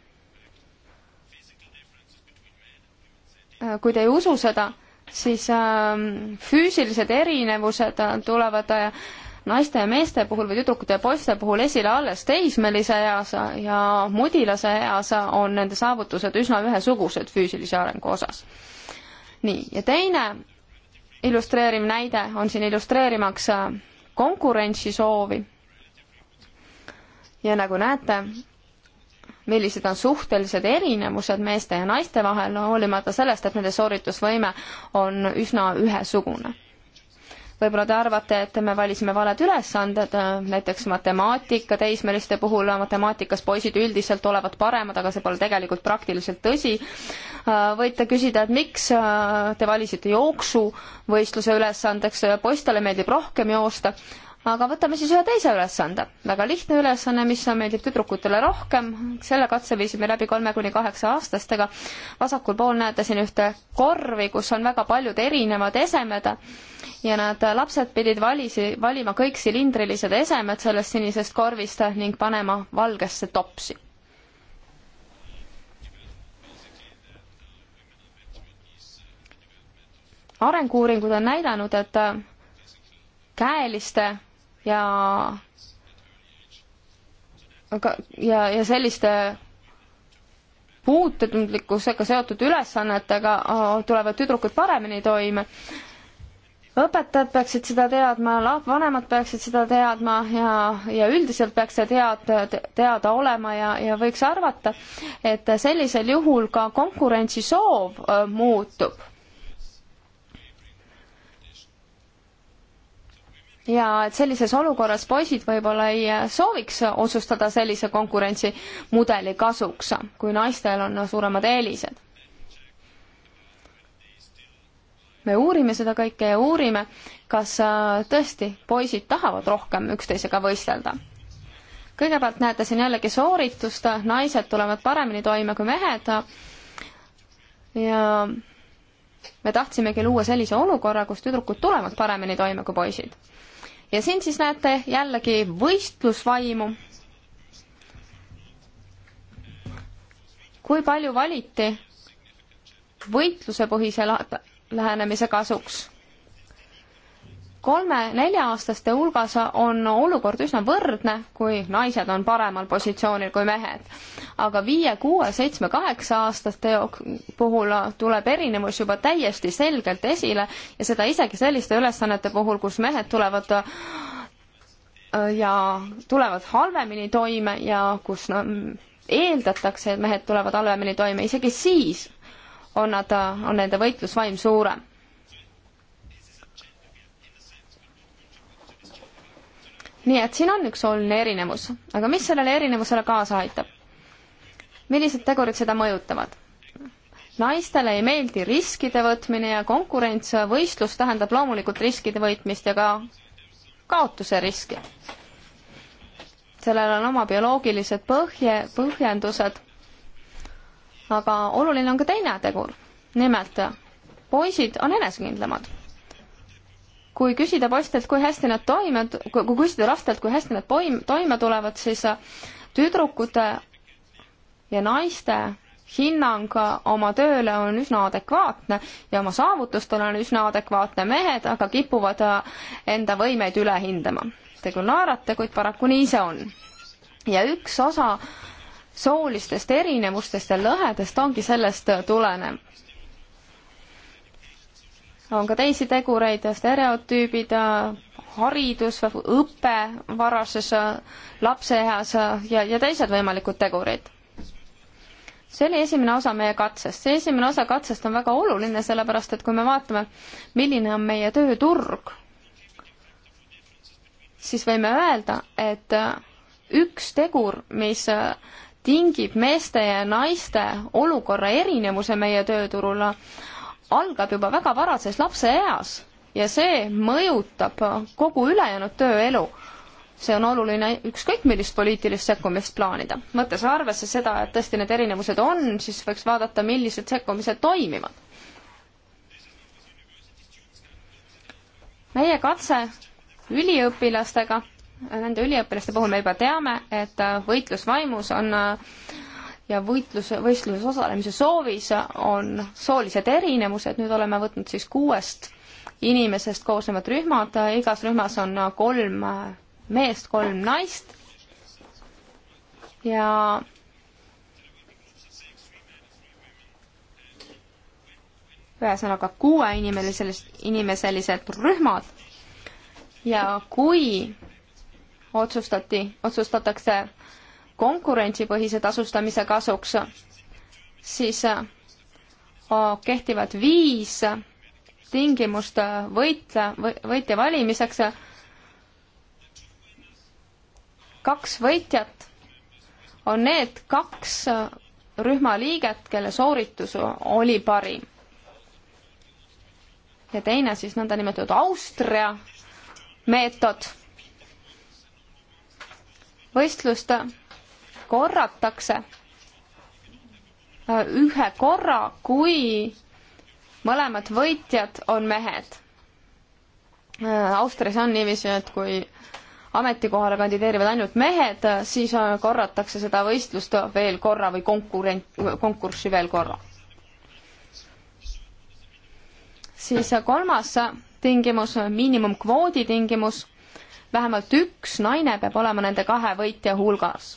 kui te ei usu seda, siis ähm, füüsilised erinevused tulevad äh, naiste ja meeste puhul või tüdrukute ja poiste puhul esile alles teismelise eas ja mudilase eas on nende saavutused üsna ühesugused füüsilise arengu osas. nii, ja teine illustreeriv näide on siin illustreerimaks äh, konkurentsisoovi. ja nagu näete, millised on suhtelised erinevused meeste ja naiste vahel, hoolimata sellest, et nende sooritusvõime on üsna ühesugune võib-olla te arvate, et me valisime valed ülesanded, näiteks matemaatika teismeliste puhul, matemaatikas poisid üldiselt olevat paremad, aga see pole tegelikult praktiliselt tõsi. võite küsida, et miks te valisite jooksuvõistluse ülesandeks, poistele meeldib rohkem joosta, aga võtame siis ühe teise ülesande, väga lihtne ülesanne, mis meeldib tüdrukutele rohkem, selle katse viisime läbi kolme kuni kaheksa aastastega. vasakul pool näete siin ühte korvi, kus on väga paljud erinevad esemed ja nad, lapsed pidid valisi, valima kõik silindrilised esemed sellest sinisest korvist ning panema valgesse topsi. arengu-uuringud on näidanud, et käeliste ja aga ja, ja selliste puutundlikkusega seotud ülesannetega äh, tulevad tüdrukud paremini toime. õpetajad peaksid seda teadma, vanemad peaksid seda teadma ja, ja üldiselt peaks see tead, teada olema ja, ja võiks arvata, et sellisel juhul ka konkurentsisoov äh, muutub ja et sellises olukorras poisid võib-olla ei äh, sooviks otsustada sellise konkurentsimudeli kasuks, kui naistel on suuremad eelised. me uurime seda kõike ja uurime, kas äh, tõesti poisid tahavad rohkem üksteisega võistelda. kõigepealt näete siin jällegi sooritust, naised tulevad paremini toime kui mehed ja me tahtsimegi luua sellise olukorra, kus tüdrukud tulevad paremini toime kui poisid ja siin siis näete jällegi võistlusvaimu. kui palju valiti võitlusepõhise lähenemise kasuks kolme-nelja-aastaste hulgas on olukord üsna võrdne, kui naised on paremal positsioonil kui mehed. aga viie, kuue, seitsme, kaheksa aastaste puhul tuleb erinevus juba täiesti selgelt esile ja seda isegi selliste ülesannete puhul, kus mehed tulevad äh, ja tulevad halvemini toime ja kus no, eeldatakse, et mehed tulevad halvemini toime, isegi siis on nad, on nende võitlusvaim suurem nii et siin on üks oluline erinevus, aga mis sellele erinevusele kaasa aitab? millised tegurid seda mõjutavad? naistele ei meeldi riskide võtmine ja konkurents, võistlus tähendab loomulikult riskide võitmist ja ka kaotuse riski. sellel on oma bioloogilised põhje, põhjendused. aga oluline on ka teine tegur, nimelt poisid on enesekindlamad kui küsida poistelt, kui hästi nad toime, kui küsida lastelt, kui hästi nad poim, toime tulevad, siis äh, tüdrukute ja naiste hinnang oma tööle on üsna adekvaatne ja oma saavutustele on üsna adekvaatne, mehed aga kipuvad äh, enda võimeid üle hindama. Te küll naerate, kuid paraku nii see on. ja üks osa soolistest erinevustest ja lõhedest ongi sellest äh, tulenev on ka teisi tegureid, stereotüübid, haridus, õpe varases lapseeas ja, ja teised võimalikud tegurid. see oli esimene osa meie katsest. see esimene osa katsest on väga oluline, sellepärast et kui me vaatame, milline on meie tööturg, siis võime öelda, et üks tegur, mis tingib meeste ja naiste olukorra erinevuse meie tööturul, algab juba väga varases lapseeas ja see mõjutab kogu ülejäänud tööelu. see on oluline ükskõik millist poliitilist sekkumist plaanida. võttes arvesse seda, et tõesti need erinevused on, siis võiks vaadata, millised sekkumised toimivad. meie katse üliõpilastega, nende üliõpilaste puhul me juba teame, et võitlusvaimus on äh, ja võitluse, võistluses osalemise soovis on soolised erinevused, nüüd oleme võtnud siis kuuest inimesest koosnevad rühmad, igas rühmas on kolm meest, kolm naist ja ühesõnaga kuueinimeliselised, inimeselised rühmad ja kui otsustati, otsustatakse konkurentsipõhise tasustamise kasuks, siis äh, kehtivad viis tingimust äh, võitla, võitja valimiseks. Äh, kaks võitjat on need kaks rühma liiget, kelle sooritus oli parim. ja teine siis nõndanimetatud Austria meetod. võistluste korratakse äh, ühe korra, kui mõlemad võitjad on mehed. Äh, Austrias on niiviisi, et kui ametikohale kandideerivad ainult mehed, äh, siis korratakse seda võistlust veel korra või konkurent, konkurssi veel korra. siis kolmas tingimus, miinimumkvoodi tingimus, vähemalt üks naine peab olema nende kahe võitja hulgas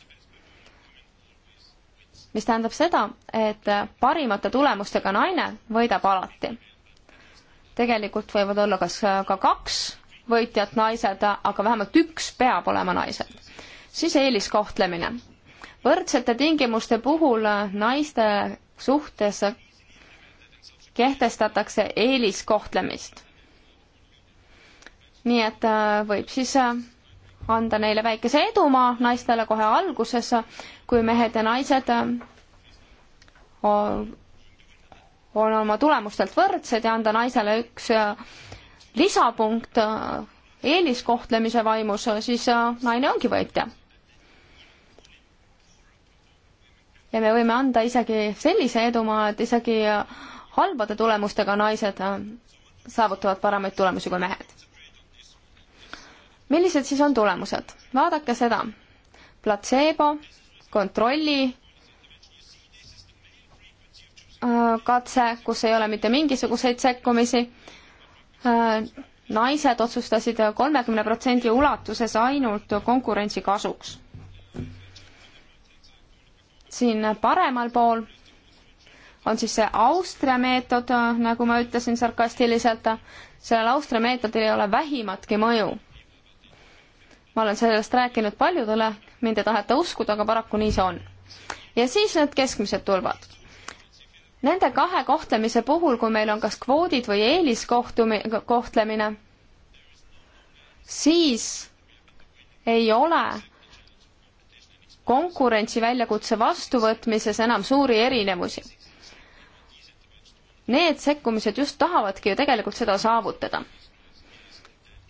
mis tähendab seda, et parimate tulemustega naine võidab alati. tegelikult võivad olla kas ka kaks võitjat naised, aga vähemalt üks peab olema naised. siis eeliskohtlemine. võrdsete tingimuste puhul naiste suhtes kehtestatakse eeliskohtlemist. nii et äh, võib siis äh, anda neile väikese edumaa naistele kohe alguses kui mehed ja naised on oma tulemustelt võrdsed ja anda naisele üks äh, lisapunkt äh, eeliskohtlemise vaimus, äh, siis naine ongi võitja. ja me võime anda isegi sellise edumaa, et isegi halbade tulemustega naised saavutavad paremaid tulemusi kui mehed. millised siis on tulemused? vaadake seda. platseebo kontrolli äh, katse, kus ei ole mitte mingisuguseid sekkumisi. Äh, naised otsustasid kolmekümne protsendi ulatuses ainult konkurentsi kasuks. siin paremal pool on siis see Austria meetod, äh, nagu ma ütlesin sarkastiliselt, sellel Austria meetodil ei ole vähimatki mõju. ma olen sellest rääkinud paljudele mind ei taheta uskuda, aga paraku nii see on. ja siis need keskmised tulvad. Nende kahe kohtlemise puhul, kui meil on kas kvoodid või eeliskohtumi-, kohtlemine, siis ei ole konkurentsi väljakutse vastuvõtmises enam suuri erinevusi. Need sekkumised just tahavadki ju tegelikult seda saavutada.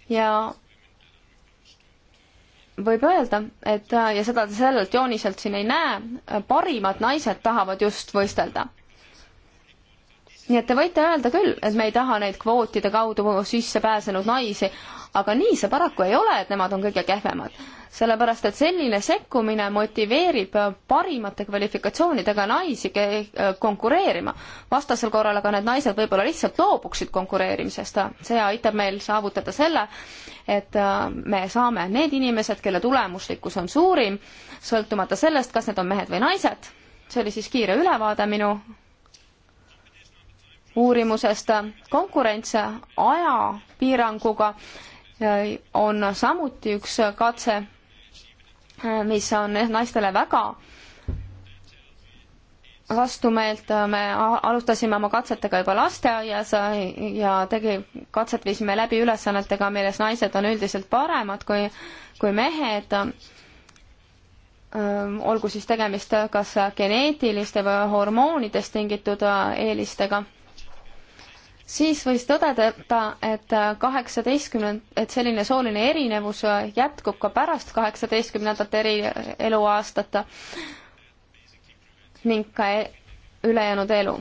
ja võib öelda, et ja seda te sellelt jooniselt siin ei näe, parimad naised tahavad just võistelda nii et te võite öelda küll, et me ei taha neid kvootide kaudu sisse pääsenud naisi, aga nii see paraku ei ole, et nemad on kõige kehvemad. sellepärast, et selline sekkumine motiveerib parimate kvalifikatsioonidega naisi konkureerima. vastasel korral aga need naised võib-olla lihtsalt loobuksid konkureerimisest. see aitab meil saavutada selle, et äh, me saame need inimesed, kelle tulemuslikkus on suurim, sõltumata sellest, kas need on mehed või naised. see oli siis kiire ülevaade minu uurimusest. konkurents ajapiiranguga äh, on samuti üks katse, äh, mis on eh, naistele väga vastumeelt, me alustasime oma katsetega juba lasteaias äh, ja tegi, katset viisime läbi ülesannetega, milles naised on üldiselt paremad kui, kui mehed. Ähm, olgu siis tegemist kas geneetiliste või hormoonidest tingitud eelistega siis võis tõdeda, et kaheksateistkümnend, et selline sooline erinevus jätkub ka pärast kaheksateistkümnendat eri eluaastat ning ka e ülejäänud elu.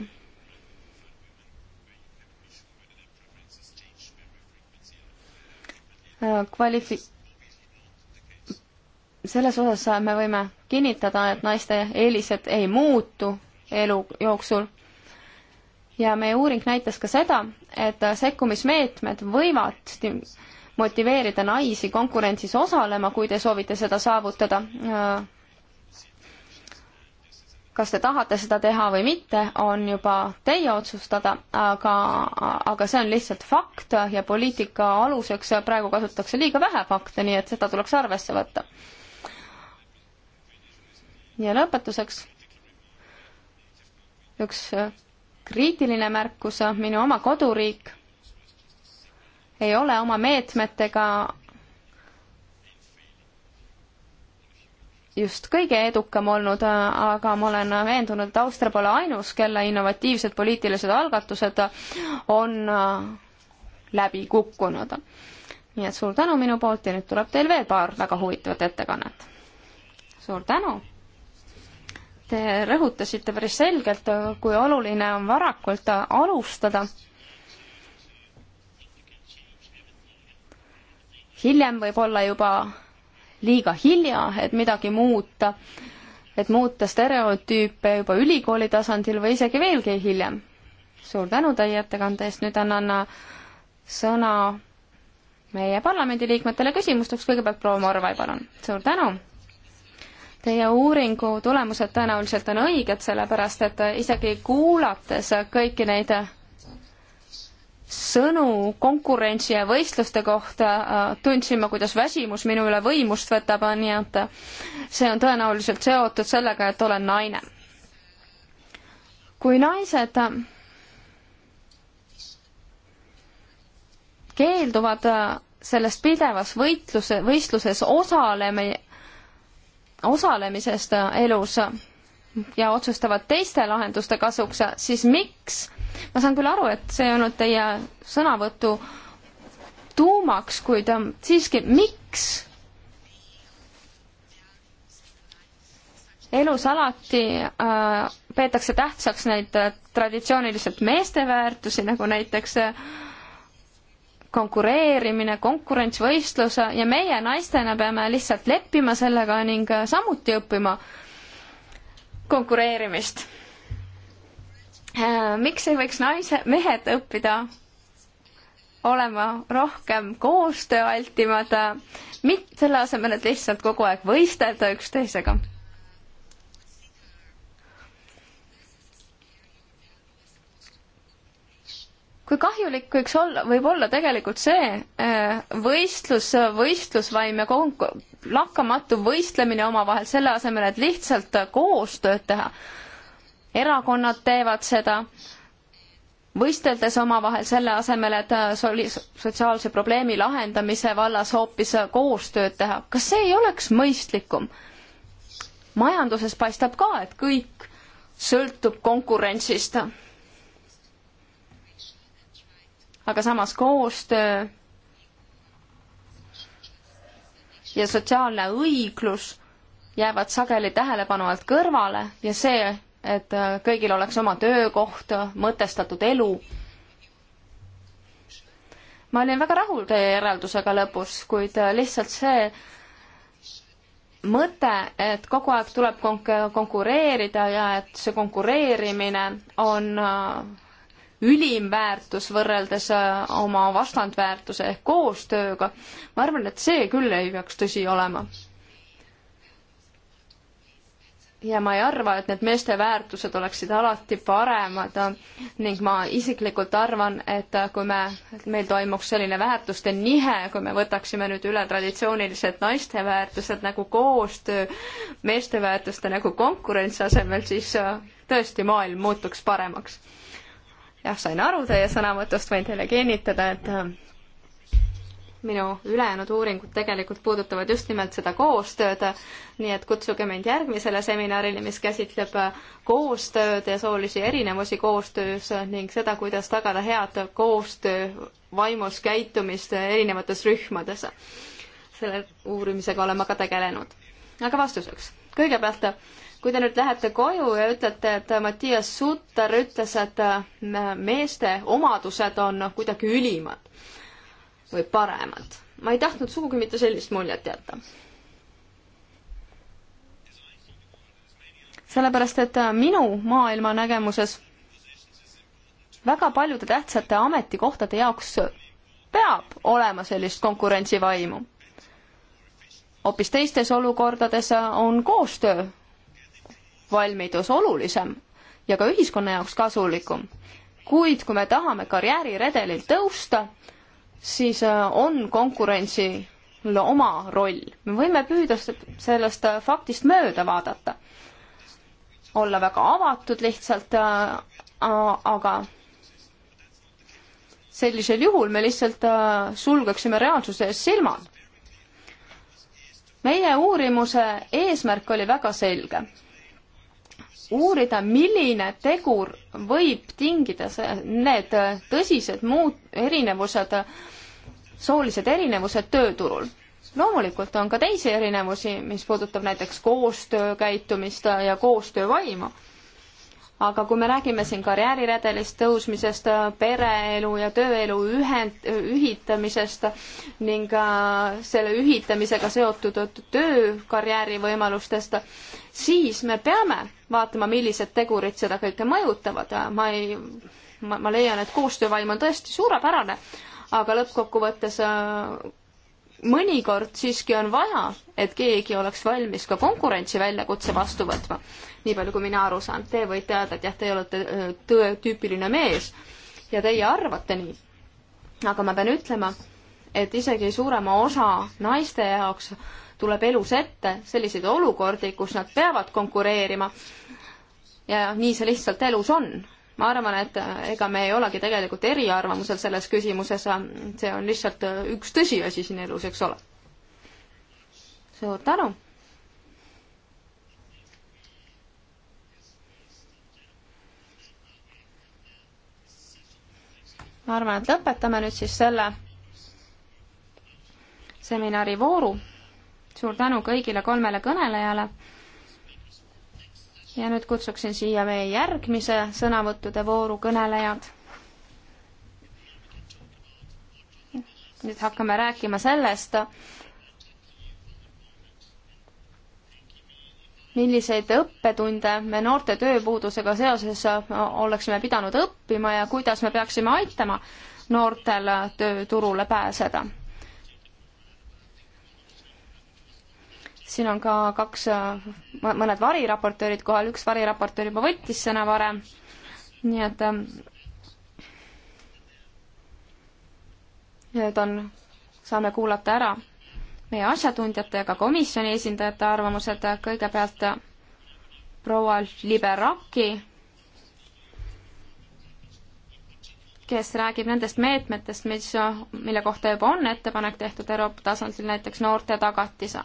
kvalifi-, selles osas me võime kinnitada, et naiste eelised ei muutu elu jooksul ja meie uuring näitas ka seda, et sekkumismeetmed võivad motiveerida naisi konkurentsis osalema, kui te soovite seda saavutada. kas te tahate seda teha või mitte, on juba teie otsustada, aga, aga see on lihtsalt fakt ja poliitika aluseks praegu kasutatakse liiga vähe fakte, nii et seda tuleks arvesse võtta. ja lõpetuseks üks kriitiline märkus, minu oma koduriik ei ole oma meetmetega just kõige edukam olnud, aga ma olen veendunud, et Austria pole ainus, kelle innovatiivsed poliitilised algatused on läbi kukkunud. nii et suur tänu minu poolt ja nüüd tuleb teil veel paar väga huvitavat ettekannet. suur tänu! Te rõhutasite päris selgelt, kui oluline on varakult alustada. hiljem võib olla juba liiga hilja, et midagi muuta, et muuta stereotüüpe juba ülikooli tasandil või isegi veelgi hiljem. suur tänu teie ettekande eest, nüüd annan sõna meie parlamendiliikmetele küsimusteks, kõigepealt proua Morvai, palun. suur tänu Teie uuringu tulemused tõenäoliselt on õiged, sellepärast et isegi kuulates kõiki neid sõnu konkurentsi ja võistluste kohta äh, tundsin ma, kuidas väsimus minu üle võimust võtab, äh, nii et äh, see on tõenäoliselt seotud sellega, et olen naine. kui naised keelduvad selles pidevas võitluse, võistluses osalema, osalemisest äh, elus ja otsustavad teiste lahenduste kasuks, siis miks? ma saan küll aru, et see ei olnud teie sõnavõtu tuumaks, kuid ähm, siiski, miks? elus alati äh, peetakse tähtsaks neid äh, traditsiooniliselt meeste väärtusi, nagu näiteks äh, konkureerimine, konkurentsivõistlus ja meie naistena peame lihtsalt leppima sellega ning samuti õppima konkureerimist. Äh, miks ei võiks naise, mehed õppida olema rohkem koostööaltimad, äh, mitte selle asemel, et lihtsalt kogu aeg võistelda üksteisega kui kahjulik võiks olla, võib olla tegelikult see äh, võistlus, võistlusvaim ja konk-, lakkamatu võistlemine omavahel, selle asemel, et lihtsalt koostööd teha. erakonnad teevad seda, võisteldes omavahel selle asemel, et soli-, sotsiaalse probleemi lahendamise vallas hoopis koostööd teha. kas see ei oleks mõistlikum? majanduses paistab ka, et kõik sõltub konkurentsist aga samas koostöö ja sotsiaalne õiglus jäävad sageli tähelepanu alt kõrvale ja see, et äh, kõigil oleks oma töökoht, mõtestatud elu. ma olin väga rahul teie järeldusega lõpus, kuid äh, lihtsalt see mõte, et kogu aeg tuleb konkureerida ja et see konkureerimine on äh, ülim väärtus võrreldes äh, oma vastandväärtuse ehk koostööga. ma arvan, et see küll ei peaks tõsi olema. ja ma ei arva, et need meeste väärtused oleksid alati paremad ning ma isiklikult arvan, et kui me, meil toimuks selline väärtuste nihe, kui me võtaksime nüüd üle traditsioonilised naiste väärtused nagu koostöö meeste väärtuste nagu konkurentsi asemel, siis äh, tõesti maailm muutuks paremaks jah, sain aru teie sõnavõtust, võin teile kinnitada, et äh, minu ülejäänud uuringud tegelikult puudutavad just nimelt seda koostööd, nii et kutsuge mind järgmisele seminarile, mis käsitleb äh, koostööd ja soolisi erinevusi koostöös ning seda, kuidas tagada head koostöö vaimus käitumist erinevates rühmades. selle uurimisega olen ma ka tegelenud. aga vastuseks, kõigepealt kui te nüüd lähete koju ja ütlete, et Mattias Sutter ütles, et äh, meeste omadused on kuidagi ülimad või paremad. ma ei tahtnud sugugi mitte sellist muljet jätta. sellepärast, et äh, minu maailmanägemuses väga paljude tähtsate ametikohtade jaoks peab olema sellist konkurentsivaimu. hoopis teistes olukordades äh, on koostöö valmidus olulisem ja ka ühiskonna jaoks kasulikum. kuid kui me tahame karjääriredelil tõusta, siis äh, on konkurentsil oma roll. me võime püüda sellest äh, faktist mööda vaadata, olla väga avatud lihtsalt, äh, aga sellisel juhul me lihtsalt sulgeksime reaalsuse ees silmad. meie uurimuse eesmärk oli väga selge uurida, milline tegur võib tingida see, need tõsised muud erinevused, soolised erinevused tööturul. loomulikult on ka teisi erinevusi, mis puudutab näiteks koostöökäitumist ja koostöövaimu aga kui me räägime siin karjääriredelist tõusmisest, pereelu ja tööelu ühend, ühitamisest ning äh, selle ühitamisega seotud töö karjäärivõimalustest, siis me peame vaatama, millised tegurid seda kõike mõjutavad. ma ei, ma, ma leian, et koostöövaim on tõesti suurepärane, aga lõppkokkuvõttes äh, mõnikord siiski on vaja, et keegi oleks valmis ka konkurentsi väljakutse vastu võtma nii palju, kui mina aru saan. Te võite öelda, et jah, te olete äh, tõe tüüpiline mees ja teie arvate nii. aga ma pean ütlema, et isegi suurema osa naiste jaoks tuleb elus ette selliseid olukordi, kus nad peavad konkureerima. ja nii see lihtsalt elus on. ma arvan, et äh, ega me ei olegi tegelikult eriarvamusel selles küsimuses, see on lihtsalt äh, üks tõsiasi siin elus, eks ole. suur tänu! ma arvan, et lõpetame nüüd siis selle seminari vooru. suur tänu kõigile kolmele kõnelejale. ja nüüd kutsuksin siia meie järgmise sõnavõttude vooru kõnelejad. nüüd hakkame rääkima sellest, milliseid õppetunde me noorte tööpuudusega seoses oleksime pidanud õppima ja kuidas me peaksime aitama noortel tööturule pääseda. siin on ka kaks, mõned variraportöörid kohal, üks variraportöör juba võttis sõna varem, nii et ähm, need on, saame kuulata ära meie asjatundjate ja ka komisjoni esindajate arvamused, kõigepealt proua Liberaki, kes räägib nendest meetmetest, mis, mille kohta juba on ettepanek tehtud Euroopa tasandil, näiteks noorte tagatise.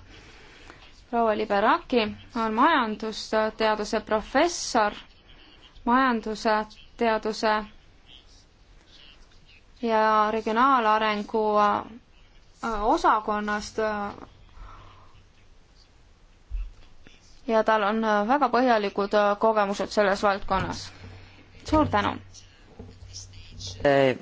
proua Liberaki on majandusteaduse professor, majandusteaduse ja regionaalarengu osakonnast ja tal on väga põhjalikud kogemused selles valdkonnas. suur tänu! Eh,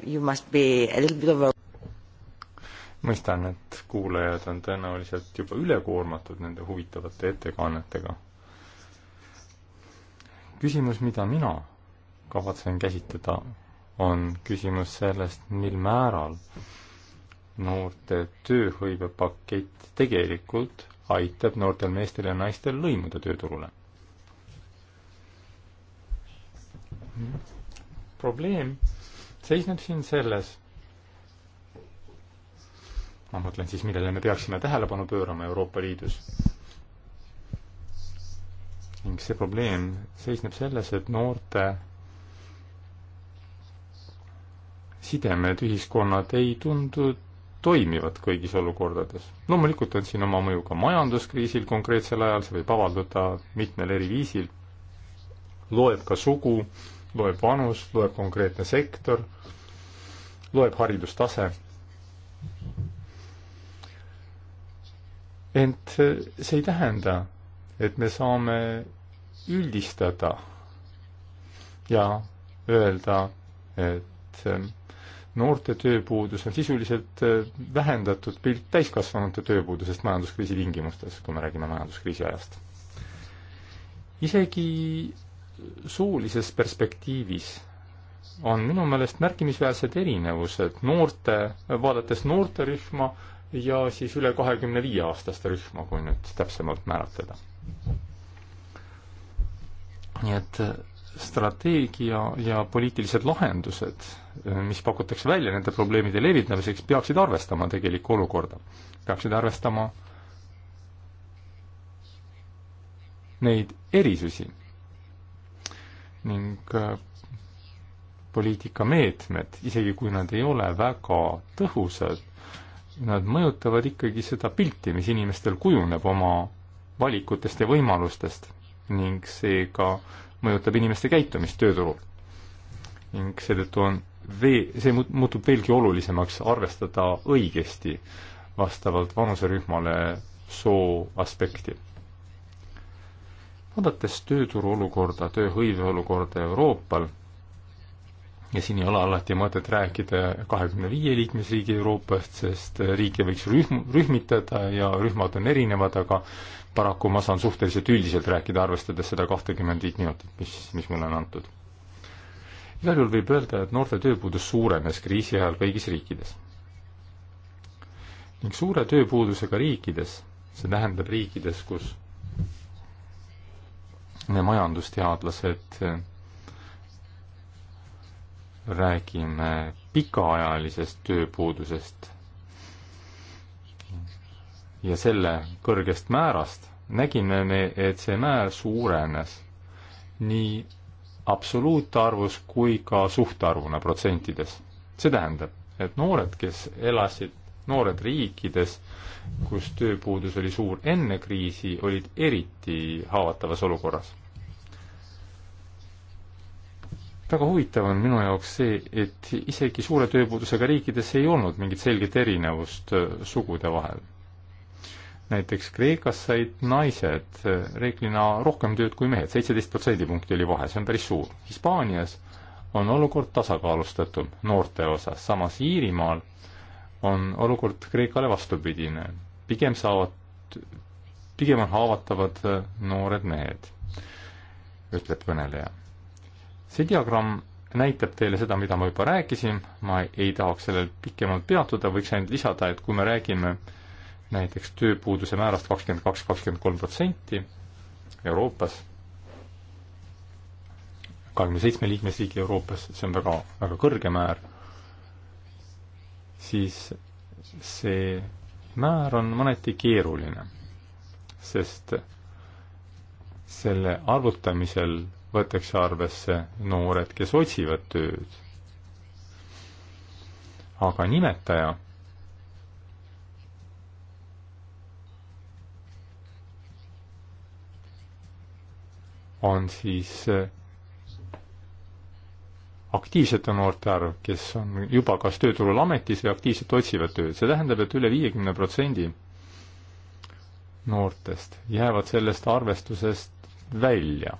mõistan, et kuulajad on tõenäoliselt juba ülekoormatud nende huvitavate ettekannetega. küsimus, mida mina kavatsen käsitleda, on küsimus sellest, mil määral noorte tööhõivepakett tegelikult aitab noortel meestel ja naistel lõimuda tööturule. probleem seisneb siin selles, ma mõtlen siis, millele me peaksime tähelepanu pöörama Euroopa Liidus. ning see probleem seisneb selles, et noorte sidemed ühiskonnad ei tundu toimivad kõigis olukordades. loomulikult on siin oma mõju ka majanduskriisil konkreetsel ajal, see võib avaldada mitmel eri viisil, loeb ka sugu, loeb vanus, loeb konkreetne sektor, loeb haridustase. ent see ei tähenda, et me saame üldistada ja öelda, et noorte tööpuudus on sisuliselt äh, vähendatud pilt täiskasvanute tööpuudusest majanduskriisi tingimustes, kui me räägime majanduskriisi ajast. isegi soolises perspektiivis on minu meelest märkimisväärsed erinevused noorte, vaadates noorterühma ja siis üle kahekümne viie aastaste rühma, kui nüüd täpsemalt määratleda. nii et strateegia ja poliitilised lahendused, mis pakutakse välja nende probleemide levitamiseks, peaksid arvestama tegelikku olukorda. peaksid arvestama neid erisusi ning äh, poliitikameetmed, isegi kui nad ei ole väga tõhusad, nad mõjutavad ikkagi seda pilti, mis inimestel kujuneb oma valikutest ja võimalustest ning seega mõjutab inimeste käitumist tööturul. ning seetõttu on vee-, see muutub veelgi olulisemaks arvestada õigesti vastavalt vanuserühmale soo aspekti. vaadates tööturu olukorda, tööhõive olukorda Euroopal, ja siin ei ole alati mõtet rääkida kahekümne viie liikmesriigi Euroopast, sest riike võiks rühm, rühmitada ja rühmad on erinevad, aga paraku ma saan suhteliselt üldiselt rääkida, arvestades seda kahtekümmend viit minutit, mis, mis mulle on antud. igal juhul võib öelda, et noorte tööpuudus suurenes kriisi ajal kõigis riikides. ning suure tööpuudusega riikides, see tähendab riikides, kus majandusteadlased räägime pikaajalisest tööpuudusest ja selle kõrgest määrast, nägime me, et see määr suurenes nii absoluutarvus kui ka suhtarvuna protsentides. see tähendab, et noored, kes elasid, noored riikides, kus tööpuudus oli suur enne kriisi, olid eriti haavatavas olukorras väga huvitav on minu jaoks see, et isegi suure tööpuudusega riikides ei olnud mingit selget erinevust äh, sugude vahel. näiteks Kreekas said naised äh, reeglina rohkem tööd kui mehed, seitseteist protsendipunkti oli vahe, see on päris suur. Hispaanias on olukord tasakaalustatum noorte osas, samas Iirimaal on olukord Kreekale vastupidine. pigem saavad, pigem on haavatavad äh, noored mehed, ütleb kõneleja see diagramm näitab teile seda, mida ma juba rääkisin, ma ei tahaks sellel pikemalt peatuda, võiks ainult lisada, et kui me räägime näiteks tööpuuduse määrast kakskümmend kaks, kakskümmend kolm protsenti Euroopas, kahekümne seitsme liikmesriigi Euroopas, see on väga, väga kõrge määr, siis see määr on mõneti keeruline, sest selle arvutamisel võetakse arvesse noored, kes otsivad tööd. aga nimetaja on siis eh, aktiivsete noorte arv, kes on juba kas tööturul ametis või aktiivselt otsivad tööd, see tähendab, et üle viiekümne protsendi noortest jäävad sellest arvestusest välja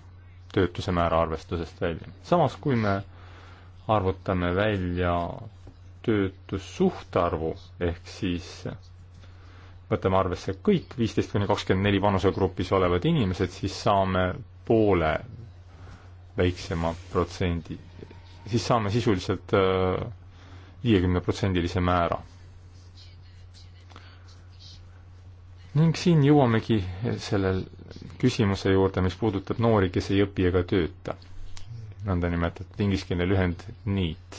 töötuse määra arvestusest välja. samas, kui me arvutame välja töötussuhtarvu, ehk siis võtame arvesse kõik viisteist kuni kakskümmend neli vanusegrupis olevad inimesed, siis saame poole väiksema protsendi, siis saame sisuliselt äh, viiekümneprotsendilise määra ning siin jõuamegi sellel küsimuse juurde, mis puudutab noori, kes ei õpi ega tööta. nõndanimetatud ingliskeelne lühend NEET.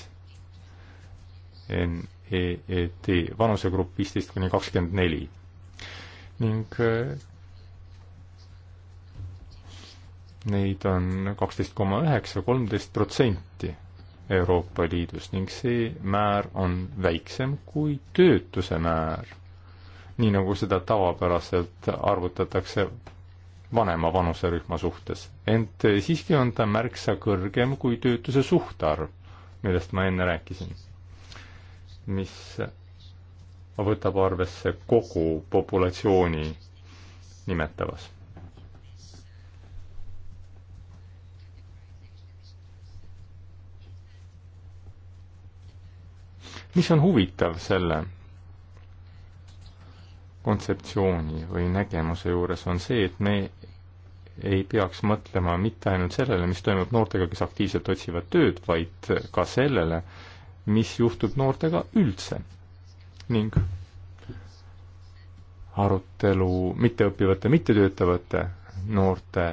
N-E-E-T, vanusegrupp viisteist kuni kakskümmend neli. ning äh, neid on kaksteist koma üheksa, kolmteist protsenti Euroopa Liidus ning see määr on väiksem kui töötuse määr nii nagu seda tavapäraselt arvutatakse vanema vanuserühma suhtes. ent siiski on ta märksa kõrgem kui töötuse suhtarv, millest ma enne rääkisin, mis võtab arvesse kogu populatsiooni nimetavas. mis on huvitav selle kontseptsiooni või nägemuse juures on see, et me ei peaks mõtlema mitte ainult sellele, mis toimub noortega, kes aktiivselt otsivad tööd, vaid ka sellele, mis juhtub noortega üldse. ning arutelu mitteõppivate, mittetöötavate noorte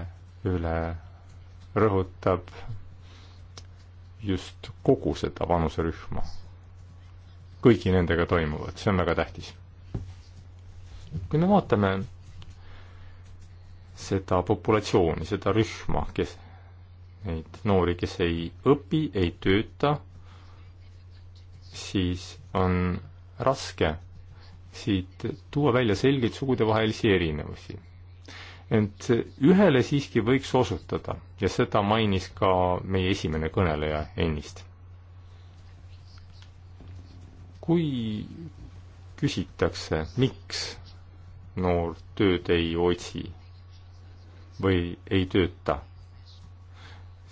üle rõhutab just kogu seda vanuserühma. kõigi nendega toimuvat, see on väga tähtis kui me vaatame seda populatsiooni, seda rühma, kes, neid noori, kes ei õpi, ei tööta, siis on raske siit tuua välja selgeid sugudevahelisi erinevusi. ent ühele siiski võiks osutada ja seda mainis ka meie esimene kõneleja ennist. kui küsitakse, miks noor tööd ei otsi või ei tööta,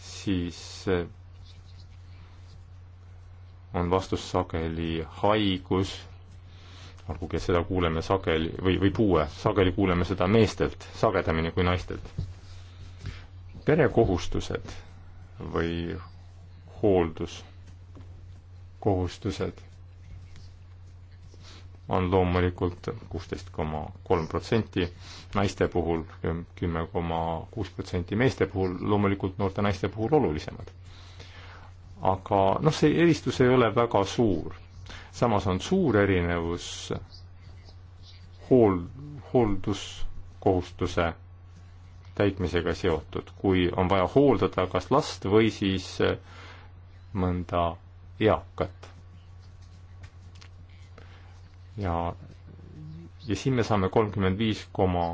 siis eh, on vastus sageli haigus, olgugi et seda kuuleme sageli, või, või puue, sageli kuuleme seda meestelt sagedamini kui naistelt. perekohustused või hoolduskohustused on loomulikult kuusteist koma kolm protsenti, naiste puhul kümme koma kuus protsenti, meeste puhul loomulikult noorte naiste puhul olulisemad. aga noh, see eristus ei ole väga suur. samas on suur erinevus hool, hoolduskohustuse täitmisega seotud, kui on vaja hooldada kas last või siis mõnda eakat ja, ja siin me saame kolmkümmend viis koma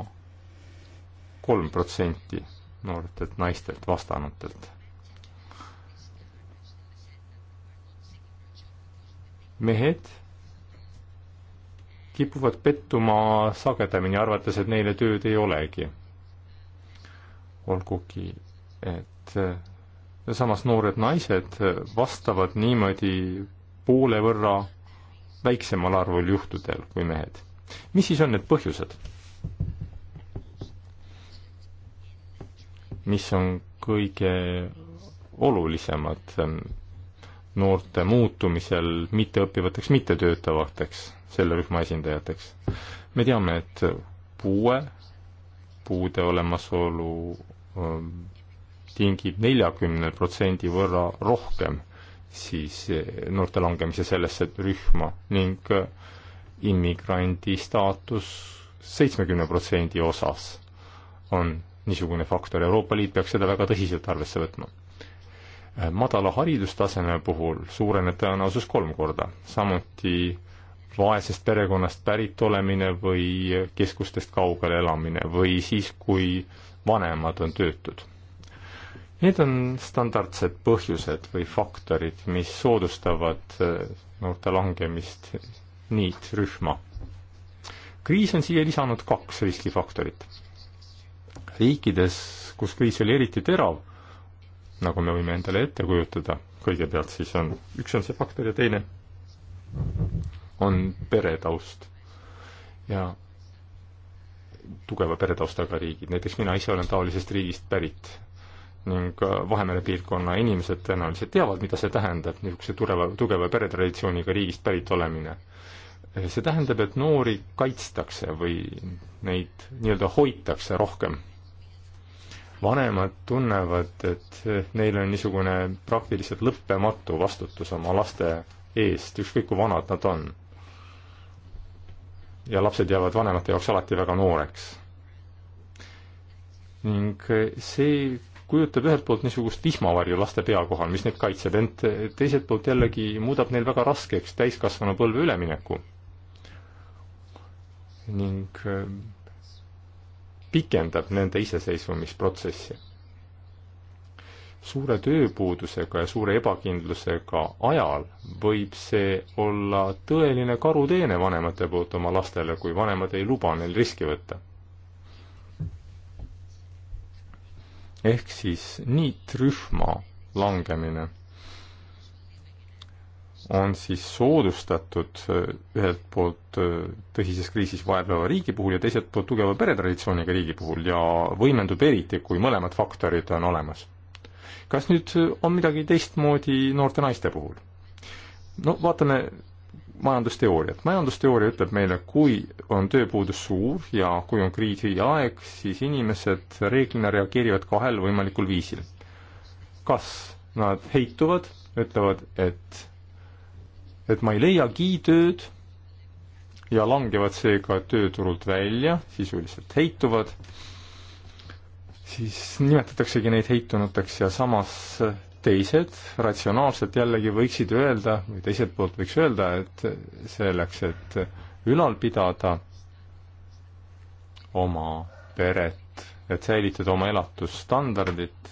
kolm protsenti noortelt naistelt vastanutelt. mehed kipuvad pettuma sagedamini, arvates, et neile tööd ei olegi. olgugi, et samas noored naised vastavad niimoodi poole võrra väiksemal arvul juhtudel kui mehed. mis siis on need põhjused? mis on kõige olulisemad ähm, noorte muutumisel mitteõppivateks, mittetöötavateks selle rühma esindajateks? me teame, et puue, puude olemasolu ähm, tingib neljakümne protsendi võrra rohkem siis eh, noorte langemise sellesse rühma ning eh, immigrandi staatus seitsmekümne protsendi osas on niisugune faktor, Euroopa Liit peaks seda väga tõsiselt arvesse võtma. Eh, madala haridustaseme puhul suureneb tõenäosus kolm korda, samuti vaesest perekonnast pärit olemine või keskustest kaugel elamine või siis, kui vanemad on töötud Need on standardsed põhjused või faktorid, mis soodustavad eh, noorte langemist niitrühma. kriis on siia lisanud kaks riskifaktorit. riikides, kus kriis oli eriti terav, nagu me võime endale ette kujutada, kõigepealt siis on, üks on see faktor ja teine on peretaust. ja tugeva peretaustaga riigid, näiteks mina ise olen taolisest riigist pärit ning Vahemere piirkonna inimesed tõenäoliselt teavad, mida see tähendab, niisuguse tureva, tugeva peretraditsiooniga riigist pärit olemine. see tähendab, et noori kaitstakse või neid nii-öelda hoitakse rohkem. vanemad tunnevad, et neil on niisugune praktiliselt lõppematu vastutus oma laste eest, ükskõik kui vanad nad on. ja lapsed jäävad vanemate jaoks alati väga nooreks. ning see kujutab ühelt poolt niisugust vihmavarju laste pea kohal, mis neid kaitseb, ent teiselt poolt jällegi muudab neil väga raskeks täiskasvanupõlve ülemineku. ning äh, pikendab nende iseseisvumisprotsessi. suure tööpuudusega ja suure ebakindlusega ajal võib see olla tõeline karuteene vanemate poolt oma lastele, kui vanemad ei luba neil riski võtta ehk siis niitrühma langemine on siis soodustatud äh, ühelt poolt äh, tõsises kriisis vaepleva riigi puhul ja teiselt poolt tugeva peretraditsiooniga riigi puhul ja võimendub eriti, kui mõlemad faktorid on olemas. kas nüüd äh, on midagi teistmoodi noorte naiste puhul? no vaatame majandusteooriat. majandusteooria ütleb meile, kui on tööpuudus suur ja kui on kriisiaeg, siis inimesed reeglina reageerivad kahel võimalikul viisil. kas nad heituvad, ütlevad, et, et ma ei leiagi tööd ja langevad seega tööturult välja, sisuliselt heituvad, siis nimetataksegi neid heitunuteks ja samas teised ratsionaalselt jällegi võiksid öelda või teiselt poolt võiks öelda, et selleks, et ülal pidada oma peret, et säilitada oma elatusstandardit,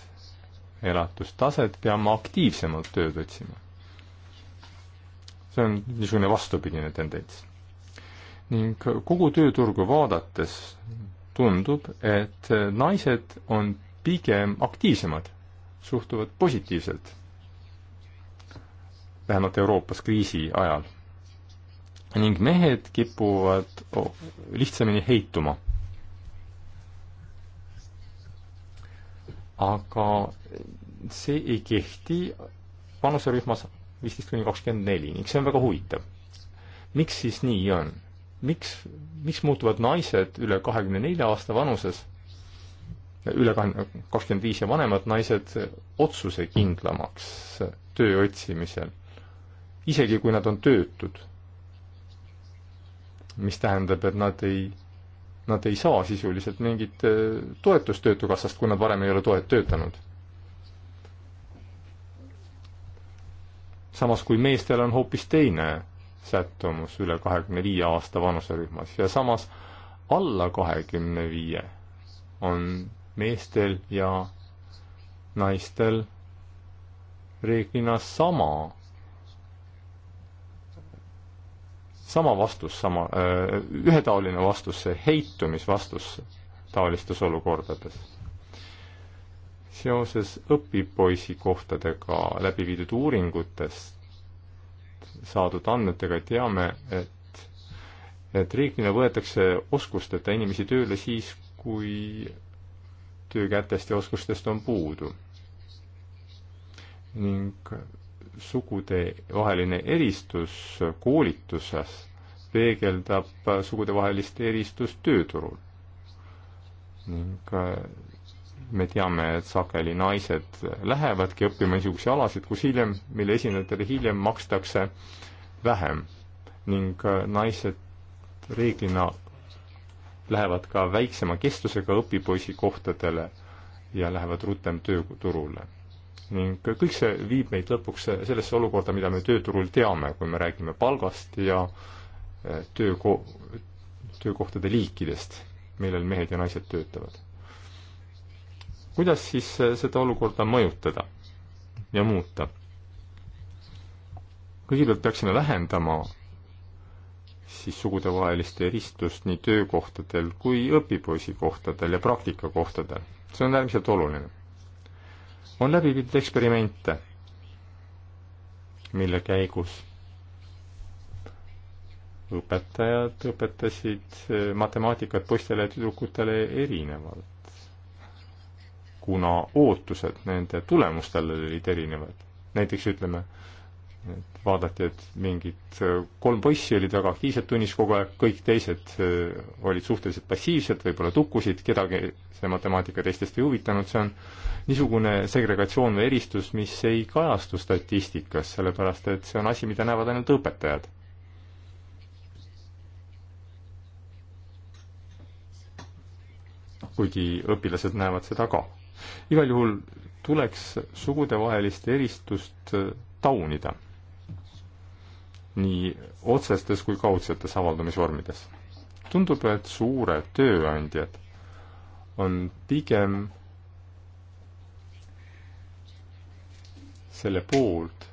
elatustaset, peame aktiivsemalt tööd otsima. see on niisugune vastupidine tendents. ning kogu tööturgu vaadates tundub, et naised on pigem aktiivsemad suhtuvad positiivselt, vähemalt Euroopas kriisi ajal. ning mehed kipuvad oh, lihtsamini heituma. aga see ei kehti vanuserühmas viisteist kuni kakskümmend neli ning see on väga huvitav. miks siis nii on? miks, miks muutuvad naised üle kahekümne nelja aasta vanuses üle kakskümmend viis ja vanemad naised otsusekindlamaks töö otsimisel, isegi kui nad on töötud. mis tähendab, et nad ei, nad ei saa sisuliselt mingit äh, toetust Töötukassast, kui nad varem ei ole toet töötanud. samas kui meestel on hoopis teine sättumus üle kahekümne viie aasta vanuserühmas ja samas alla kahekümne viie on meestel ja naistel reeglina sama, sama vastus, sama, ühetaoline vastus, see heitumisvastus taolistes olukordades. seoses õpipoisi kohtadega läbi viidud uuringutest saadud andmetega teame, et, et reeglina võetakse oskusteta inimesi tööle siis, kui töökätest ja oskustest on puudu. ning sugudevaheline eristus koolituses peegeldab sugudevahelist eristust tööturul. ning äh, me teame, et sageli naised lähevadki õppima niisuguseid alasid, kus hiljem, mille esindajatele hiljem makstakse vähem ning äh, naised reeglina lähevad ka väiksema kestusega õpipoisikohtadele ja lähevad rutem tööturule. ning kõik see viib meid lõpuks sellesse olukorda, mida me tööturul teame, kui me räägime palgast ja eh, tööko-, töökohtade liikidest, millel mehed ja naised töötavad. kuidas siis eh, seda olukorda mõjutada ja muuta? kõigepealt peaksime vähendama siis sugudevahelist eristust nii töökohtadel kui õpipoisikohtadel ja praktikakohtadel. see on äärmiselt oluline. on läbi viidud eksperimente, mille käigus õpetajad õpetasid eh, matemaatikat poistele ja tüdrukutele erinevalt, kuna ootused nende tulemustele olid erinevad. näiteks ütleme, et vaadati, et mingid äh, kolm poissi olid väga aktiivsed tunnis kogu aeg, kõik teised äh, olid suhteliselt passiivsed, võib-olla tukkusid, kedagi see matemaatika testist ei huvitanud, see on niisugune segregatsioon või eristus, mis ei kajastu statistikas, sellepärast et see on asi, mida näevad ainult õpetajad. kuigi õpilased näevad seda ka. igal juhul tuleks sugudevahelist eristust äh, taunida nii otsestes kui kaudsetes avaldamisvormides. tundub, et suured tööandjad on pigem selle poolt,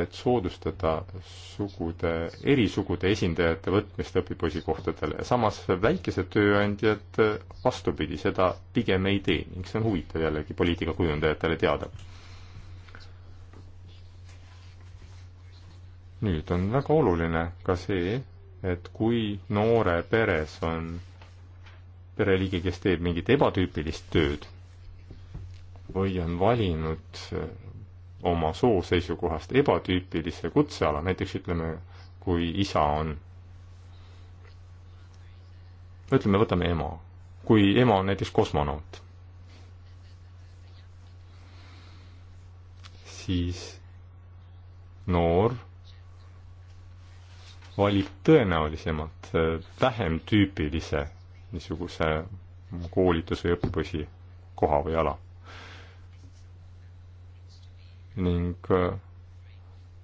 et soodustada sugude, erisugude esindajate võtmist õpipoisikohtadele ja samas väikesed tööandjad vastupidi, seda pigem ei tee ning see on huvitav jällegi poliitikakujundajatele teada. nüüd on väga oluline ka see, et kui noore peres on pereliige, kes teeb mingit ebatüüpilist tööd või on valinud eh, oma soo seisukohast ebatüüpilise kutseala, näiteks ütleme, kui isa on, ütleme, võtame ema, kui ema on näiteks kosmonaut, siis noor valib tõenäolisemalt äh, vähem tüüpilise niisuguse koolitus- või õppepõsi koha või ala. ning äh,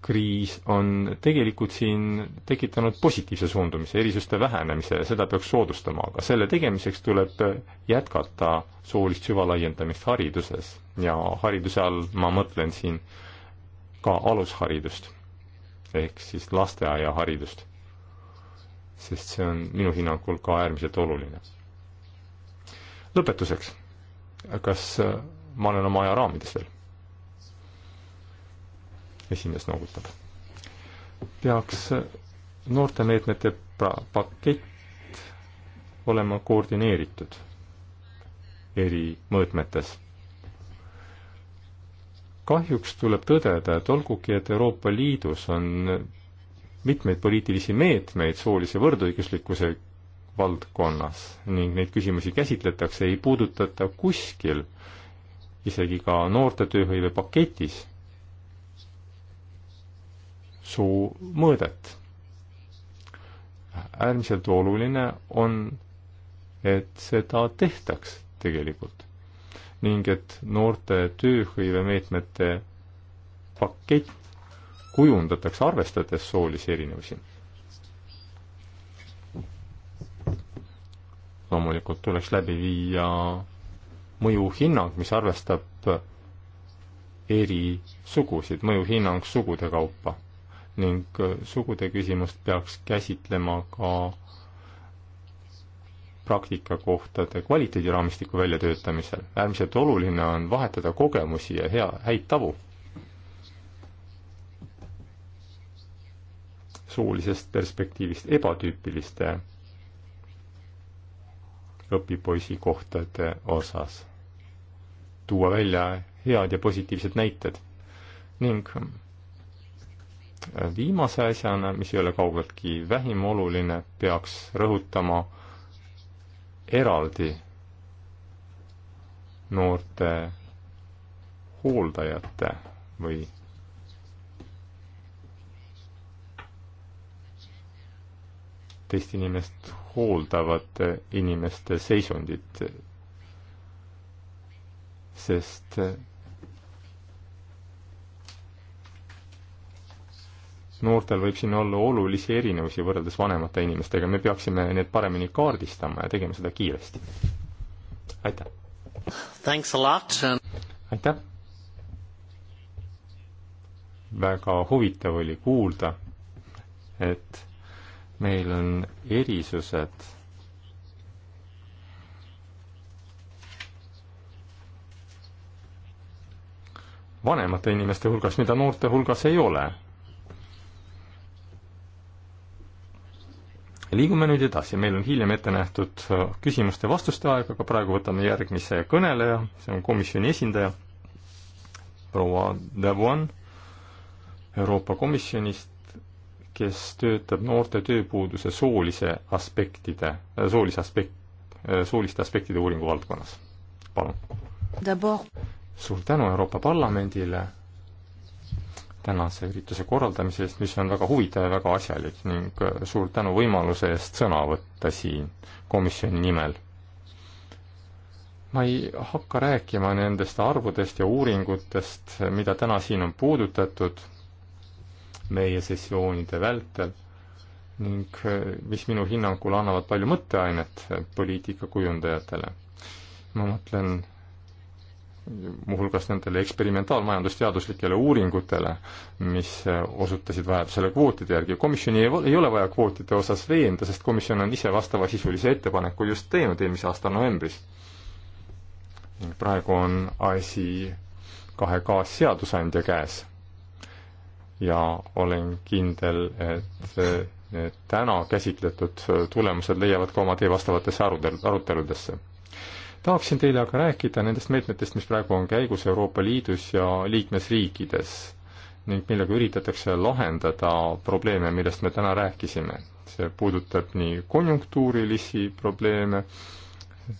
kriis on tegelikult siin tekitanud positiivse suundumise, erisuste vähenemise ja seda peaks soodustama, aga selle tegemiseks tuleb äh, jätkata soolist süvalaiendamist hariduses ja hariduse all ma mõtlen siin ka alusharidust ehk siis lasteaiaharidust sest see on minu hinnangul ka äärmiselt oluline. lõpetuseks, kas äh, ma olen oma aja raamides veel? esimees noogutab. peaks äh, noortemeetmete pakett olema koordineeritud eri mõõtmetes kahjuks tuleb tõdeda, et olgugi, et Euroopa Liidus on mitmeid poliitilisi meetmeid soolise võrdõiguslikkuse valdkonnas ning neid küsimusi käsitletakse, ei puudutata kuskil, isegi ka noorte tööhõive paketis, suu mõõdet. äärmiselt oluline on, et seda tehtaks tegelikult ning et noorte tööhõivemeetmete pakett kujundatakse arvestades soolisi erinevusi. loomulikult tuleks läbi viia mõjuhinnang, mis arvestab eri sugusid, mõjuhinnang sugude kaupa. ning sugude küsimust peaks käsitlema ka praktikakohtade kvaliteediraamistiku väljatöötamisel. äärmiselt oluline on vahetada kogemusi ja hea, häid tavu soolisest perspektiivist ebatüüpiliste õpipoisikohtade osas. tuua välja head ja positiivsed näited ning äh, viimase asjana, mis ei ole kaugeltki vähim oluline, peaks rõhutama eraldi noorte hooldajate või teist inimest hooldavate inimeste seisundit. sest noortel võib siin olla olulisi erinevusi võrreldes vanemate inimestega, me peaksime need paremini kaardistama ja tegema seda kiiresti. aitäh! aitäh! väga huvitav oli kuulda, et meil on erisused vanemate inimeste hulgas, mida noorte hulgas ei ole. liigume nüüd edasi, meil on hiljem ette nähtud küsimuste-vastuste aeg, aga praegu võtame järgmise kõneleja, see on komisjoni esindaja, proua Devon Euroopa Komisjonist kes töötab noorte tööpuuduse soolise aspektide, soolise aspekt, sooliste aspektide uuringu valdkonnas. palun. suur tänu Euroopa Parlamendile tänase ürituse korraldamise eest, mis on väga huvitav ja väga asjalik ning suur tänu võimaluse eest sõna võtta siin komisjoni nimel. ma ei hakka rääkima nendest arvudest ja uuringutest, mida täna siin on puudutatud meie sessioonide vältel ning eh, mis minu hinnangul annavad palju mõtteainet eh, poliitikakujundajatele. ma mõtlen muuhulgas nendele eksperimentaalmajandusteaduslikele uuringutele, mis eh, osutasid vajadusele kvootide järgi. komisjoni ei, ei ole vaja kvootide osas veenda, sest komisjon on ise vastavasisulise ettepaneku just teinud eelmise aasta novembris. praegu on asi kahe kaasseadusandja käes ja olen kindel, et need täna käsitletud tulemused leiavad ka oma tee vastavatesse aruteludesse. tahaksin teile aga rääkida nendest meetmetest, mis praegu on käigus Euroopa Liidus ja liikmesriikides ning millega üritatakse lahendada probleeme, millest me täna rääkisime. see puudutab nii konjunktuurilisi probleeme,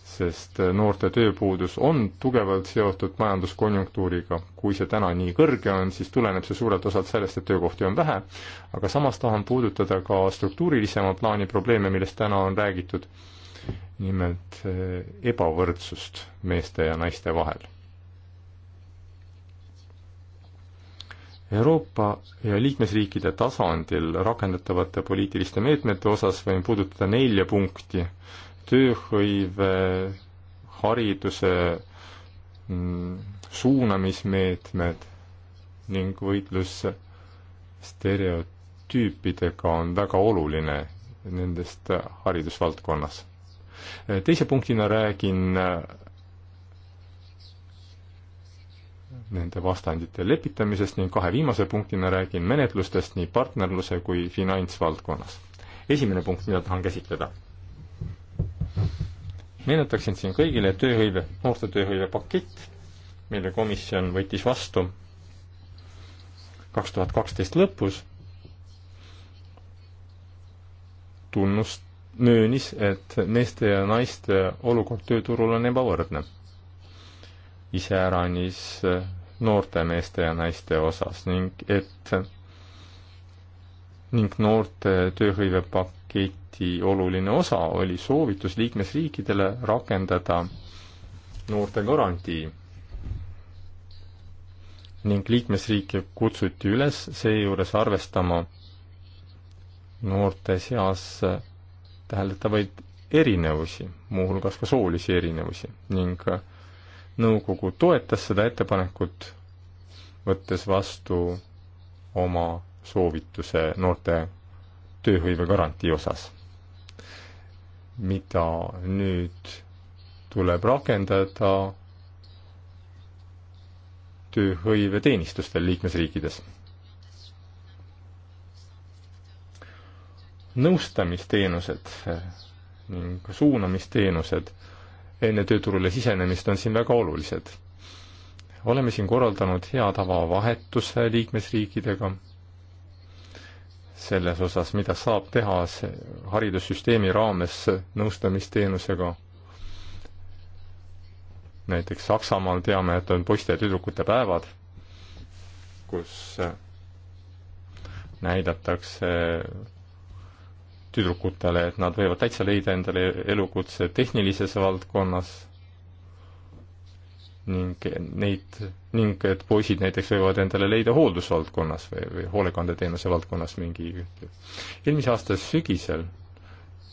sest noorte tööpuudus on tugevalt seotud majanduskonjunktuuriga. kui see täna nii kõrge on, siis tuleneb see suurelt osalt sellest, et töökohti on vähe, aga samas tahan puudutada ka struktuurilisema plaani probleeme, millest täna on räägitud, nimelt eh, ebavõrdsust meeste ja naiste vahel. Euroopa ja liikmesriikide tasandil rakendatavate poliitiliste meetmete osas võin puudutada nelja punkti, tööhõive, hariduse mm, suunamismeetmed ning võitlus stereotüüpidega on väga oluline nendest haridusvaldkonnas. teise punktina räägin nende vastandite lepitamisest ning kahe viimase punktina räägin menetlustest nii partnerluse kui finantsvaldkonnas. esimene punkt, mida tahan käsitleda meenutaksin siin kõigile tööhõive, noorte tööhõive pakett, mille komisjon võttis vastu kaks tuhat kaksteist lõpus, tunnust, möönis, et meeste ja naiste olukord tööturul on ebavõrdne. iseäranis noorte meeste ja naiste osas ning et ning noorte tööhõivepak-, paketi oluline osa oli soovitus liikmesriikidele rakendada noortegarantii ning liikmesriike kutsuti üles seejuures arvestama noorte seas täheldatavaid erinevusi, muuhulgas ka soolisi erinevusi ning nõukogu toetas seda ettepanekut, võttes vastu oma soovituse noorte tööhõivegarantii osas, mida nüüd tuleb rakendada tööhõiveteenistustel liikmesriikides. nõustamisteenused ning suunamisteenused enne tööturule sisenemist on siin väga olulised. oleme siin korraldanud hea tava vahetuse liikmesriikidega selles osas, mida saab teha haridussüsteemi raames nõustamisteenusega. näiteks Saksamaal teame, et on poiste ja tüdrukute päevad, kus äh, näidatakse tüdrukutele, et nad võivad täitsa leida endale elukutse tehnilises valdkonnas ning neid, ning et poisid näiteks võivad endale leida hooldusvaldkonnas või, või hoolekandeteenuse valdkonnas mingi eelmise aasta sügisel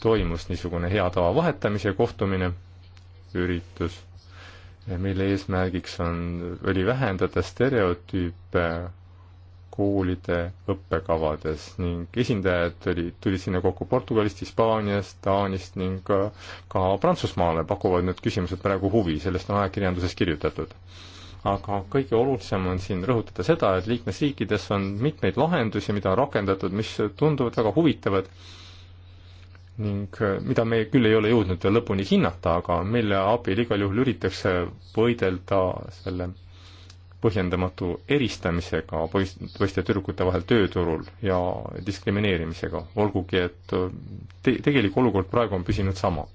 toimus niisugune hea tava vahetamise kohtumine, üritus, mille eesmärgiks on, oli vähendada stereotüüpe koolide õppekavades ning esindajad olid, tulid sinna kokku Portugalist, Hispaaniast, Taanist ning ka, ka Prantsusmaale pakuvad need küsimused praegu huvi, sellest on ajakirjanduses kirjutatud. aga kõige olulisem on siin rõhutada seda, et liikmesriikides on mitmeid lahendusi, mida on rakendatud, mis tunduvad väga huvitavad ning äh, mida me küll ei ole jõudnud veel lõpuni hinnata, aga mille abil igal juhul üritatakse võidelda selle põhjendamatu eristamisega poist-, poiste ja tüdrukute vahel tööturul ja diskrimineerimisega, olgugi et äh, te-, tegelik olukord praegu on püsinud sama.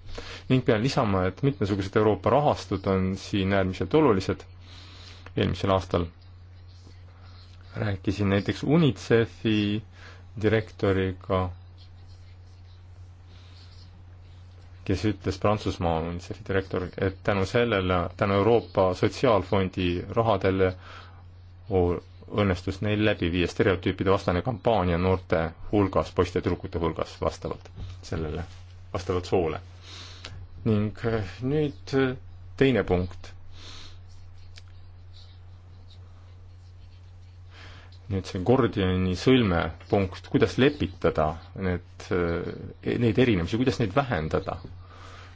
ning pean lisama, et mitmesugused Euroopa rahastud on siin äärmiselt olulised, eelmisel aastal rääkisin näiteks UNICEF-i direktoriga kes ütles Prantsusmaa UNICEF-i direktor, et tänu sellele, tänu Euroopa Sotsiaalfondi rahadele õnnestus neil läbi viia stereotüüpide vastane kampaania noorte hulgas, poiste ja tüdrukute hulgas vastavalt sellele, vastavalt soole. ning eh, nüüd eh, teine punkt nüüd see Gordioni sõlmepunkt, kuidas lepitada need, eh, neid erinevusi, kuidas neid vähendada?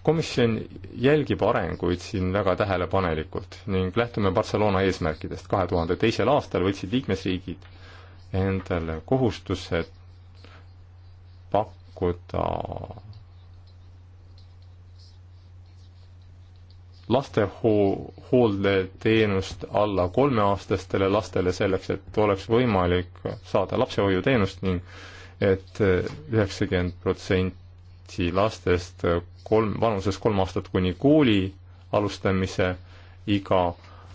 komisjon jälgib arenguid siin väga tähelepanelikult ning lähtume Barcelona eesmärkidest. kahe tuhande teisel aastal võtsid liikmesriigid endale kohustuse pakkuda lastehooldeteenust alla kolmeaastastele lastele selleks, et oleks võimalik saada lapsehoiuteenust ning et üheksakümmend protsenti lastest kolm, vanuses kolm aastat kuni kooli alustamise iga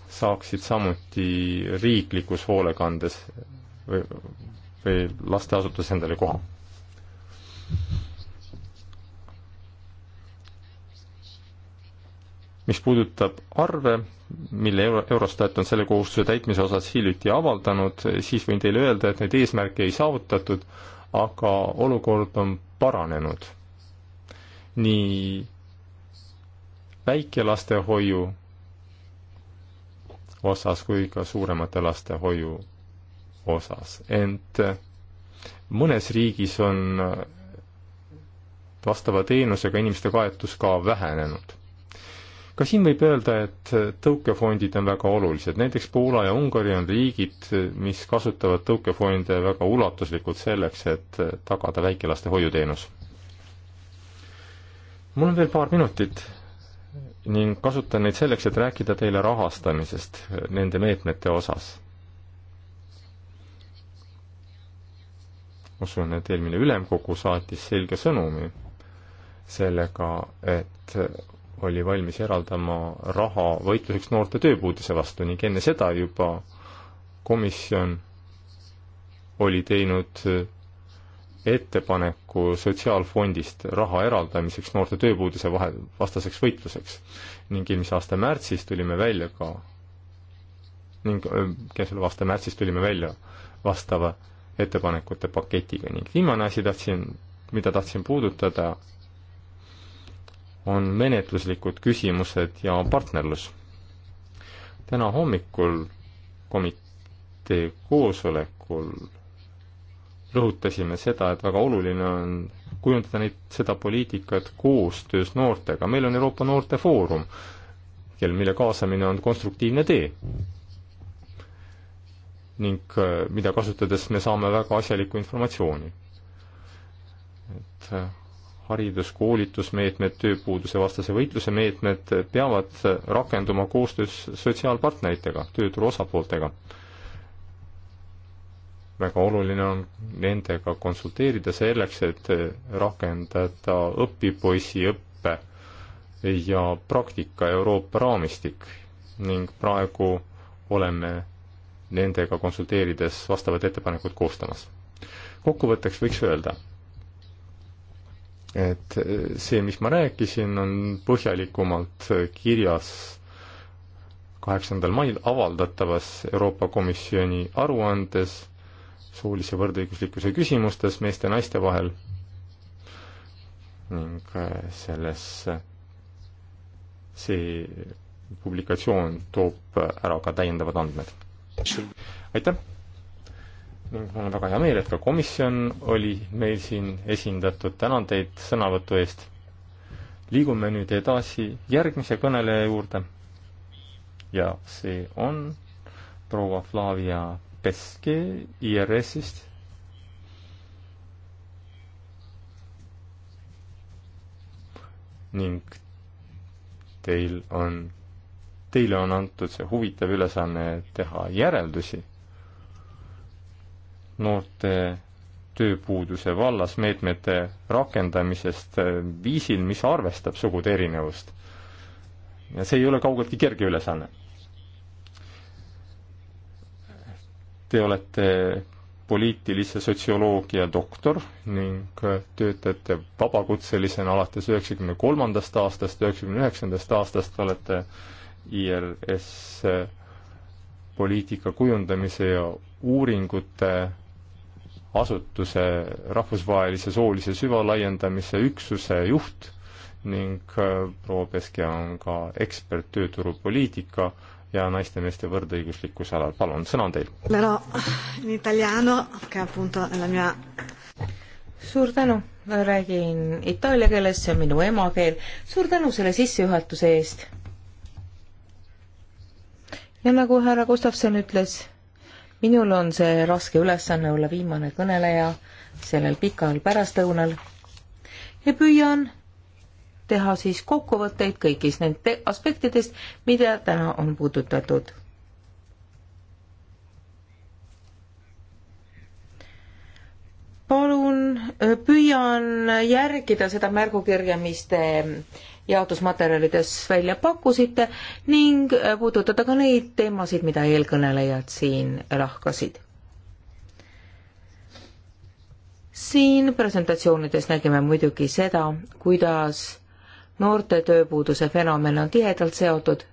saaksid samuti riiklikus hoolekandes või, või lasteasutuses endale koha. mis puudutab arve, mille euro, Eurostat on selle kohustuse täitmise osas hiljuti avaldanud, siis võin teile öelda, et neid eesmärke ei saavutatud, aga olukord on paranenud. nii väikelastehoiu osas kui ka suuremate lastehoiu osas, ent mõnes riigis on vastava teenusega inimeste kaetus ka vähenenud ka siin võib öelda, et tõukefondid on väga olulised, näiteks Poola ja Ungari on riigid, mis kasutavad tõukefonde väga ulatuslikult selleks, et tagada väikelaste hoiuteenus. mul on veel paar minutit ning kasutan neid selleks, et rääkida teile rahastamisest nende meetmete osas. usun, et eelmine ülemkogu saatis selge sõnumi sellega, et oli valmis eraldama raha võitluseks noorte tööpuuduse vastu ning enne seda juba komisjon oli teinud ettepaneku Sotsiaalfondist raha eraldamiseks noorte tööpuuduse vahe, vastaseks võitluseks. ning eelmise aasta märtsis tulime välja ka, ning käesoleva aasta märtsis tulime välja vastava ettepanekute paketiga ning viimane asi tahtsin, mida tahtsin puudutada, on menetluslikud küsimused ja partnerlus. täna hommikul komitee koosolekul rõhutasime seda, et väga oluline on kujundada neid, seda poliitikat koostöös noortega, meil on Euroopa Noorte Foorum, kel, mille kaasamine on konstruktiivne tee. ning äh, mida kasutades me saame väga asjalikku informatsiooni. et äh, haridus, koolitusmeetmed, tööpuuduse vastase võitluse meetmed peavad rakenduma koostöös sotsiaalpartneritega, tööturu osapooltega. väga oluline on nendega konsulteerida selleks, et rakendada õpipoisi õppe ja praktika Euroopa raamistik ning praegu oleme nendega konsulteerides vastavad ettepanekud koostamas. kokkuvõtteks võiks öelda et eh, see, mis ma rääkisin, on põhjalikumalt eh, kirjas kaheksandal mail avaldatavas Euroopa Komisjoni aruandes soolise võrdõiguslikkuse küsimustes meeste ja naiste vahel ning eh, selles see publikatsioon toob ära ka täiendavad andmed. aitäh! mul on väga hea meel, et ka komisjon oli meil siin esindatud, tänan teid sõnavõtu eest. liigume nüüd edasi järgmise kõneleja juurde. ja see on proua Flavia Peske IRS-ist. ning teil on, teile on antud see huvitav ülesanne teha järeldusi noorte tööpuuduse vallas meetmete rakendamisest äh, viisil, mis arvestab sugude erinevust. ja see ei ole kaugeltki kerge ülesanne. Te olete poliitilise sotsioloogia doktor ning töötate vabakutselisena alates üheksakümne kolmandast aastast, üheksakümne üheksandast aastast olete IRS poliitika kujundamise ja uuringute asutuse rahvusvahelise soolise süvalaiendamise üksuse juht ning äh, proua Peske on ka ekspert tööturupoliitika ja naiste-meeste võrdõiguslikkuse alal. palun, sõna on teil. suur tänu, räägin itaalia keeles, see on minu emakeel. suur tänu selle sissejuhatuse eest. ja nagu härra Gustavson ütles minul on see raske ülesanne olla viimane kõneleja sellel pikal pärastlõunal ja püüan teha siis kokkuvõtteid kõigist nendest aspektidest, mida täna on puudutatud. palun, äh, püüan järgida seda märgukirja, mis te äh, jaotusmaterjalides välja pakkusite ning äh, puudutada ka neid teemasid, mida eelkõnelejad siin lahkasid. siin presentatsioonides nägime muidugi seda, kuidas noorte tööpuuduse fenomen on tihedalt seotud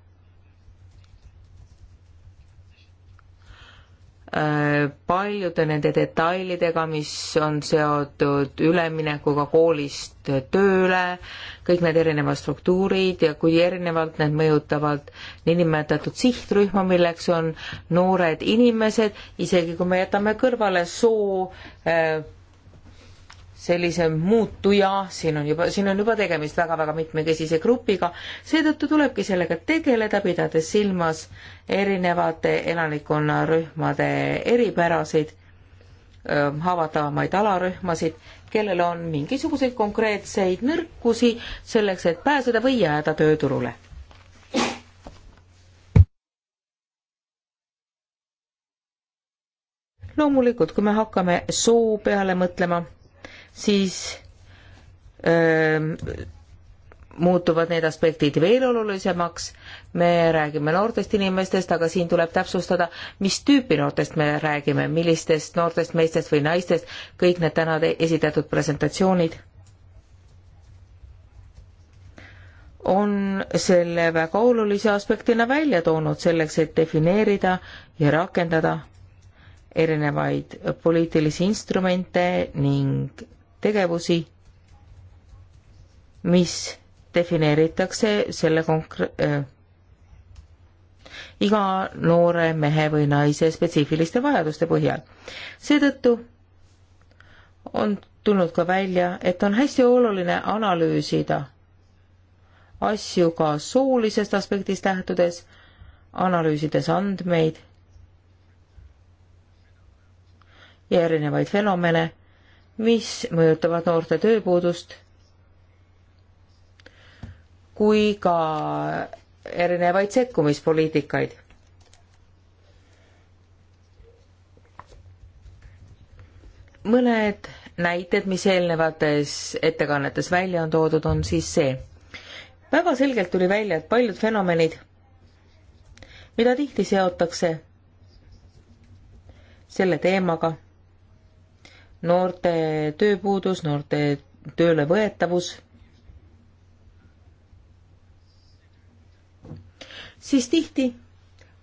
paljude nende detailidega, mis on seotud üleminekuga koolist tööle, kõik need erinevad struktuurid ja kui erinevalt need mõjutavad niinimetatud sihtrühma, milleks on noored inimesed, isegi kui me jätame kõrvale soo äh, sellise muutuja, siin on juba, siin on juba tegemist väga-väga mitmekesise grupiga, seetõttu tulebki sellega tegeleda, pidades silmas erinevate elanikkonnarühmade eripärasid, haavatavamaid alarühmasid, kellel on mingisuguseid konkreetseid nõrkusi selleks, et pääseda või jääda tööturule loomulikult, kui me hakkame soo peale mõtlema, siis öö, ähm, muutuvad need aspektid veel olulisemaks. me räägime noortest inimestest, aga siin tuleb täpsustada, mis tüüpi noortest me räägime, millistest noortest meestest või naistest, kõik need täna esitatud presentatsioonid on selle väga olulise aspektina välja toonud selleks, et defineerida ja rakendada erinevaid poliitilisi instrumente ning tegevusi, mis defineeritakse selle konkre- äh,, iga noore mehe või naise spetsiifiliste vajaduste põhjal. seetõttu on tulnud ka välja, et on hästi oluline analüüsida asju ka soolisest aspektist lähtudes, analüüsides andmeid ja erinevaid fenomene mis mõjutavad noorte tööpuudust kui ka erinevaid sekkumispoliitikaid. mõned näited, mis eelnevates ettekannetes välja on toodud, on siis see. väga selgelt tuli välja, et paljud fenomenid, mida tihti seotakse selle teemaga noorte tööpuudus, noorte töölevõetavus, siis tihti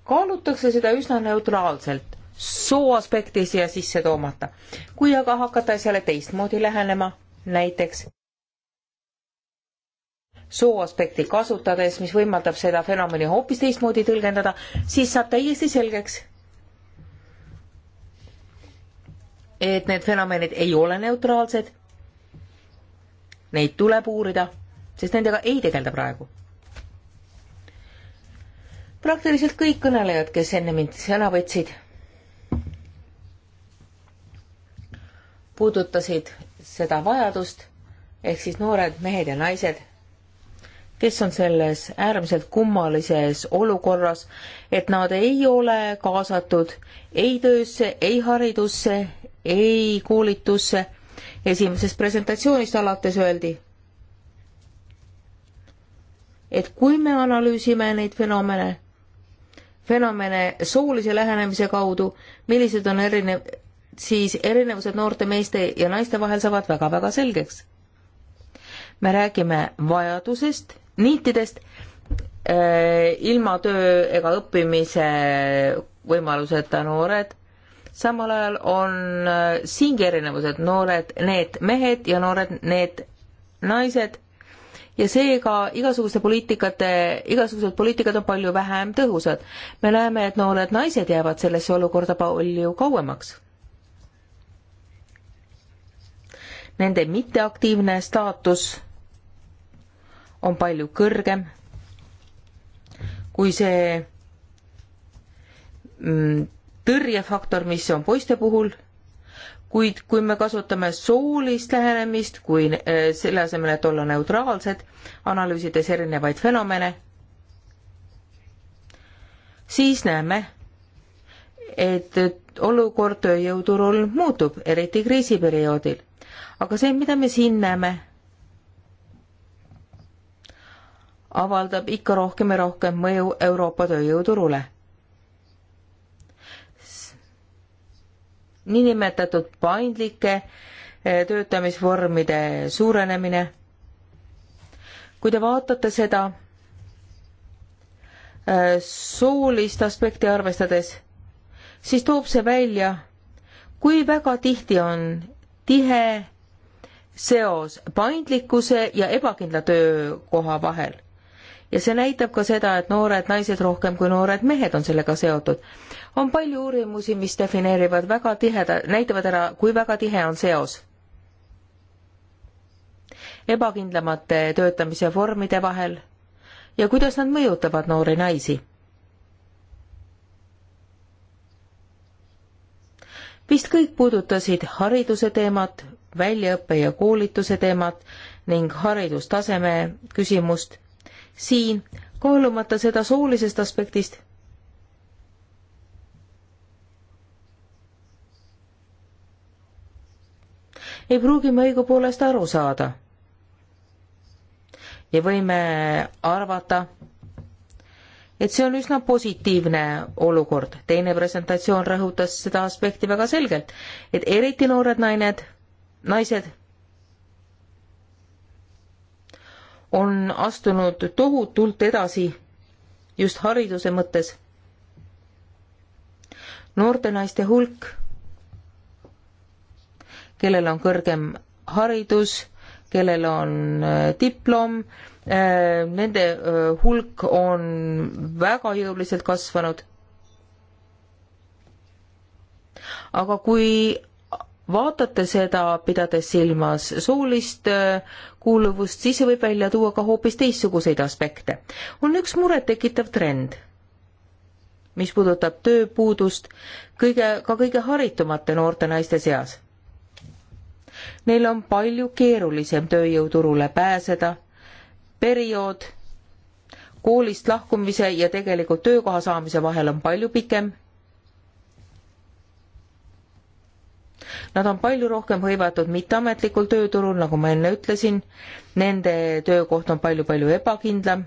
kaalutakse seda üsna neutraalselt, soo aspekti siia sisse toomata. kui aga hakata asjale teistmoodi lähenema, näiteks soo aspekti kasutades, mis võimaldab seda fenomeni hoopis teistmoodi tõlgendada, siis saab täiesti selgeks, et need fenomenid ei ole neutraalsed. Neid tuleb uurida, sest nendega ei tegelda praegu. praktiliselt kõik kõnelejad, kes enne mind sõna võtsid, puudutasid seda vajadust ehk siis noored mehed ja naised, kes on selles äärmiselt kummalises olukorras, et nad ei ole kaasatud ei töösse, ei haridusse, ei koolitusse. esimesest presentatsioonist alates öeldi, et kui me analüüsime neid fenomene, fenomene soolise lähenemise kaudu, millised on erinev, siis erinevused noorte meeste ja naiste vahel saavad väga-väga selgeks. me räägime vajadusest, niitidest äh, ilma töö ega õppimise võimaluseta noored samal ajal on äh, siingi erinevused, noored need mehed ja noored need naised ja seega igasuguste poliitikate, igasugused poliitikad on palju vähem tõhusad. me näeme, et noored naised jäävad sellesse olukorda palju kauemaks. Nende mitteaktiivne staatus on palju kõrgem kui see mm, tõrjefaktor, mis on poiste puhul, kuid kui me kasutame soolist lähenemist, kui eh, selle asemel, et olla neutraalsed, analüüsides erinevaid fenomene, siis näeme, et olukord tööjõuturul muutub, eriti kriisiperioodil. aga see, mida me siin näeme, avaldab ikka rohkem ja rohkem mõju Euroopa tööjõuturule niinimetatud paindlike eh, töötamisvormide suurenemine. kui te vaatate seda eh, soolist aspekti arvestades, siis toob see välja, kui väga tihti on tihe seos paindlikkuse ja ebakindla töökoha vahel ja see näitab ka seda, et noored naised rohkem kui noored mehed on sellega seotud. on palju uurimusi, mis defineerivad väga tiheda, näitavad ära, kui väga tihe on seos ebakindlamate töötamise vormide vahel ja kuidas nad mõjutavad noori naisi. vist kõik puudutasid hariduse teemat, väljaõppe ja koolituse teemat ning haridustaseme küsimust siin, kaalumata seda soolisest aspektist. ei pruugi me õigupoolest aru saada. ja võime arvata, et see on üsna positiivne olukord. teine presentatsioon rõhutas seda aspekti väga selgelt, et eriti noored nained, naised on astunud tohutult edasi just hariduse mõttes. noorte naiste hulk, kellel on kõrgem haridus, kellel on äh, diplom, äh, nende äh, hulk on väga jõuliselt kasvanud. aga kui vaatate seda, pidades silmas soolist äh, kuuluvust, siis see võib välja tuua ka hoopis teistsuguseid aspekte. on üks murettekitav trend, mis puudutab tööpuudust kõige, ka kõige haritumate noorte naiste seas. Neil on palju keerulisem tööjõuturule pääseda, periood koolist lahkumise ja tegelikult töökoha saamise vahel on palju pikem Nad on palju rohkem hõivatud mitteametlikul tööturul, nagu ma enne ütlesin, nende töökoht on palju-palju ebakindlam.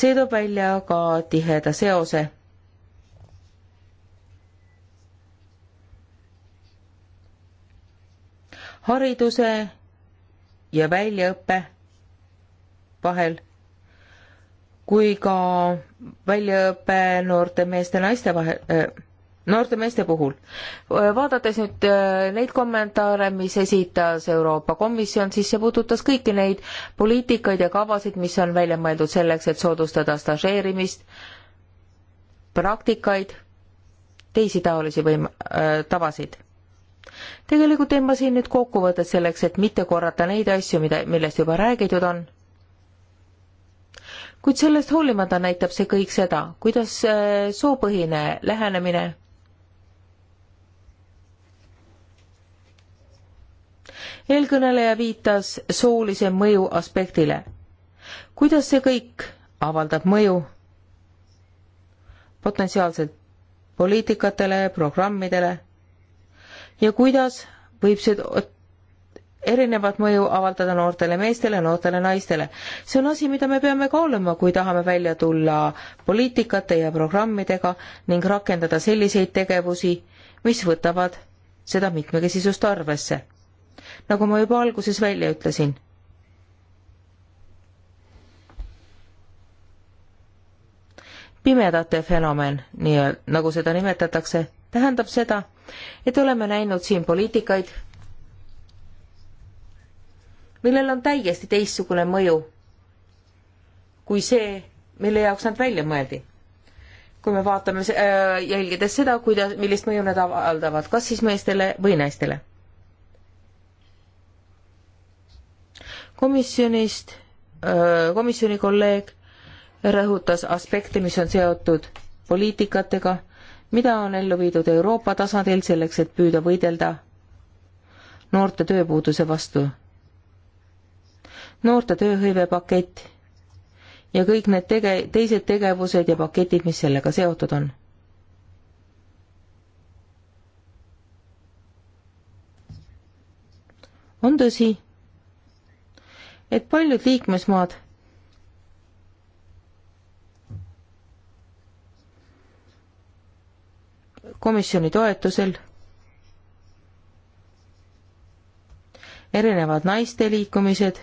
see toob välja ka tiheda seose hariduse ja väljaõppe vahel kui ka väljaõpe noorte meeste ja naiste vahel äh, noorte meeste puhul. vaadates nüüd äh, neid kommentaare, mis esitas Euroopa Komisjon, siis see puudutas kõiki neid poliitikaid ja kavasid, mis on välja mõeldud selleks, et soodustada stažeerimist, praktikaid, teisi taolisi võim-, äh, tavasid. tegelikult teen ma siin nüüd kokkuvõtet selleks, et mitte korrata neid asju, mida, millest juba räägitud on kuid sellest hoolimata näitab see kõik seda, kuidas äh, soopõhine lähenemine eelkõneleja viitas soolise mõju aspektile. kuidas see kõik avaldab mõju potentsiaalselt poliitikatele, programmidele ja kuidas võib see erinevat mõju avaldada noortele meestele, noortele naistele. see on asi, mida me peame kaaluma, kui tahame välja tulla poliitikate ja programmidega ning rakendada selliseid tegevusi, mis võtavad seda mitmekesisust arvesse nagu ma juba alguses välja ütlesin. pimedate fenomen, nii nagu seda nimetatakse, tähendab seda, et oleme näinud siin poliitikaid, millel on täiesti teistsugune mõju kui see, mille jaoks nad välja mõeldi. kui me vaatame äh,, jälgides seda, kuidas, millist mõju nad avaldavad, kas siis meestele või naistele komisjonist, äh, komisjoni kolleeg rõhutas aspekte, mis on seotud poliitikatega, mida on ellu viidud Euroopa tasandil selleks, et püüda võidelda noorte tööpuuduse vastu. noorte tööhõivepakett ja kõik need tege-, teised tegevused ja paketid, mis sellega seotud on. on tõsi et paljud liikmesmaad komisjoni toetusel erinevad naiste liikumised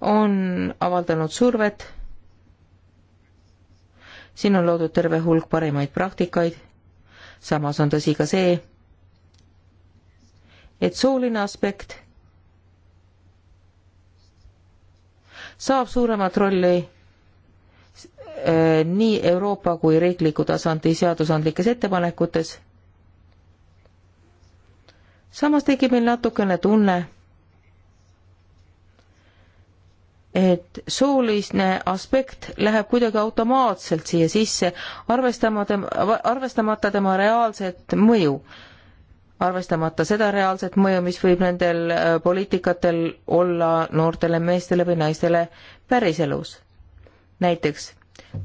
on avaldanud survet. siin on loodud terve hulk parimaid praktikaid. samas on tõsi ka see, et sooline aspekt saab suuremat rolli eh, nii Euroopa kui riikliku tasandi seadusandlikes ettepanekutes. samas tekib meil natukene tunne, et sooline aspekt läheb kuidagi automaatselt siia sisse, arvestamata, arvestamata tema reaalset mõju arvestamata seda reaalset mõju, mis võib nendel äh, poliitikatel olla noortele meestele või naistele päriselus. näiteks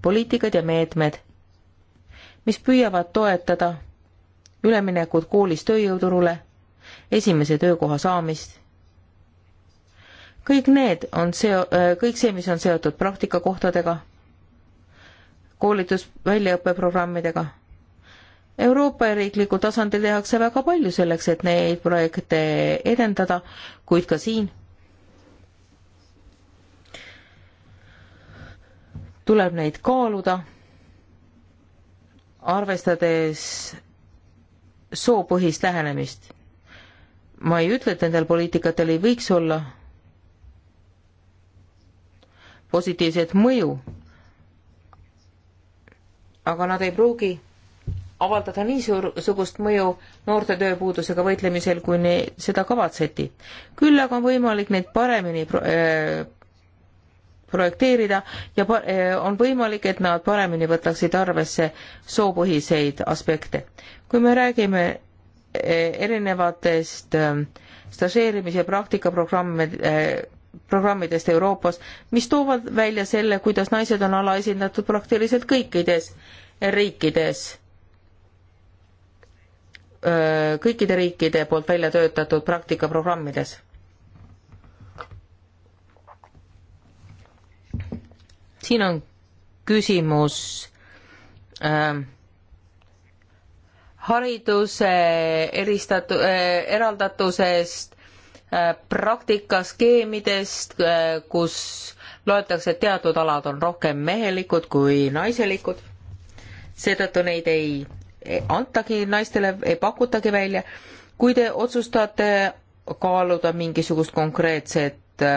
poliitikad ja meetmed, mis püüavad toetada üleminekut koolis tööjõuturule, esimese töökoha saamist. kõik need on seo-, äh, kõik see, mis on seotud praktikakohtadega, koolitus, väljaõppeprogrammidega Euroopa ja riiklikul tasandil tehakse väga palju selleks, et neid projekte edendada, kuid ka siin tuleb neid kaaluda, arvestades soopõhist lähenemist. ma ei ütle, et nendel poliitikatel ei võiks olla positiivset mõju, aga nad ei pruugi avaldada niisugust mõju noorte tööpuudusega võitlemisel, kui ne, seda kavatseti. küll aga on võimalik neid paremini pro, äh, projekteerida ja pa, äh, on võimalik, et nad paremini võtaksid arvesse soopõhiseid aspekte. kui me räägime äh, erinevatest äh, stažeerimis- ja praktikaprogrammide äh, programmidest Euroopas, mis toovad välja selle, kuidas naised on alaesindatud praktiliselt kõikides riikides Äh, kõikide riikide poolt välja töötatud praktikaprogrammides. siin on küsimus äh, hariduse eristatu- äh,, eraldatusest äh,, praktikaskeemidest äh,, kus loetakse, et teatud alad on rohkem mehelikud kui naiselikud, seetõttu neid ei E, antagi naistele, ei pakutagi välja. kui te otsustate kaaluda mingisugust konkreetset e,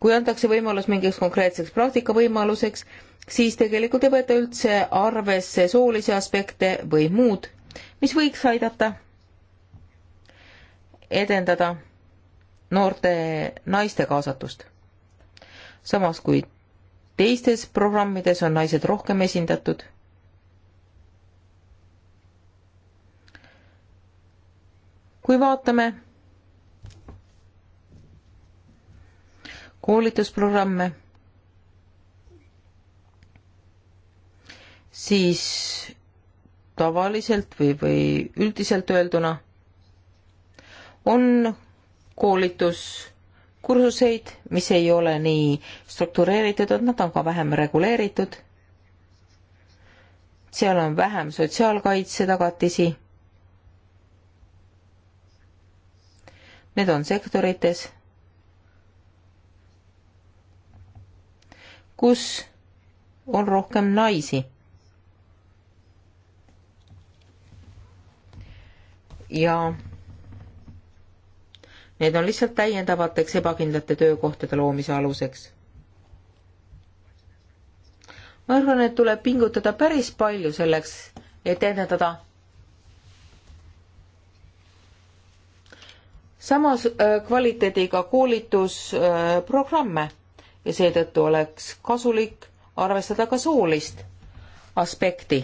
kui antakse võimalus mingiks konkreetseks praktikavõimaluseks, siis tegelikult ei võeta üldse arvesse soolisi aspekte või muud, mis võiks aidata edendada noorte naiste kaasatust. samas, kui teistes programmides on naised rohkem esindatud. kui vaatame koolitusprogramme, siis tavaliselt või, või üldiselt öelduna on koolitus kursuseid, mis ei ole nii struktureeritud, et nad on ka vähem reguleeritud. seal on vähem sotsiaalkaitsetatisi. Need on sektorites, kus on rohkem naisi ja Need on lihtsalt täiendavateks ebakindlate töökohtade loomise aluseks. ma arvan, et tuleb pingutada päris palju selleks, et edendada samas äh, kvaliteediga koolitusprogramme äh, ja seetõttu oleks kasulik arvestada ka soolist aspekti,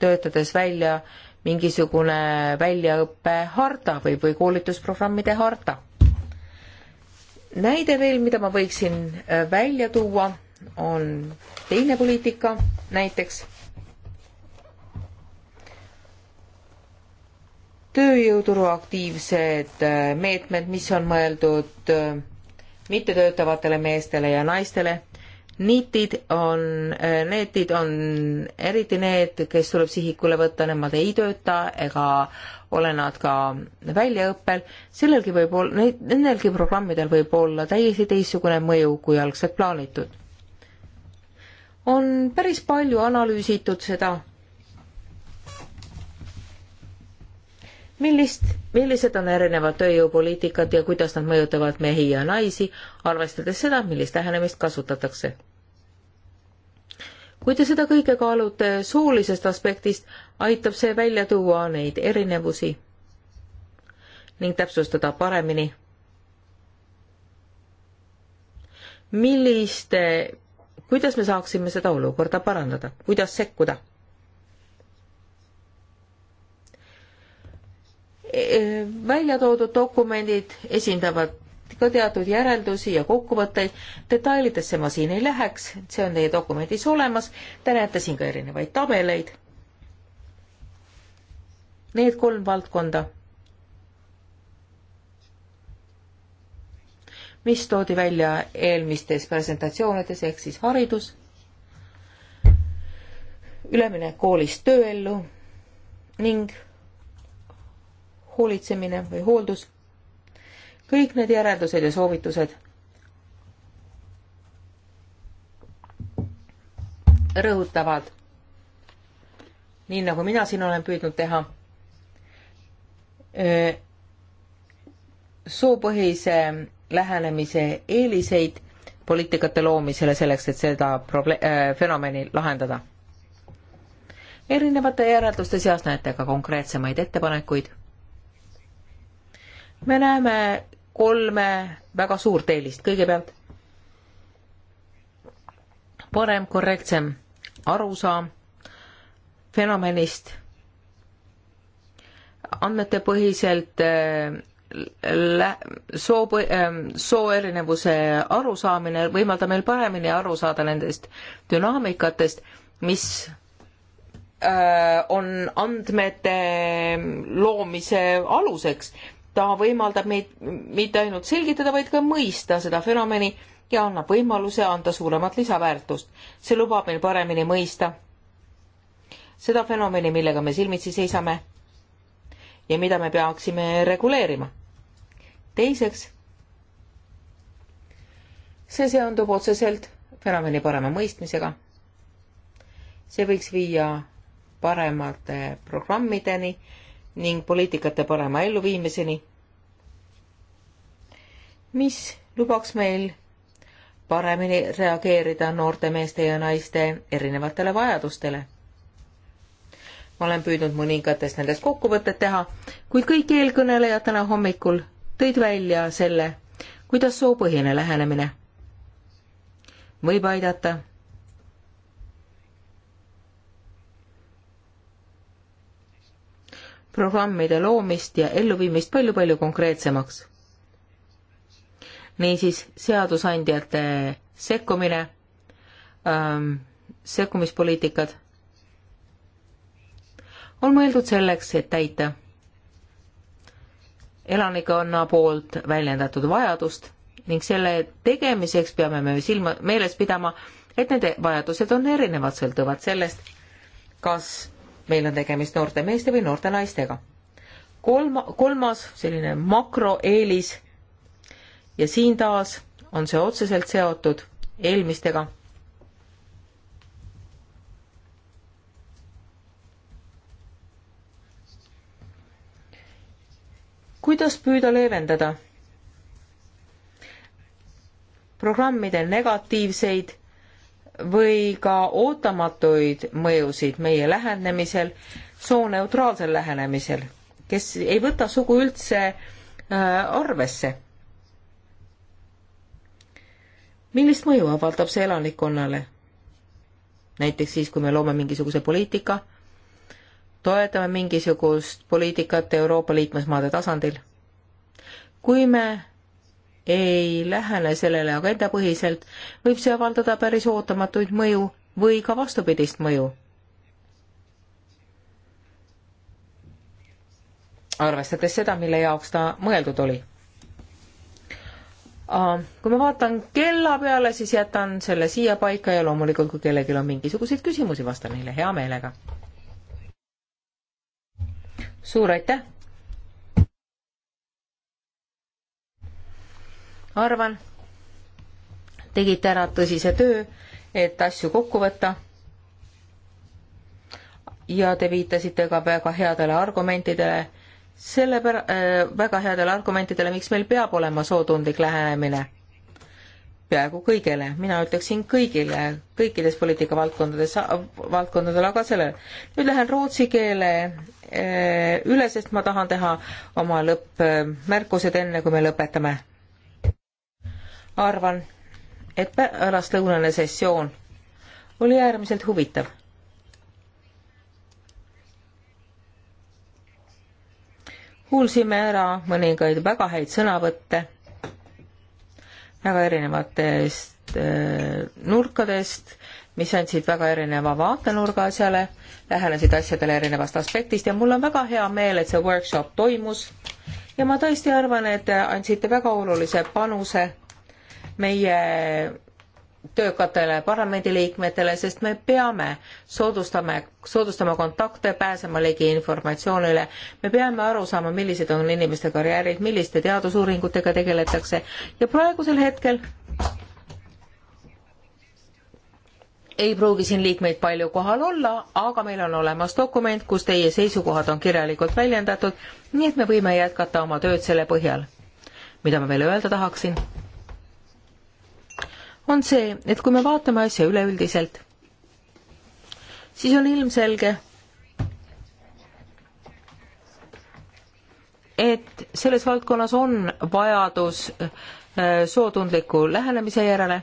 töötades välja äh, mingisugune väljaõppeharta või, või koolitusprogrammide harta. näide veel, mida ma võiksin äh, välja tuua, on teine poliitika, näiteks tööjõuturu aktiivsed äh, meetmed, mis on mõeldud äh, mittetöötavatele meestele ja naistele NIT-id on, äh, NET-id on eriti need, kes tuleb sihikule võtta, nemad ei tööta ega ole nad ka väljaõppel, sellelgi võib olla, nendelgi programmidel võib olla täiesti teistsugune mõju kui algselt plaanitud. on päris palju analüüsitud seda, millist, millised on erinevad tööjõupoliitikad ja kuidas nad mõjutavad mehi ja naisi, arvestades seda, millist lähenemist kasutatakse kui te seda kõike kaalute soolisest aspektist, aitab see välja tuua neid erinevusi ning täpsustada paremini, milliste, kuidas me saaksime seda olukorda parandada, kuidas sekkuda e, e, välja toodud dokumendid esindavad ka teatud järeldusi ja kokkuvõtteid. detailidesse ma siin ei läheks, see on teie dokumendis olemas. Te näete siin ka erinevaid tabeleid. Need kolm valdkonda, mis toodi välja eelmistes presentatsioonides ehk siis haridus, üleminek koolist tööellu ning hoolitsemine või hooldus kõik need järeldused ja soovitused rõhutavad, nii nagu mina siin olen püüdnud teha, soopõhise lähenemise eeliseid poliitikate loomisele selleks, et seda proble-, fenomeni lahendada. erinevate järelduste seas näete ka konkreetsemaid ettepanekuid. me näeme kolme väga suurt eelist. kõigepealt parem, korrektsem arusaam fenomenist, andmetepõhiselt äh, lä-, soo, äh, soo erinevuse arusaamine võimaldab meil paremini aru saada nendest dünaamikatest, mis äh, on andmete loomise aluseks ta võimaldab meid mitte ainult selgitada, vaid ka mõista seda fenomeni ja annab võimaluse anda suuremat lisaväärtust. see lubab meil paremini mõista seda fenomeni, millega me silmitsi seisame ja mida me peaksime reguleerima. teiseks, see seondub otseselt fenomeni parema mõistmisega. see võiks viia paremate programmideni ning poliitikate parema elluviimiseni, mis lubaks meil paremini reageerida noorte meeste ja naiste erinevatele vajadustele. ma olen püüdnud mõningatest nendest kokkuvõtted teha, kuid kõik eelkõnelejad täna hommikul tõid välja selle, kuidas soopõhine lähenemine võib aidata programmide loomist ja elluviimist palju-palju konkreetsemaks. niisiis, seadusandjate sekkumine ähm,, sekkumispoliitikad on mõeldud selleks, et täita elanikkonna poolt väljendatud vajadust ning selle tegemiseks peame me silma, meeles pidama, et nende vajadused on erinevad, sõltuvad sellest, kas meil on tegemist noorte meeste või noorte naistega. kolm, kolmas selline makroeelis ja siin taas on see otseselt seotud eelmistega. kuidas püüda leevendada programmide negatiivseid või ka ootamatuid mõjusid meie lähenemisel, sooneutraalsel lähenemisel, kes ei võta sugu üldse äh, arvesse. millist mõju avaldab see elanikkonnale? näiteks siis, kui me loome mingisuguse poliitika, toetame mingisugust poliitikat Euroopa liikmesmaade tasandil. kui me ei lähene sellele agendapõhiselt, võib see avaldada päris ootamatuid mõju või ka vastupidist mõju. arvestades seda, mille jaoks ta mõeldud oli. kui ma vaatan kella peale, siis jätan selle siia paika ja loomulikult, kui kellelgi on mingisuguseid küsimusi, vastan neile hea meelega. suur aitäh! arvan, tegite ära tõsise töö, et asju kokku võtta. ja te viitasite ka väga headele argumentidele, selle pär- äh,, väga headele argumentidele, miks meil peab olema sootundlik lähenemine peaaegu kõigele, mina ütleksin kõigile, kõikides poliitikavaldkondades, valdkondadele, aga sellele. nüüd lähen rootsi keele äh, üle, sest ma tahan teha oma lõppmärkused, äh, enne kui me lõpetame arvan, et pärastlõunane sessioon oli äärmiselt huvitav. kuulsime ära mõningaid väga häid sõnavõtte väga erinevatest äh, nurkadest, mis andsid väga erineva vaatenurga asjale, lähenesid asjadele erinevast aspektist ja mul on väga hea meel, et see workshop toimus ja ma tõesti arvan, et andsite väga olulise panuse meie töökatele parlamendiliikmetele, sest me peame soodustame, soodustama kontakte, pääsema ligi informatsioonile. me peame aru saama, millised on inimeste karjäärid, milliste teadusuuringutega tegeletakse ja praegusel hetkel ei pruugi siin liikmeid palju kohal olla, aga meil on olemas dokument, kus teie seisukohad on kirjalikult väljendatud, nii et me võime jätkata oma tööd selle põhjal. mida ma veel öelda tahaksin? on see, et kui me vaatame asja üleüldiselt, siis on ilmselge, et selles valdkonnas on vajadus äh, sootundliku lähenemise järele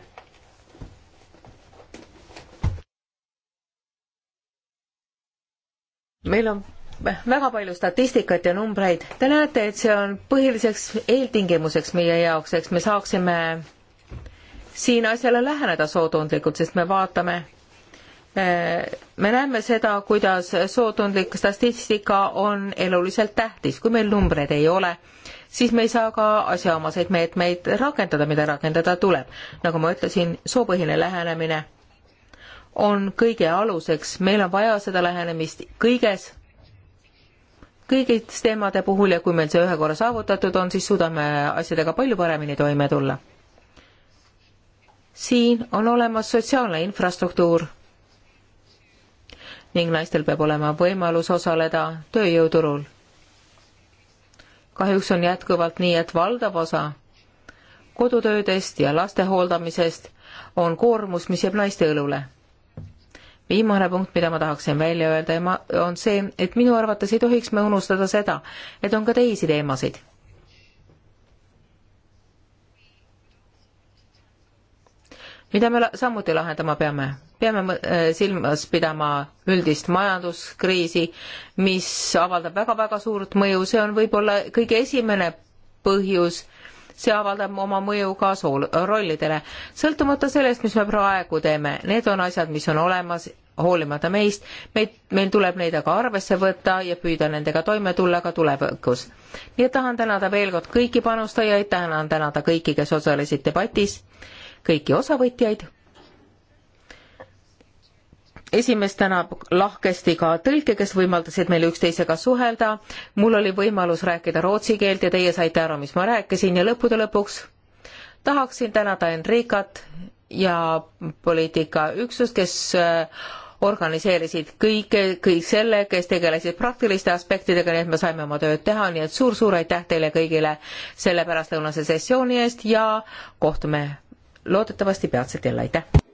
meil on väga palju statistikat ja numbreid. Te näete, et see on põhiliseks eeltingimuseks meie jaoks, eks me saaksime siin asjale läheneda sootundlikult, sest me vaatame me näeme seda, kuidas sootundlik statistika on eluliselt tähtis, kui meil numbreid ei ole, siis me ei saa ka asjaomaseid meetmeid rakendada, mida rakendada tuleb. nagu ma ütlesin, soopõhine lähenemine on kõige aluseks, meil on vaja seda lähenemist kõiges, kõigis teemade puhul ja kui meil see ühe korra saavutatud on, siis suudame asjadega palju paremini toime tulla siin on olemas sotsiaalne infrastruktuur ning naistel peab olema võimalus osaleda tööjõuturul. kahjuks on jätkuvalt nii, et valdav osa kodutöödest ja laste hooldamisest on koormus, mis jääb naiste õlule. viimane punkt, mida ma tahaksin välja öelda, on see, et minu arvates ei tohiks me unustada seda, et on ka teisi teemasid mida me samuti lahendama peame? peame äh, silmas pidama üldist majanduskriisi, mis avaldab väga-väga suurt mõju, see on võib-olla kõige esimene põhjus, see avaldab oma mõju ka sool-, rollidele. sõltumata sellest, mis me praegu teeme, need on asjad, mis on olemas, hoolimata meist, meid, meil tuleb neid aga arvesse võtta ja püüda nendega toime tulla ka tulevikus. nii et tahan tänada veel kord kõiki panustajaid, tahan tänada kõiki, kes osalesid debatis kõiki osavõtjaid. esimees tänab lahkesti ka tõlke, kes võimaldasid meil üksteisega suhelda. mul oli võimalus rääkida rootsi keelt ja teie saite aru, mis ma rääkisin ja lõppude lõpuks tahaksin tänada Enrikat ja poliitikaüksust, kes äh, organiseerisid kõike, kõik selle, kes tegelesid praktiliste aspektidega, nii et me saime oma tööd teha, nii et suur-suur aitäh teile kõigile selle pärastlõunase sessiooni eest ja kohtume loodetavasti peatselt jälle, aitäh!